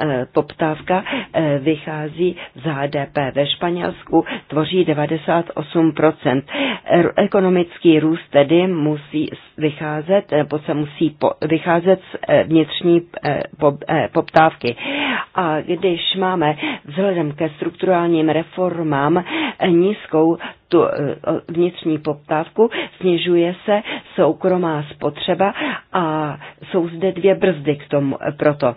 Speaker 3: eh, poptávka eh, vychází z HDP. Ve Španělsku tvoří 98%. Ekonomický růst tedy musí vycházet, nebo se musí po, vycházet z vnitřní poptávky. A když máme vzhledem ke strukturálním reformám nízkou tu eh, vnitřní poptávku, snižuje se soukromá spotřeba a jsou zde dvě brzdy k tomu eh, proto.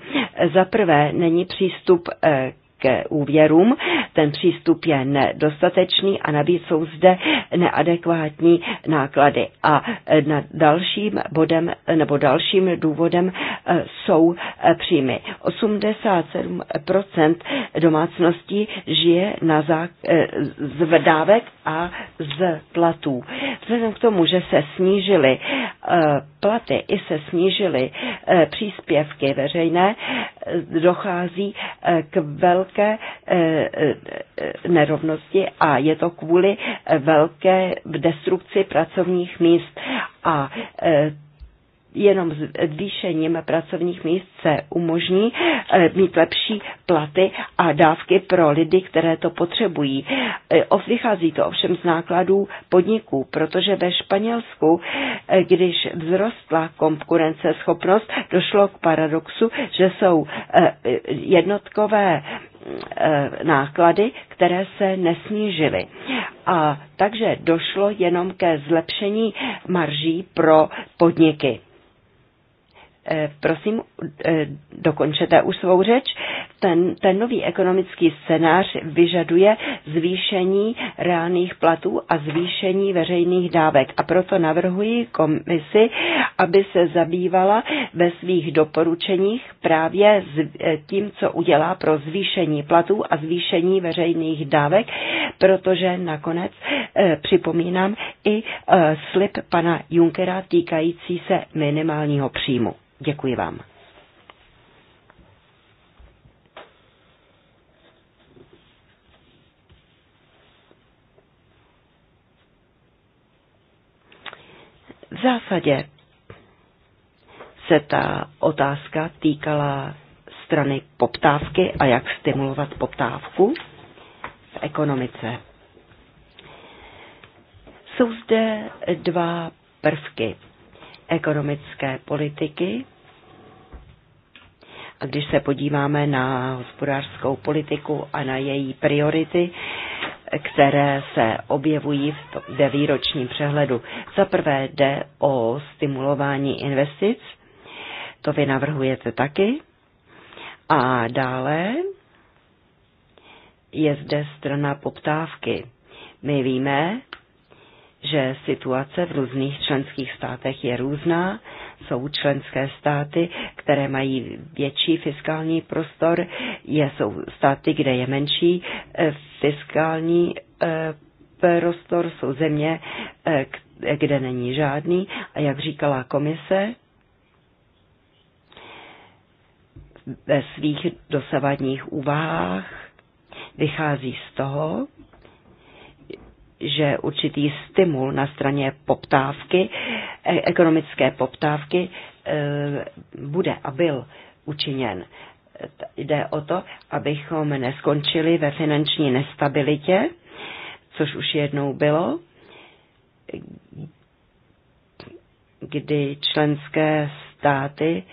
Speaker 3: Za prvé není přístup eh, ke úvěrům. Ten přístup je nedostatečný a navíc jsou zde neadekvátní náklady. A na dalším bodem nebo dalším důvodem eh, jsou eh, příjmy. 87% domácností žije na zák- eh, z dávek a z platů. Vzhledem k tomu, že se snížily platy i se snížily příspěvky veřejné, dochází k velké velké eh, eh, nerovnosti a je to kvůli velké destrukci pracovních míst. A eh, jenom zvýšením pracovních míst se umožní eh, mít lepší platy a dávky pro lidi, které to potřebují. Eh, vychází to ovšem z nákladů podniků, protože ve Španělsku, eh, když vzrostla konkurenceschopnost, došlo k paradoxu, že jsou jednotkové náklady, které se nesnížily. A takže došlo jenom ke zlepšení marží pro podniky. Eh, prosím, eh, dokončete už svou řeč. Ten, ten nový ekonomický scénář vyžaduje zvýšení reálných platů a zvýšení veřejných dávek. A proto navrhuji komisi, aby se zabývala ve svých doporučeních právě eh, tím, co udělá pro zvýšení platů a zvýšení veřejných dávek, protože nakonec připomínám i slib pana Junkera týkající se minimálního příjmu. Děkuji vám. V zásadě se ta otázka týkala strany poptávky a jak stimulovat poptávku v ekonomice. Jsou zde dva prvky ekonomické politiky. A když se podíváme na hospodářskou politiku a na její priority, které se objevují v ve výročním přehledu. Za prvé jde o stimulování investic, to vy navrhujete taky. A dále je zde strana poptávky. My víme, že situace v různých členských státech je různá. Jsou členské státy, které mají větší fiskální prostor, je, jsou státy, kde je menší eh, fiskální eh, prostor, jsou země, eh, kde není žádný. A jak říkala komise, ve svých dosavadních úvahách vychází z toho, že určitý stimul na straně poptávky, e, ekonomické poptávky, e, bude a byl učiněn. E, jde o to, abychom neskončili ve finanční nestabilitě, což už jednou bylo, kdy členské státy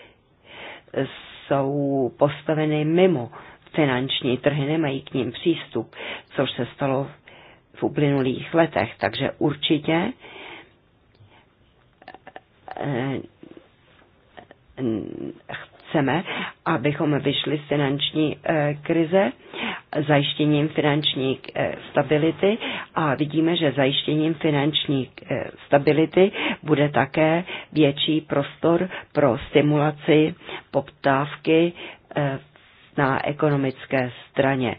Speaker 3: jsou postaveny mimo finanční trhy, nemají k ním přístup, což se stalo v v uplynulých letech, takže určitě eh, chceme, abychom vyšli z finanční eh, krize zajištěním finanční eh, stability a vidíme, že zajištěním finanční stability bude také větší prostor pro stimulaci poptávky na ekonomické straně.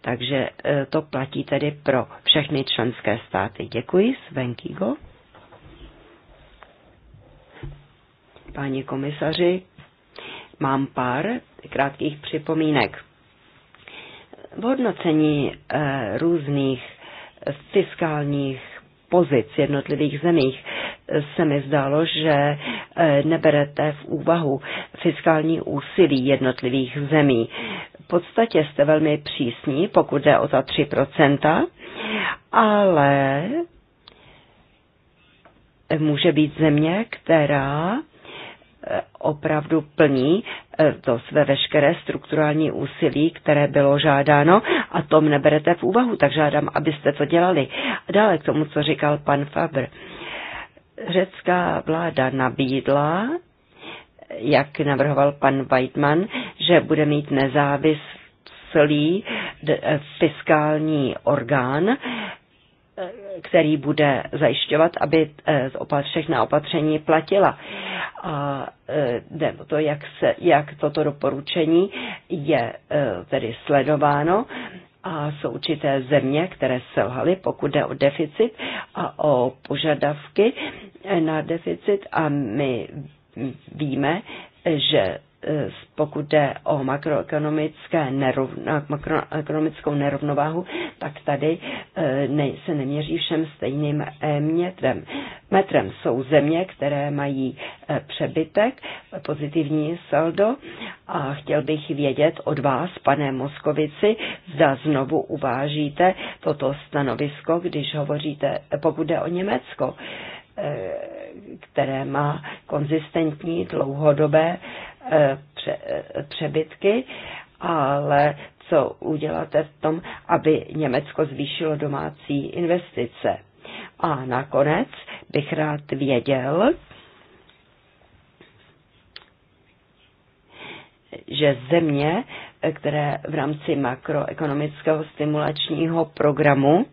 Speaker 3: Takže e, to platí tedy pro všechny členské státy. Děkuji, Sven Páni komisaři, mám pár krátkých připomínek. V hodnocení e, různých fiskálních pozic jednotlivých zemích se mi zdálo, že e, neberete v úvahu fiskální úsilí jednotlivých zemí. V podstatě jste velmi přísní, pokud jde o ta 3%, ale může být země, která e, opravdu plní e, to své veškeré strukturální úsilí, které bylo žádáno a tom neberete v úvahu, tak žádám, abyste to dělali. Dále k tomu, co říkal pan Faber? řecká vláda nabídla, jak navrhoval pan Weidman, že bude mít nezávislý fiskální orgán, který bude zajišťovat, aby e, všechna opatření platila. A e, jde o to, jak, se, jak toto doporučení je e, tedy sledováno a jsou určité země, které selhaly, pokud jde o deficit a o požadavky na deficit. A my víme, že Eh, pokud jde o makroekonomické nerovna, makroekonomickou nerovnováhu, tak tady eh, ne, se neměří všem stejným eh, metrem. Metrem jsou země, které mají přebytek, pozitivní saldo a chtěl bych vědět od vás, pane Moskovici, zda znovu uvážíte toto stanovisko, když hovoříte, pokud jde o Německo, které má konzistentní dlouhodobé Eh, pře, eh, přebytky, ale co uděláte v tom, aby Německo zvýšilo domácí investice. A nakonec bych rád věděl, že země, eh, které v rámci makroekonomického stimulačního programu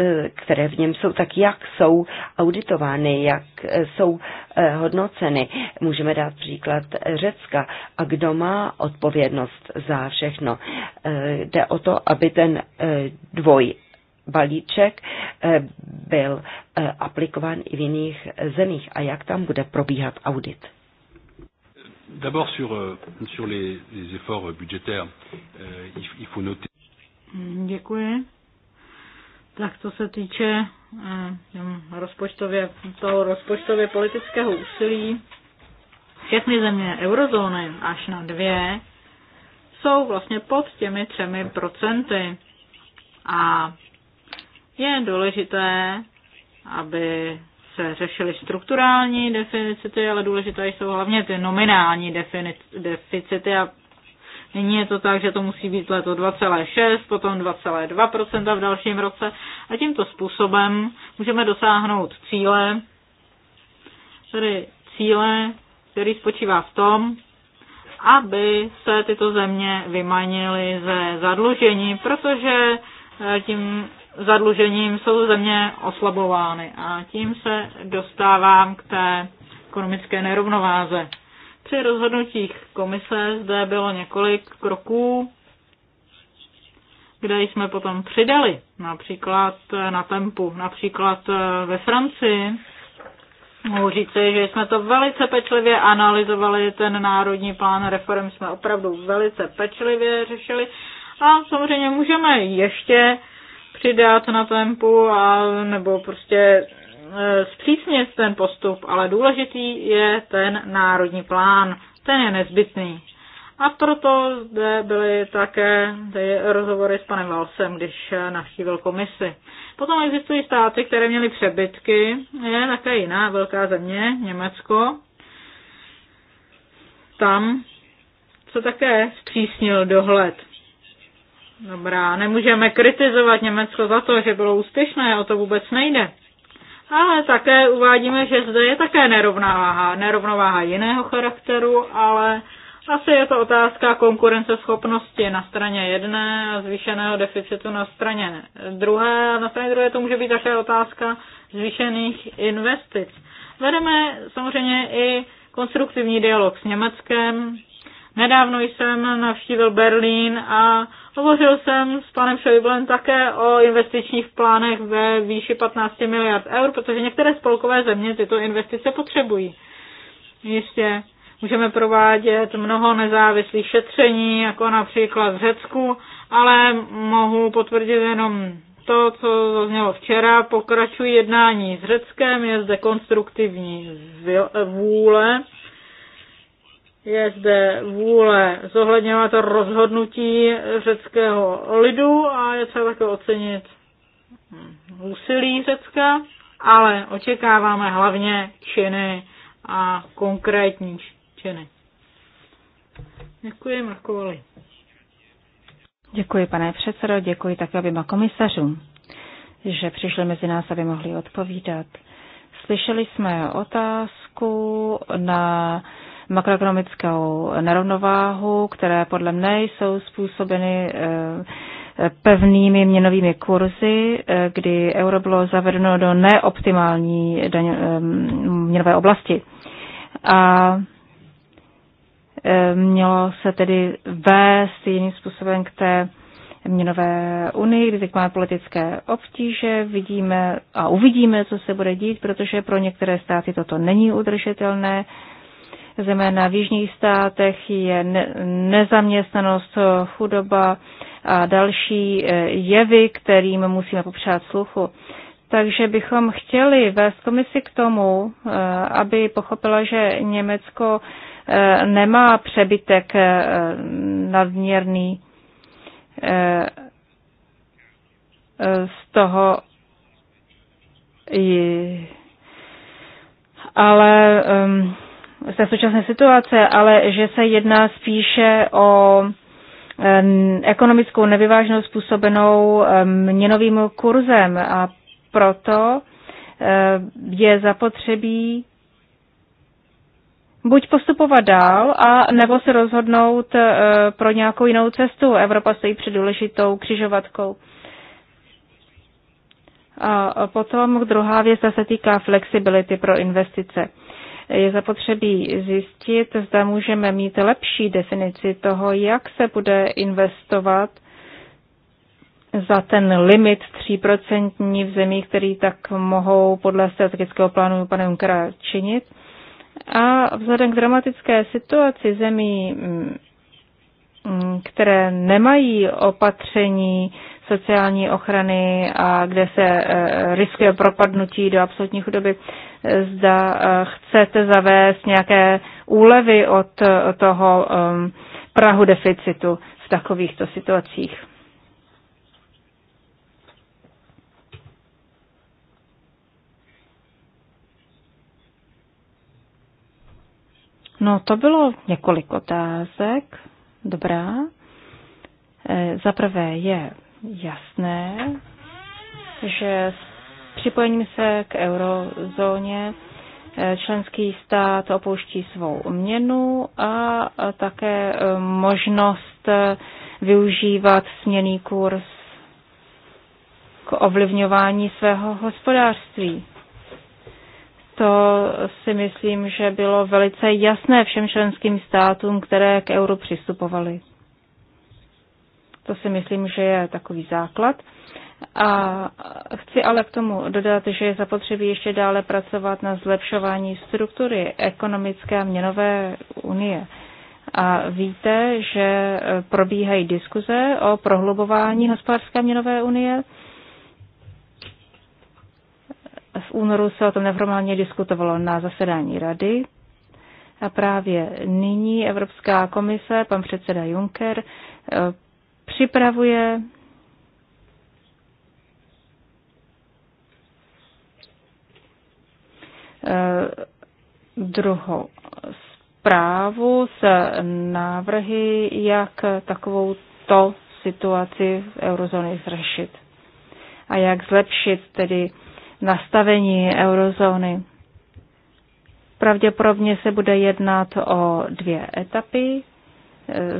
Speaker 3: E, které v něm jsou, tak jak jsou auditovány, jak e, jsou e, hodnoceny. Můžeme dát příklad Řecka. A kdo má odpovědnost za všechno? Jde o to, aby ten dvoj balíček byl aplikován i v jiných zemích a jak tam bude probíhat audit.
Speaker 2: D'abord sur, euh, sur les, les efforts budgétaires, euh, il, il faut noter.
Speaker 1: Děkuji. Tak co se týče eh, rozpočtově, toho rozpočtově politického úsilí, všechny země eurozóny až na dvě jsou vlastně pod těmi třemi procenty. A je důležité, aby se řešily strukturální deficity, ale důležité jsou hlavně ty nominální deficity a Nyní je to tak, že to musí být leto 2,6, potom 2,2% v dalším roce a tímto způsobem můžeme dosáhnout cíle, tedy cíle, který spočívá v tom, aby se tyto země vymanily ze zadlužení, protože eh, tím zadlužením jsou země oslabovány a tím se dostávám k té ekonomické nerovnováze. Při rozhodnutích komise zde bylo několik kroků, kde jsme potom přidali, například na tempu, například eh, ve Francii. Mohu říci, že jsme to velice pečlivě analyzovali, ten národní plán reform jsme opravdu velice pečlivě řešili a samozřejmě můžeme ještě přidat na tempu a nebo prostě zpřísnit ten postup, ale důležitý je ten národní plán. Ten je nezbytný. A proto zde byly také ty rozhovory s panem Valsem, když navštívil komisi. Potom existují státy, které měly přebytky. Je také jiná velká země, Německo. Tam se také zpřísnil dohled. Dobrá, nemůžeme kritizovat Německo za to, že bylo úspěšné, o to vůbec nejde. Ale také uvádíme, že zde je také nerovnováha, nerovnováha jiného charakteru, ale asi je to otázka konkurenceschopnosti na straně jedné a zvýšeného deficitu na straně druhé. A na straně druhé to může být také otázka zvýšených investic. Vedeme samozřejmě i konstruktivní dialog s Německem, Nedávno jsem navštívil Berlín a hovořil jsem s panem Schäublem také o investičních plánech ve výši 15 miliard eur, protože některé spolkové země tyto investice potřebují. Jistě můžeme provádět mnoho nezávislých šetření, jako například v Řecku, ale mohu potvrdit jenom to, co zaznělo včera. Pokračují jednání s Řeckem, je zde konstruktivní vůle je zde vůle zohledňovat rozhodnutí řeckého lidu a je třeba také ocenit úsilí Řecka, ale očekáváme hlavně činy a konkrétní činy. Děkuji, Markovali. Děkuji, pane předsedo, děkuji také oběma komisařům, že přišli mezi nás, aby mohli odpovídat. Slyšeli jsme otázku na makroekonomickou nerovnováhu, které podle mne jsou způsobeny eh, pevnými měnovými kurzy, eh, kdy euro bylo zavedeno do neoptimální eh, měnové oblasti. A mělo se tedy vést jiným způsobem k té měnové unii, kdy teď máme politické obtíže, vidíme a uvidíme, co se bude dít, protože pro některé státy toto není udržitelné zejména v jižních státech je nezaměstnanost, chudoba a další eh, jevy, kterým musíme popřát sluchu. Takže bychom chtěli vést komisi k tomu, eh, aby pochopila, že Německo eh, nemá přebytek nadměrný z toho, ale z té současné situace, ale že se jedná spíše o ekonomickou nevyváženou způsobenou měnovým kurzem a proto je zapotřebí buď postupovat dál, a nebo se rozhodnout pro nějakou jinou cestu. Evropa stojí před důležitou křižovatkou. A potom druhá věc, se týká flexibility pro investice je zapotřebí zjistit, zda můžeme mít lepší definici toho, jak se bude investovat za ten limit 3% v zemích, který tak mohou podle strategického plánu pana Junckera činit. A vzhledem k dramatické situaci zemí, mm, mm, které nemají opatření sociální ochrany a kde se eh, riskuje propadnutí do absolutní chudoby. Eh, zda eh, chcete zavést nějaké úlevy od toho ehm, prahu deficitu v takovýchto situacích. No, to bylo několik otázek. Dobrá. Za prvé je jasné, že s připojením se k eurozóně eh, členský stát opouští svou měnu a také eh, možnost eh, využívat směný kurz k ovlivňování svého hospodářství. To si myslím, že bylo velice jasné všem členským státům, které k euru přistupovaly. To si myslím, že je takový základ. A chci ale k tomu dodat, že je zapotřebí ještě dále pracovat na zlepšování struktury ekonomické a měnové unie. A víte, že probíhají diskuze o prohlubování hospodářské měnové unie. V únoru se o tom neformálně diskutovalo na zasedání rady. A právě nyní Evropská komise, pan předseda Juncker, připravuje eh, druhou zprávu s návrhy, jak takovou to situaci v eurozóně zřešit a jak zlepšit tedy nastavení eurozóny. Pravděpodobně se bude jednat o dvě etapy.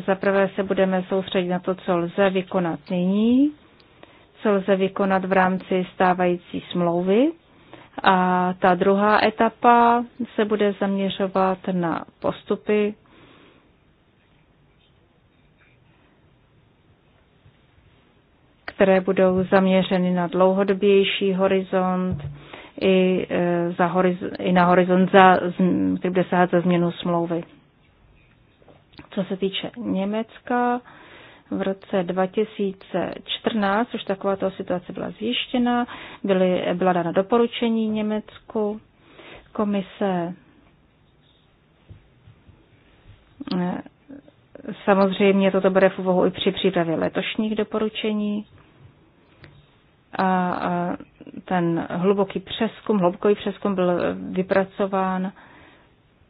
Speaker 1: Zaprvé se budeme soustředit na to, co lze vykonat nyní, co lze vykonat v rámci stávající smlouvy. A ta druhá etapa se bude zaměřovat na postupy, které budou zaměřeny na dlouhodobější horizont i, e, za horiz- i na horizont, za, který bude sahat za změnu smlouvy. Co se týče Německa, v roce 2014 už takováto situace byla zjištěna, byly, byla dána doporučení Německu, komise eh, samozřejmě toto bude v úvahu i při přípravě letošních doporučení a ten hluboký přeskum, hloubkový přeskum byl vypracován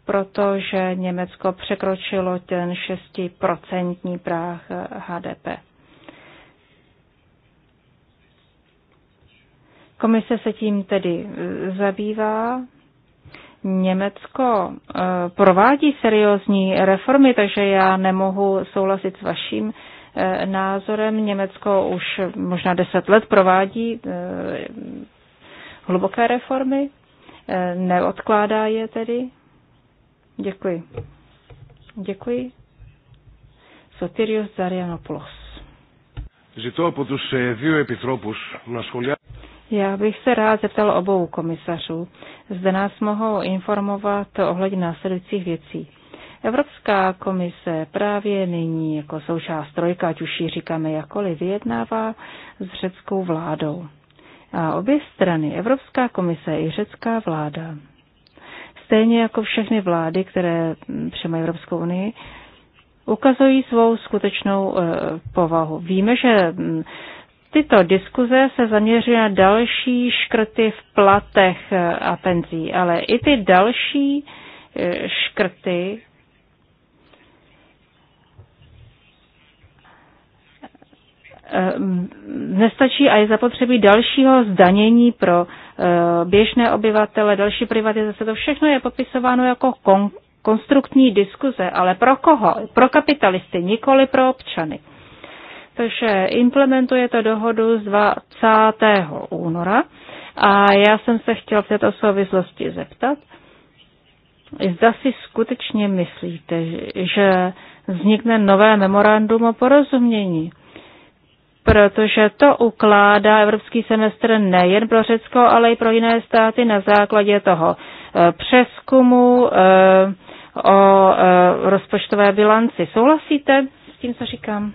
Speaker 1: protože Německo překročilo ten 6% práh HDP. Eh, Komise se tím tedy eh, zabývá. Německo eh, provádí seriózní reformy, takže já nemohu souhlasit s vaším názorem. Německo už možná deset let provádí hluboké reformy, neodkládá je tedy. Děkuji. Děkuji. Σωτήριος Zarianopoulos.
Speaker 3: Ζητώ
Speaker 2: από se δύο επιτρόπους na σχολιάσουν.
Speaker 1: Já bych se rád zeptal obou komisařů. Zde nás mohou informovat ohledně následujících věcí. Evropská komise právě nyní jako součást trojka, ať už ji říkáme jakkoliv, vyjednává s řeckou vládou. A obě strany, Evropská komise i řecká vláda, stejně jako všechny vlády, které přemají Evropskou unii, ukazují svou skutečnou eh, povahu. Víme, že mm, tyto diskuze se zaměřují na další škrty v platech eh, a penzí, ale i ty další eh, škrty nestačí a je zapotřebí dalšího zdanění pro Eh, běžné obyvatele, další privatizace, to všechno je popisováno jako kon- konstruktní diskuze, ale pro koho? Pro kapitalisty, nikoli pro občany. Takže to dohodu z 20. února a já jsem se chtěl v této souvislosti zeptat, zda si skutečně myslíte, že vznikne nové memorandum o porozumění protože to ukládá evropský semestr nejen pro Řecko, ale i pro jiné státy na základě toho eh, přeskumu eh, o eh, rozpočtové bilanci. Souhlasíte s tím, co říkám?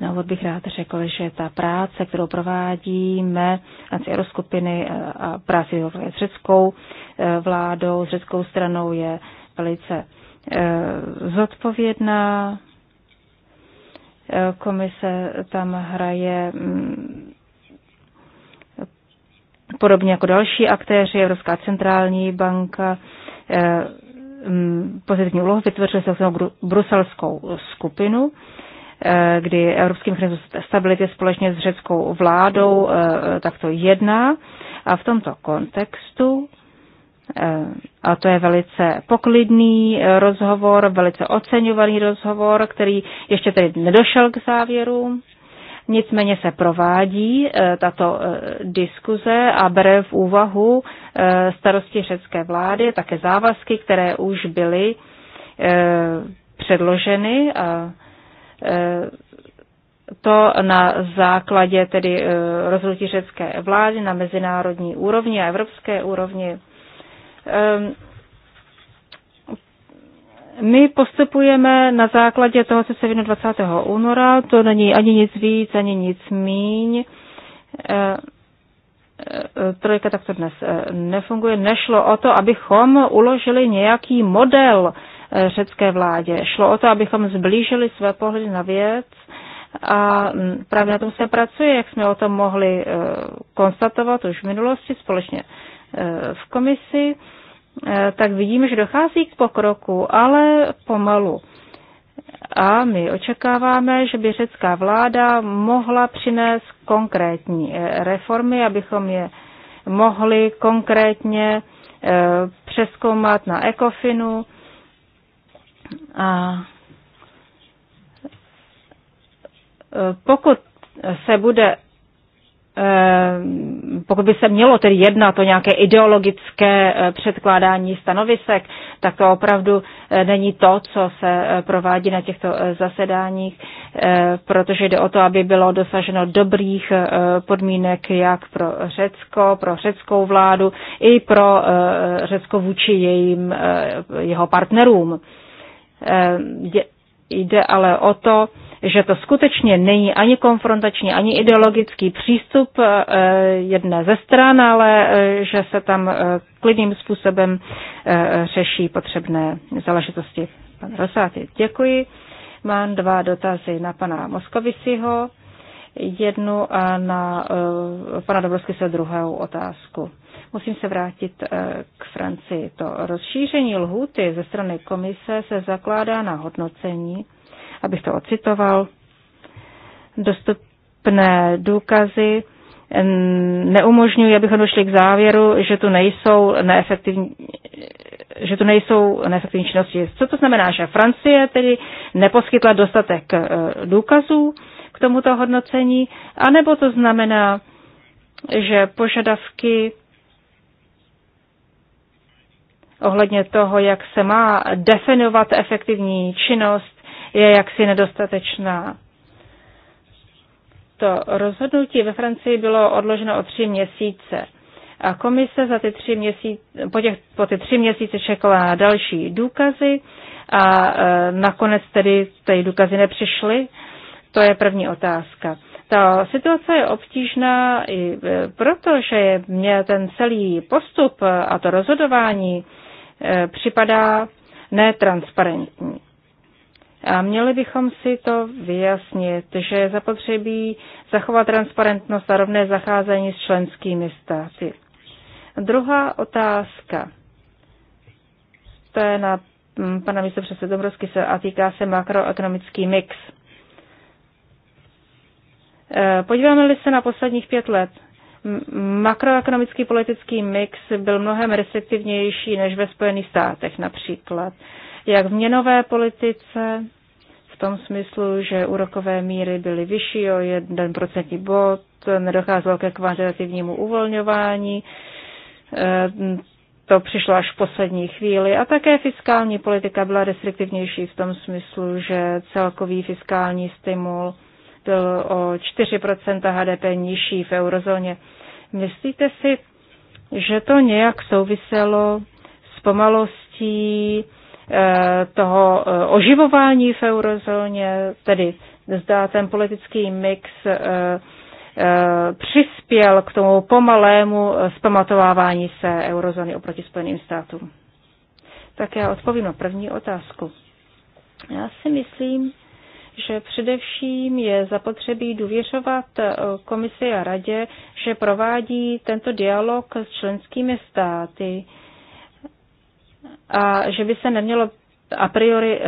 Speaker 1: Na úvod bych rád řekl, že ta práce, kterou provádíme v Euroskupiny eh, a práci s řeckou eh, vládou, s řeckou stranou je velice eh, zodpovědná. Komise tam hraje mm, podobně jako další aktéři, Evropská centrální banka, mm, pozitivní úlohu, vytvořili se bruselskou skupinu, Eh, kdy Evropský mechanismus stability společně s řeckou vládou eh, takto jedná. A v tomto kontextu, eh, a to je velice poklidný rozhovor, velice oceňovaný rozhovor, který ještě tedy nedošel k závěru, Nicméně se provádí tato diskuze a bere v úvahu starosti řecké vlády, také závazky, které už byly předloženy a Eh, to na základě tedy eh, rozhodnutí řecké vlády na mezinárodní úrovni a evropské úrovni. Ehm, my postupujeme na základě toho, co se vyno 20. února, to není ani nic víc, ani nic míň. Eh, trojka takto dnes nefunguje. Nešlo o to, abychom uložili nějaký model, Eh, řecké vládě. Šlo o to, abychom zblížili své pohledy na věc a mm, právě na tom se pracuje, jak jsme o tom mohli eh, konstatovat už v minulosti společně eh, v komisi, tak vidíme, že dochází k pokroku, ale pomalu. A my očekáváme, že by řecká vláda mohla přinést konkrétní reformy, abychom je mohli konkrétně přeskoumat na ECOFINu a e, pokud se bude e, pokud by se mělo tedy jednat o nějaké ideologické e, předkládání stanovisek, tak to opravdu není to, co se provádí na těchto zasedáních, protože jde o to, aby bylo dosaženo dobrých podmínek jak pro Řecko, pro řeckou vládu, i pro Řecko vůči jejím, jeho partnerům. Ehm, jde ale o to, že to skutečně není ani konfrontační, ani ideologický přístup eh, jedné ze stran, ale eh, že se tam eh, klidným způsobem řeší potřebné záležitosti. Pan Rosáty, děkuji. Mám dva dotazy na pana Moskovisiho, jednu a na pana se druhou otázku. Musím se vrátit eh, k Francii. To rozšíření lhuty ze strany komise se zakládá na hodnocení, abych to ocitoval, dostupné důkazy neumožňují, abychom došli k závěru, že tu nejsou neefektivní, že tu nejsou neefektivní činnosti. Co to znamená, že Francie tedy neposkytla dostatek eh, důkazů k tomuto hodnocení, anebo to znamená, že požadavky ohledně toho, jak se má definovat efektivní činnost, je jaksi nedostatečná. To rozhodnutí ve Francii bylo odloženo o tři měsíce a komise za ty tři měsíce, po, těch, po ty tři měsíce čekala na další důkazy a e, nakonec tedy ty důkazy nepřišly. To je první otázka. Ta situace je obtížná i e, proto, že mě ten celý postup a to rozhodování Eh, připadá netransparentní. A měli bychom si to vyjasnit, že zapotřebí zachovat transparentnost a rovné zacházení s členskými státy. Druhá otázka, to je na mm, pana místopředsedu Dombrovsky se a týká se makroekonomický mix. Eh, podíváme-li se na posledních pět let, makroekonomický politický mix byl mnohem restriktivnější než ve Spojených státech například. Jak v měnové politice, v tom smyslu, že úrokové míry byly vyšší o 1% bod, nedocházelo ke kvantitativnímu uvolňování, eh, to přišlo až v poslední chvíli. A také fiskální politika byla restriktivnější v tom smyslu, že celkový fiskální stimul Eh, o 4 HDP nižší v eurozóně. Myslíte si, že to nějak souviselo s pomalostí eh, toho eh, oživování v eurozóně, tedy zdá ten politický mix přispěl k tomu pomalému zpamatovávání se eurozóny oproti Spojeným státům? Tak já odpovím na první otázku. Já si myslím, že především je zapotřebí důvěřovat eh, komisi a radě, že provádí tento dialog s členskými státy a že by se nemělo a priori eh,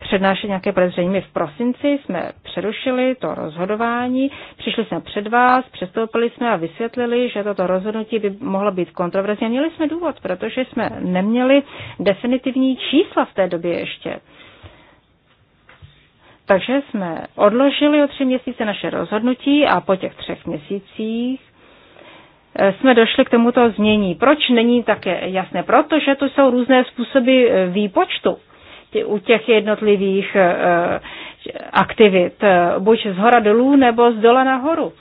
Speaker 1: přednášet nějaké podezření. My v prosinci jsme přerušili to rozhodování, přišli jsme před vás, přestoupili jsme a vysvětlili, že toto rozhodnutí by mohlo být kontroverzní. Měli jsme důvod, protože jsme neměli definitivní čísla v té době ještě. Takže jsme odložili o tři měsíce naše rozhodnutí a po těch třech měsících eh, jsme došli k tomuto změní. Proč není také jasné? Protože to jsou různé způsoby eh, výpočtu u těch jednotlivých eh, aktivit, buď z hora dolů nebo z dola nahoru.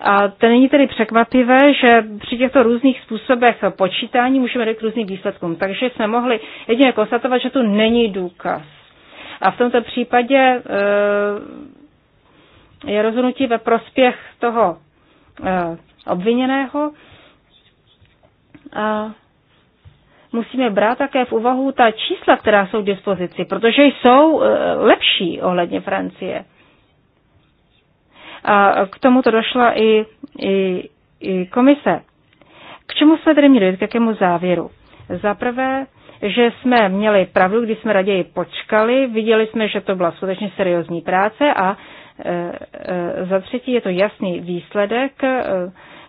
Speaker 1: A to není tedy překvapivé, že při těchto různých způsobech počítání můžeme dojít k různým výsledkům. Takže jsme mohli jedině konstatovat, že tu není důkaz a v tomto případě eh, je rozhodnutí ve prospěch toho eh, obviněného. A musíme brát také v úvahu ta čísla, která jsou k dispozici, protože jsou eh, lepší ohledně Francie. A k tomu to došla i, i, i komise. K čemu jsme tedy měli, k jakému závěru? Za prvé, že jsme měli pravdu, když jsme raději počkali, viděli jsme, že to byla skutečně seriózní práce a e, e, za třetí je to jasný výsledek, e,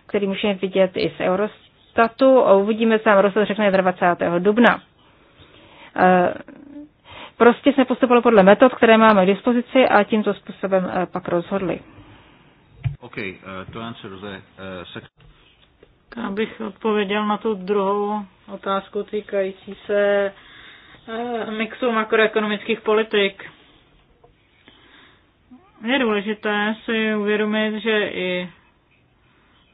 Speaker 1: který můžeme vidět i z Eurostatu. Uvidíme, co nám Eurostat řekne 20. dubna. Prostě jsme postupovali podle metod, které máme k dispozici a tímto způsobem pak rozhodli. Okay, uh, to answer the, uh, abych odpověděl na tu druhou otázku týkající se eh, mixu makroekonomických politik. Je důležité si uvědomit, že i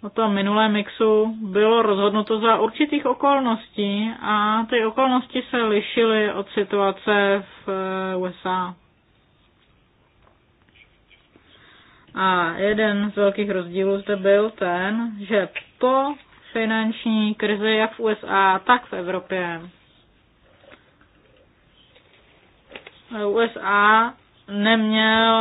Speaker 1: o tom minulém mixu bylo rozhodnuto za určitých okolností a ty okolnosti se lišily od situace v eh, USA. A jeden z velkých rozdílů zde byl ten, že po finanční krizi jak v USA, tak v Evropě. USA neměl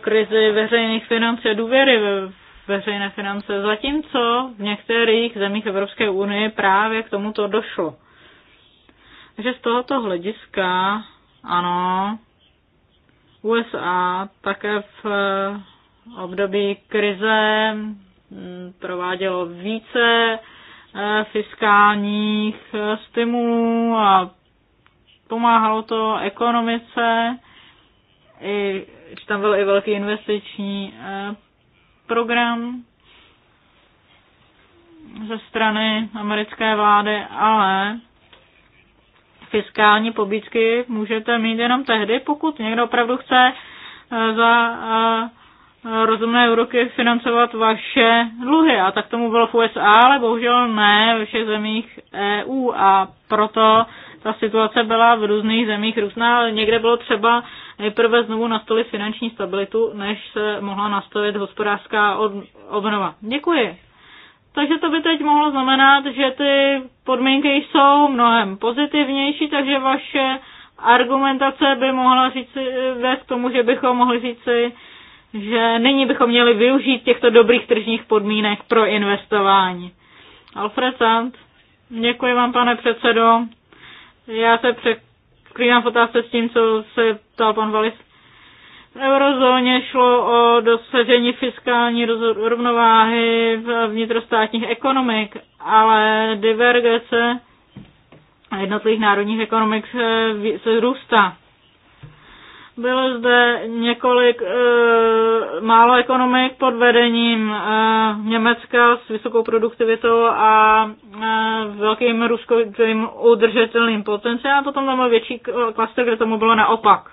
Speaker 1: krizi veřejných financí a důvěry ve veřejné finance, zatímco v některých zemích Evropské unie právě k tomuto došlo. Takže z tohoto hlediska, ano, USA také v období krize Mm, provádělo více eh, fiskálních eh, stimulů a pomáhalo to ekonomice, i, že tam byl i velký investiční eh, program ze strany americké vlády, ale fiskální pobídky můžete mít jenom tehdy, pokud někdo opravdu chce za rozumné úroky financovat vaše dluhy. A tak tomu bylo v USA, ale bohužel ne ve všech zemích EU. A proto ta situace byla v různých zemích různá, někde bylo třeba nejprve znovu nastolit finanční stabilitu, než se mohla nastavit hospodářská obnova. Děkuji. Takže to by teď mohlo znamenat, že ty podmínky jsou mnohem pozitivnější, takže vaše argumentace by mohla říct, vést k tomu, že bychom mohli si, že nyní bychom měli využít těchto dobrých tržních podmínek pro investování. Alfred Sand, děkuji vám, pane předsedo. Já se překlínám v otázce s tím, co se ptal pan Valis. V eurozóně šlo o dosažení fiskální rovnováhy v vnitrostátních ekonomik, ale divergence jednotlivých národních ekonomik se, se růstá. Bylo zde několik e, málo ekonomik pod vedením e, Německa s vysokou produktivitou a e, velkým ruským udržitelným potenciálem. Potom tam byl větší klaster, kde tomu bylo naopak.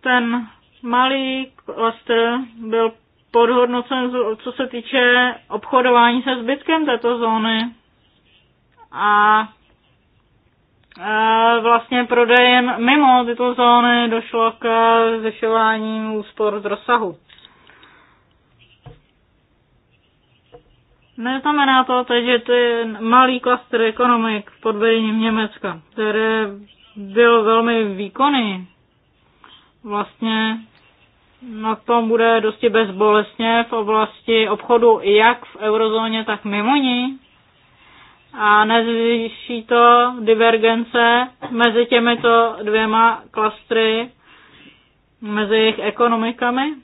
Speaker 1: Ten malý klaster byl podhodnocen, co se týče obchodování se zbytkem této zóny. A E, vlastně prodejem mimo tyto zóny došlo k zvyšování úspor z rozsahu. Neznamená to teď, že je malý klaster ekonomik pod vedením Německa, které byl velmi výkonný, vlastně na tom bude dosti bezbolestně v oblasti obchodu jak v eurozóně, tak mimo ní a nezvýší to divergence mezi těmito dvěma klastry, mezi jejich ekonomikami.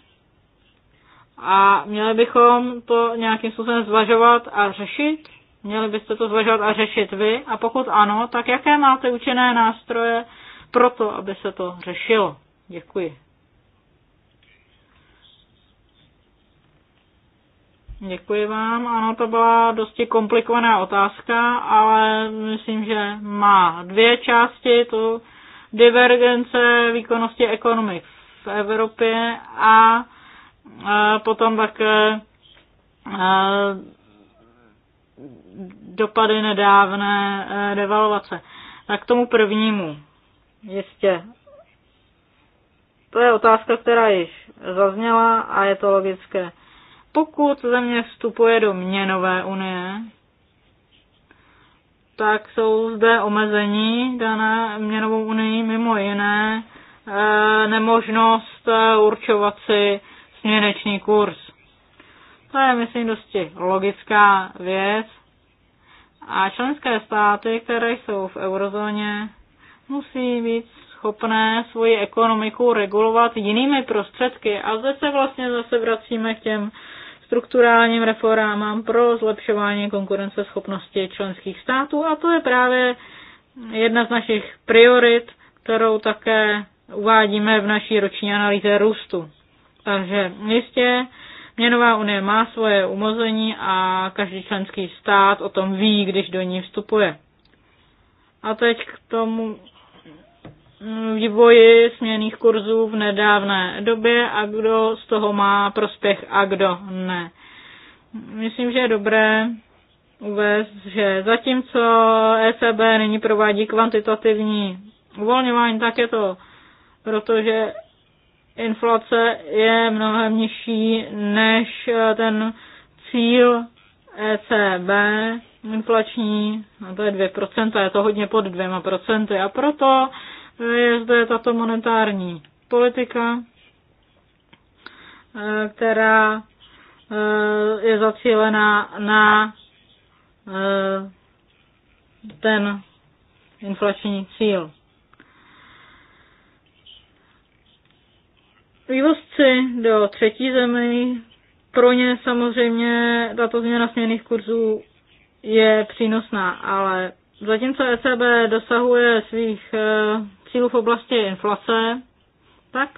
Speaker 1: A měli bychom to nějakým způsobem zvažovat a řešit. Měli byste to zvažovat a řešit vy. A pokud ano, tak jaké máte účinné nástroje pro to, aby se to řešilo? Děkuji. Děkuji vám. Ano, to byla dosti komplikovaná otázka, ale myslím, že má dvě části, to divergence výkonnosti ekonomik v Evropě a potom také dopady nedávné e, devalvace. Tak k tomu prvnímu. Jistě. To je otázka, která již zazněla a je to logické. Pokud země vstupuje do měnové unie, tak jsou zde omezení dané měnovou unii, mimo jiné eh, nemožnost eh, určovat si směrečný kurz. To je, myslím, dosti logická věc. A členské státy, které jsou v eurozóně, musí být schopné svoji ekonomiku regulovat jinými prostředky. A zde se vlastně zase vracíme k těm strukturálním reformám pro zlepšování konkurenceschopnosti členských států a to je právě jedna z našich priorit, kterou také uvádíme v naší roční analýze růstu. Takže jistě měnová unie má svoje umození a každý členský stát o tom ví, když do ní vstupuje. A teď k tomu vývoji směných kurzů v nedávné době a kdo z toho má prospěch a kdo ne. Myslím, že je dobré uvést, že zatímco ECB nyní provádí kvantitativní uvolňování, tak je to protože inflace je mnohem nižší než ten cíl ECB inflační, no to je 2%, je to hodně pod 2%. A proto je zde tato monetární politika, eh, která eh, je zacílená na eh, ten inflační cíl. Vývozci do třetí zemí, pro ně samozřejmě tato změna směných kurzů je přínosná, ale zatímco ECB dosahuje svých cílů v oblasti inflace, tak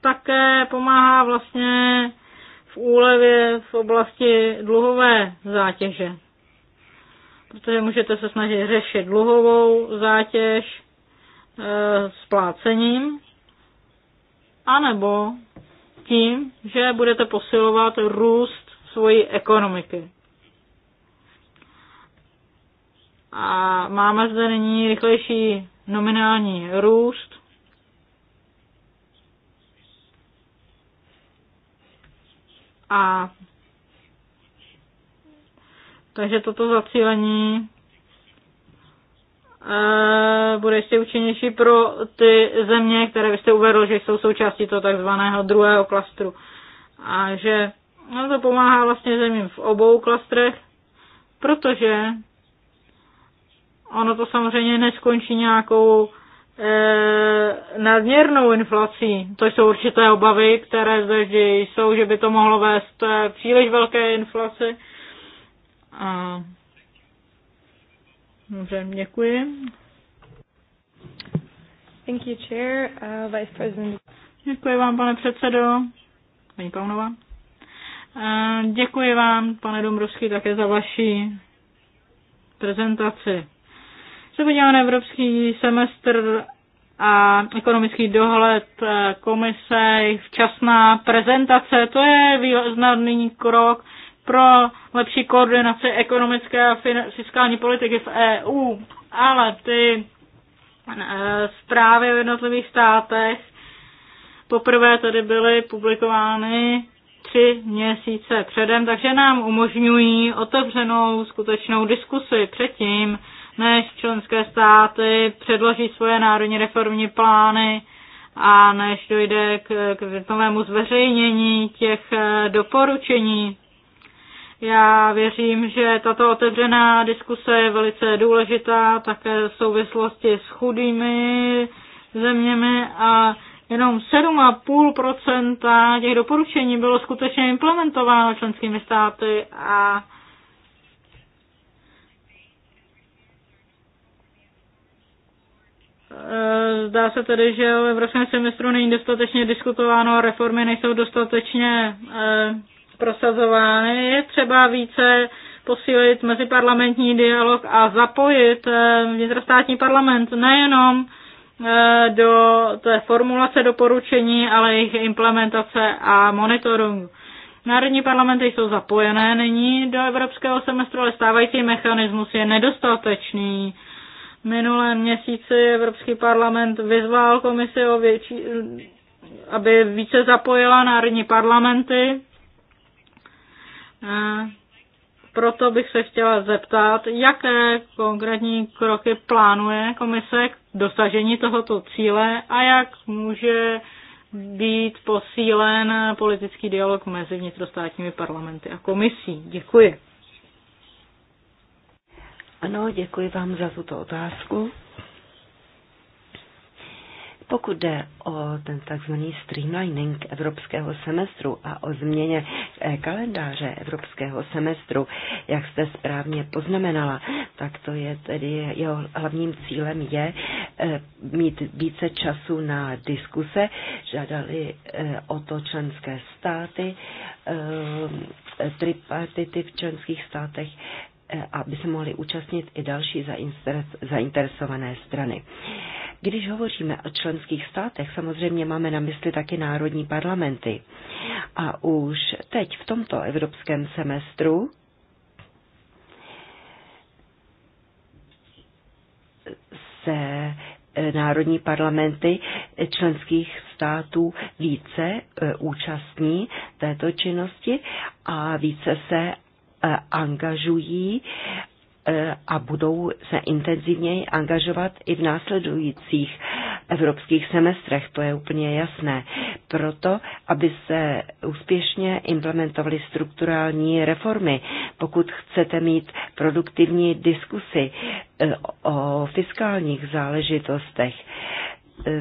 Speaker 1: také pomáhá vlastně v úlevě v oblasti dluhové zátěže. Protože můžete se snažit řešit dluhovou zátěž e, splácením, anebo tím, že budete posilovat růst svojí ekonomiky. A máme zde nyní rychlejší nominální růst. A takže toto zacílení e, bude ještě účinnější pro ty země, které byste uvedl, že jsou součástí toho takzvaného druhého klastru. A že no, to pomáhá vlastně zemím v obou klastrech, protože Ono to samozřejmě neskončí nějakou e, nadměrnou inflací. To jsou určité obavy, které zde vždy jsou, že by to mohlo vést e, příliš velké inflaci. A... Dobře, děkuji. Thank you, Chair. Uh, Vice President. Děkuji vám, pane předsedo. Paní Paunova. Eh, děkuji vám, pane Domrovský, také za vaši prezentaci se podíváme na evropský semestr a ekonomický dohled eh, komise, včasná prezentace, to je významný krok pro lepší koordinaci ekonomické a fiskální politiky v EU, ale ty eh, zprávy v jednotlivých státech poprvé tady byly publikovány tři měsíce předem, takže nám umožňují otevřenou skutečnou diskusi předtím, než členské státy předloží svoje národní reformní plány a než dojde k, k větnovému zveřejnění těch eh, doporučení. Já věřím, že tato otevřená diskuse je velice důležitá také v souvislosti s chudými zeměmi a jenom 7,5% těch doporučení bylo skutečně implementováno členskými státy a Eh, zdá se tedy, že v evropském semestru není dostatečně diskutováno a reformy nejsou dostatečně eh, prosazovány. Je třeba více posílit meziparlamentní dialog a zapojit eh, vnitrostátní parlament nejenom do té formulace doporučení, ale jejich implementace a monitoringu. Národní parlamenty jsou zapojené nyní do evropského semestru, ale stávající mechanismus je nedostatečný minulém měsíci Evropský parlament vyzval komisi, o větší, aby více zapojila národní parlamenty. Proto bych se chtěla zeptat, jaké konkrétní kroky plánuje komise k dosažení tohoto cíle a jak může být posílen politický dialog mezi vnitrostátními parlamenty a komisí. Děkuji. Ano, děkuji vám za tuto
Speaker 3: otázku. Pokud jde o ten takzvaný streamlining evropského semestru a o změně eh, kalendáře evropského semestru, jak jste správně poznamenala, tak to je tedy jeho hlavním cílem je eh, mít více času na diskuse. Žádali eh, o to členské státy, tripartity v členských státech Eh, aby se mohly účastnit i další zainteresované strany. Když hovoříme o členských státech, samozřejmě máme na mysli taky národní parlamenty. A už teď v tomto evropském semestru se eh, národní parlamenty členských států více eh, účastní této činnosti a více se Eh, angažují eh, a budou se intenzivněji angažovat i v následujících evropských semestrech, to je úplně jasné. Proto, aby se úspěšně implementovaly strukturální reformy, pokud chcete mít produktivní diskusy eh, o fiskálních záležitostech,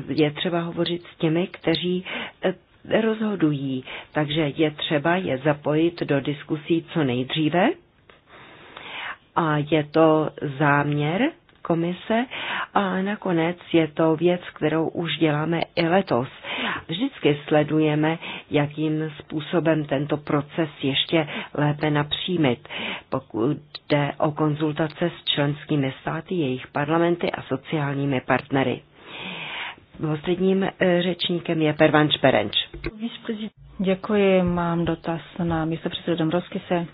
Speaker 3: je třeba hovořit s těmi, kteří rozhodují. Takže je třeba je zapojit do diskusí co nejdříve. A je to záměr komise a nakonec je to věc, kterou už děláme i letos. Vždycky sledujeme, jakým způsobem tento proces ještě lépe napřímit, pokud jde o konzultace s členskými státy, jejich parlamenty a sociálními partnery. Posledním eh, řečníkem je Pervan Šperenč.
Speaker 1: Děkuji, mám dotaz na místo předsedu Dombrovskise.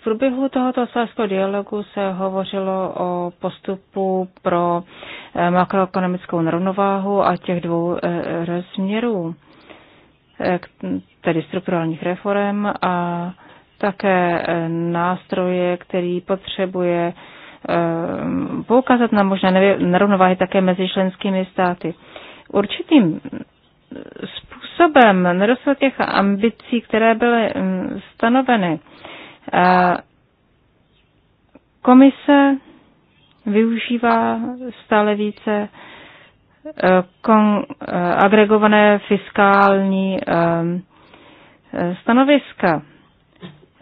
Speaker 1: V průběhu tohoto hospodářského dialogu se hovořilo o postupu pro eh, makroekonomickou nerovnováhu a těch dvou eh, rozměrů, tedy strukturálních reform a také nástroje, který potřebuje Eh, poukázat na možné nerovnováhy také mezi členskými státy. Určitým způsobem nedosáhl těch ambicí, které byly mm, stanoveny. Eh, komise využívá stále více eh, agregované fiskální stanoviska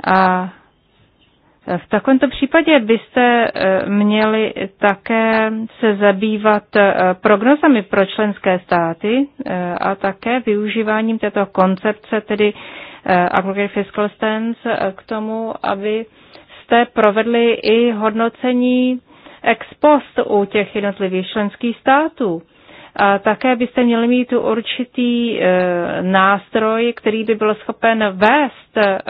Speaker 1: a v takovémto případě byste eh, měli také se zabývat eh, prognozami pro členské státy eh, a také využíváním této koncepce, tedy Aggregate Fiscal Stance, k tomu, aby jste provedli i hodnocení ex post u těch jednotlivých členských států. A také byste měli mít určitý nástroj, který by byl schopen vést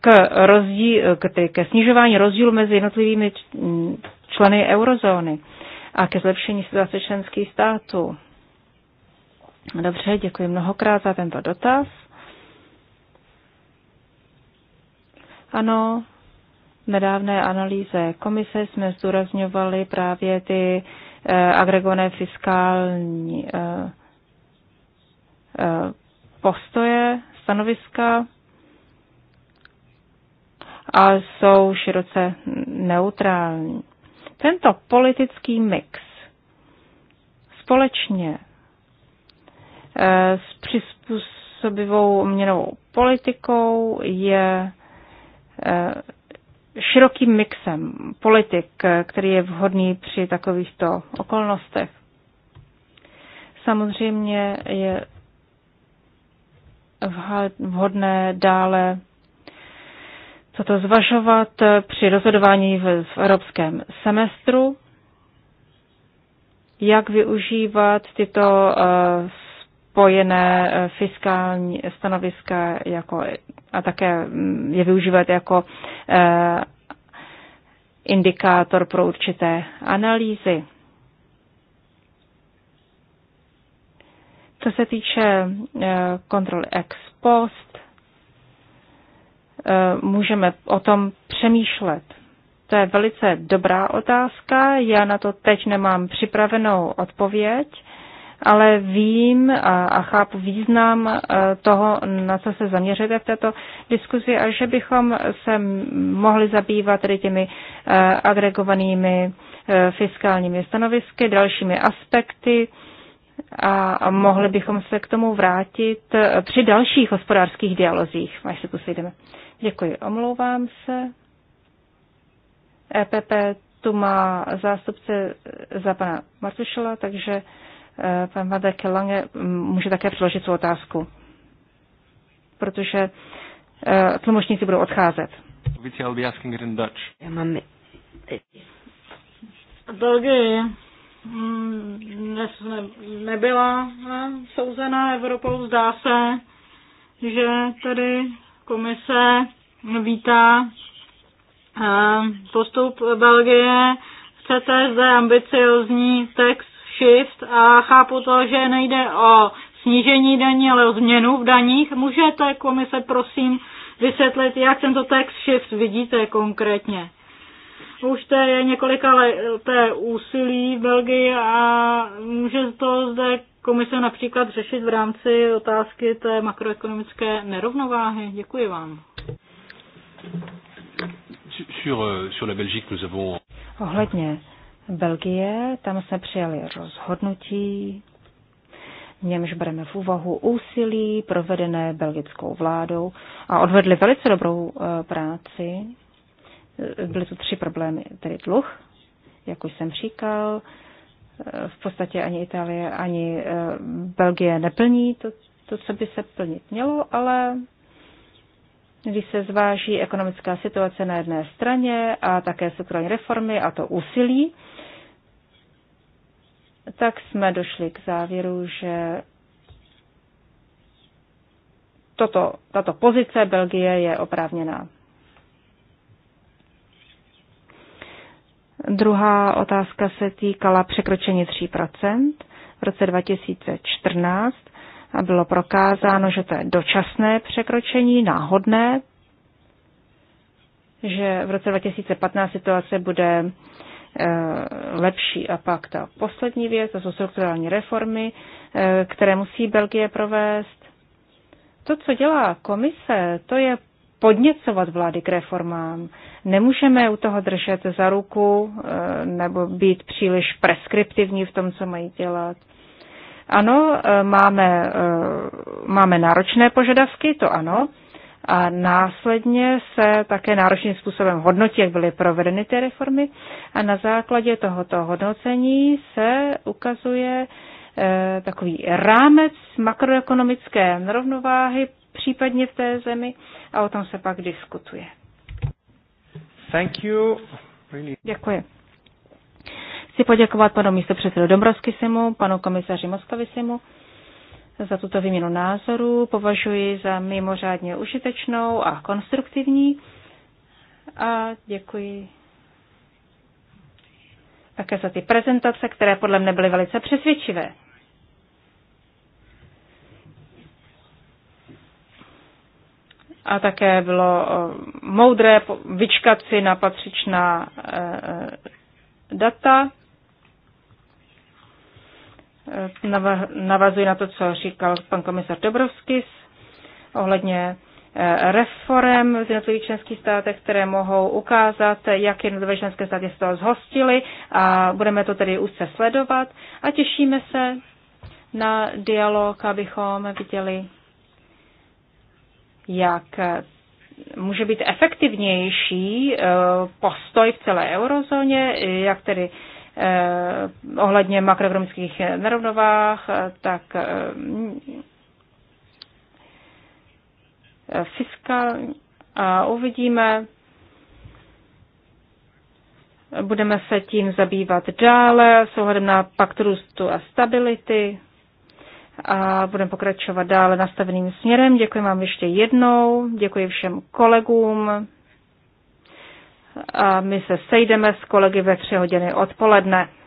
Speaker 1: k, rozdíl, k, tedy ke snižování rozdílu mezi jednotlivými členy eurozóny a ke zlepšení situace členských států. Dobře, děkuji mnohokrát za tento dotaz. Ano, v nedávné analýze komise jsme zdůrazňovali právě ty eh, agregované fiskální eh, eh, postoje, stanoviska a jsou široce neutrální. Tento politický mix společně eh, s přizpůsobivou měnovou politikou je eh, širokým mixem politik, který je vhodný při takovýchto okolnostech. Samozřejmě je vhodné dále toto zvažovat eh, při rozhodování v, v evropském semestru, jak využívat tyto eh, spojené eh, fiskální stanoviska jako, a také mm, je využívat jako indikátor pro určité analýzy. Co se týče kontrol ex post, Eh, můžeme o tom přemýšlet? To je velice dobrá otázka. Já na to teď nemám připravenou odpověď, ale vím a, a chápu význam eh, toho, na co se zaměřujete v této diskuzi a že bychom se mohli zabývat tedy těmi eh, agregovanými fiskálními stanovisky, dalšími aspekty a mohli bychom se k tomu vrátit při dalších hospodářských dialozích, až se tu sejdeme. Děkuji, omlouvám se. EPP tu má zástupce za pana Martušela, takže eh, pan Vadek Lange mm, může také přiložit svou otázku, protože eh, tlumočníci budou odcházet. I'll
Speaker 5: be asking in Dutch.
Speaker 1: Já mám... Belgii mm, dnes nebyla eh, souzena Evropou, zdá se, že tady Komise vítá eh, postup Belgie, chcete zde ambiciozní text shift a chápu to, že nejde o snížení daní, ale o změnu v daních. Můžete komise prosím vysvětlit, jak tento text shift vidíte konkrétně? to je několika leté úsilí v Belgii a může to zde komise například řešit v rámci otázky té makroekonomické nerovnováhy. Děkuji vám.
Speaker 3: Sur, euh, sur la Belgique, nous avons...
Speaker 1: Ohledně Belgie, tam jsme přijali rozhodnutí, v němž bereme v úvahu úsilí provedené belgickou vládou a odvedli velice dobrou eh, práci Eh, byly tu tři problémy, tedy dluh, jak už jsem říkal, eh, v podstatě ani Itálie, ani eh, Belgie neplní to, to, co by se plnit mělo, ale když se zváží ekonomická situace na jedné straně a také strukturální reformy a to úsilí, tak jsme došli k závěru, že toto, tato pozice Belgie je oprávněná. Druhá otázka se týkala překročení 3% v roce 2014 a bylo prokázáno, že to je dočasné překročení, náhodné, že v roce 2015 situace bude eh, lepší. A pak ta poslední věc, to jsou strukturální reformy, eh, které musí Belgie provést. To, co dělá komise, to je podněcovat vlády k reformám. Nemůžeme u toho držet za ruku eh, nebo být příliš preskriptivní v tom, co mají dělat. Ano, eh, máme, eh, máme náročné požadavky, to ano. A následně se také náročným způsobem hodnotí, jak byly provedeny ty reformy. A na základě tohoto hodnocení se ukazuje, takový rámec makroekonomické nerovnováhy případně v té zemi a o tom se pak diskutuje.
Speaker 2: Thank you. Really. Děkuji.
Speaker 1: Chci poděkovat panu místopředsedu Dombrovskisimu, panu komisaři Moskavisimu za tuto výměnu názorů. Považuji za mimořádně užitečnou a konstruktivní a děkuji také za ty prezentace, které podle mě byly velice přesvědčivé. a také bylo eh, moudré vyčkat si na patřičná eh, eh, data. Navazuji na to, co říkal pan komisar Dobrovskis ohledně reform v jednotlivých členských státech, které mohou ukázat, jak jednotlivé členské státy z toho zhostily a budeme to tedy úzce sledovat a těšíme se na dialog, abychom viděli, jak eh, může být efektivnější eh, postoj v celé eurozóně, jak tedy eh, ohledně makroekonomických nerovnovách, tak fiskal a uvidíme, budeme se tím zabývat dále s ohledem na pakt růstu a stability a budeme pokračovat dále nastaveným směrem. Děkuji vám ještě jednou, děkuji všem kolegům a my se sejdeme s kolegy ve tři hodiny odpoledne.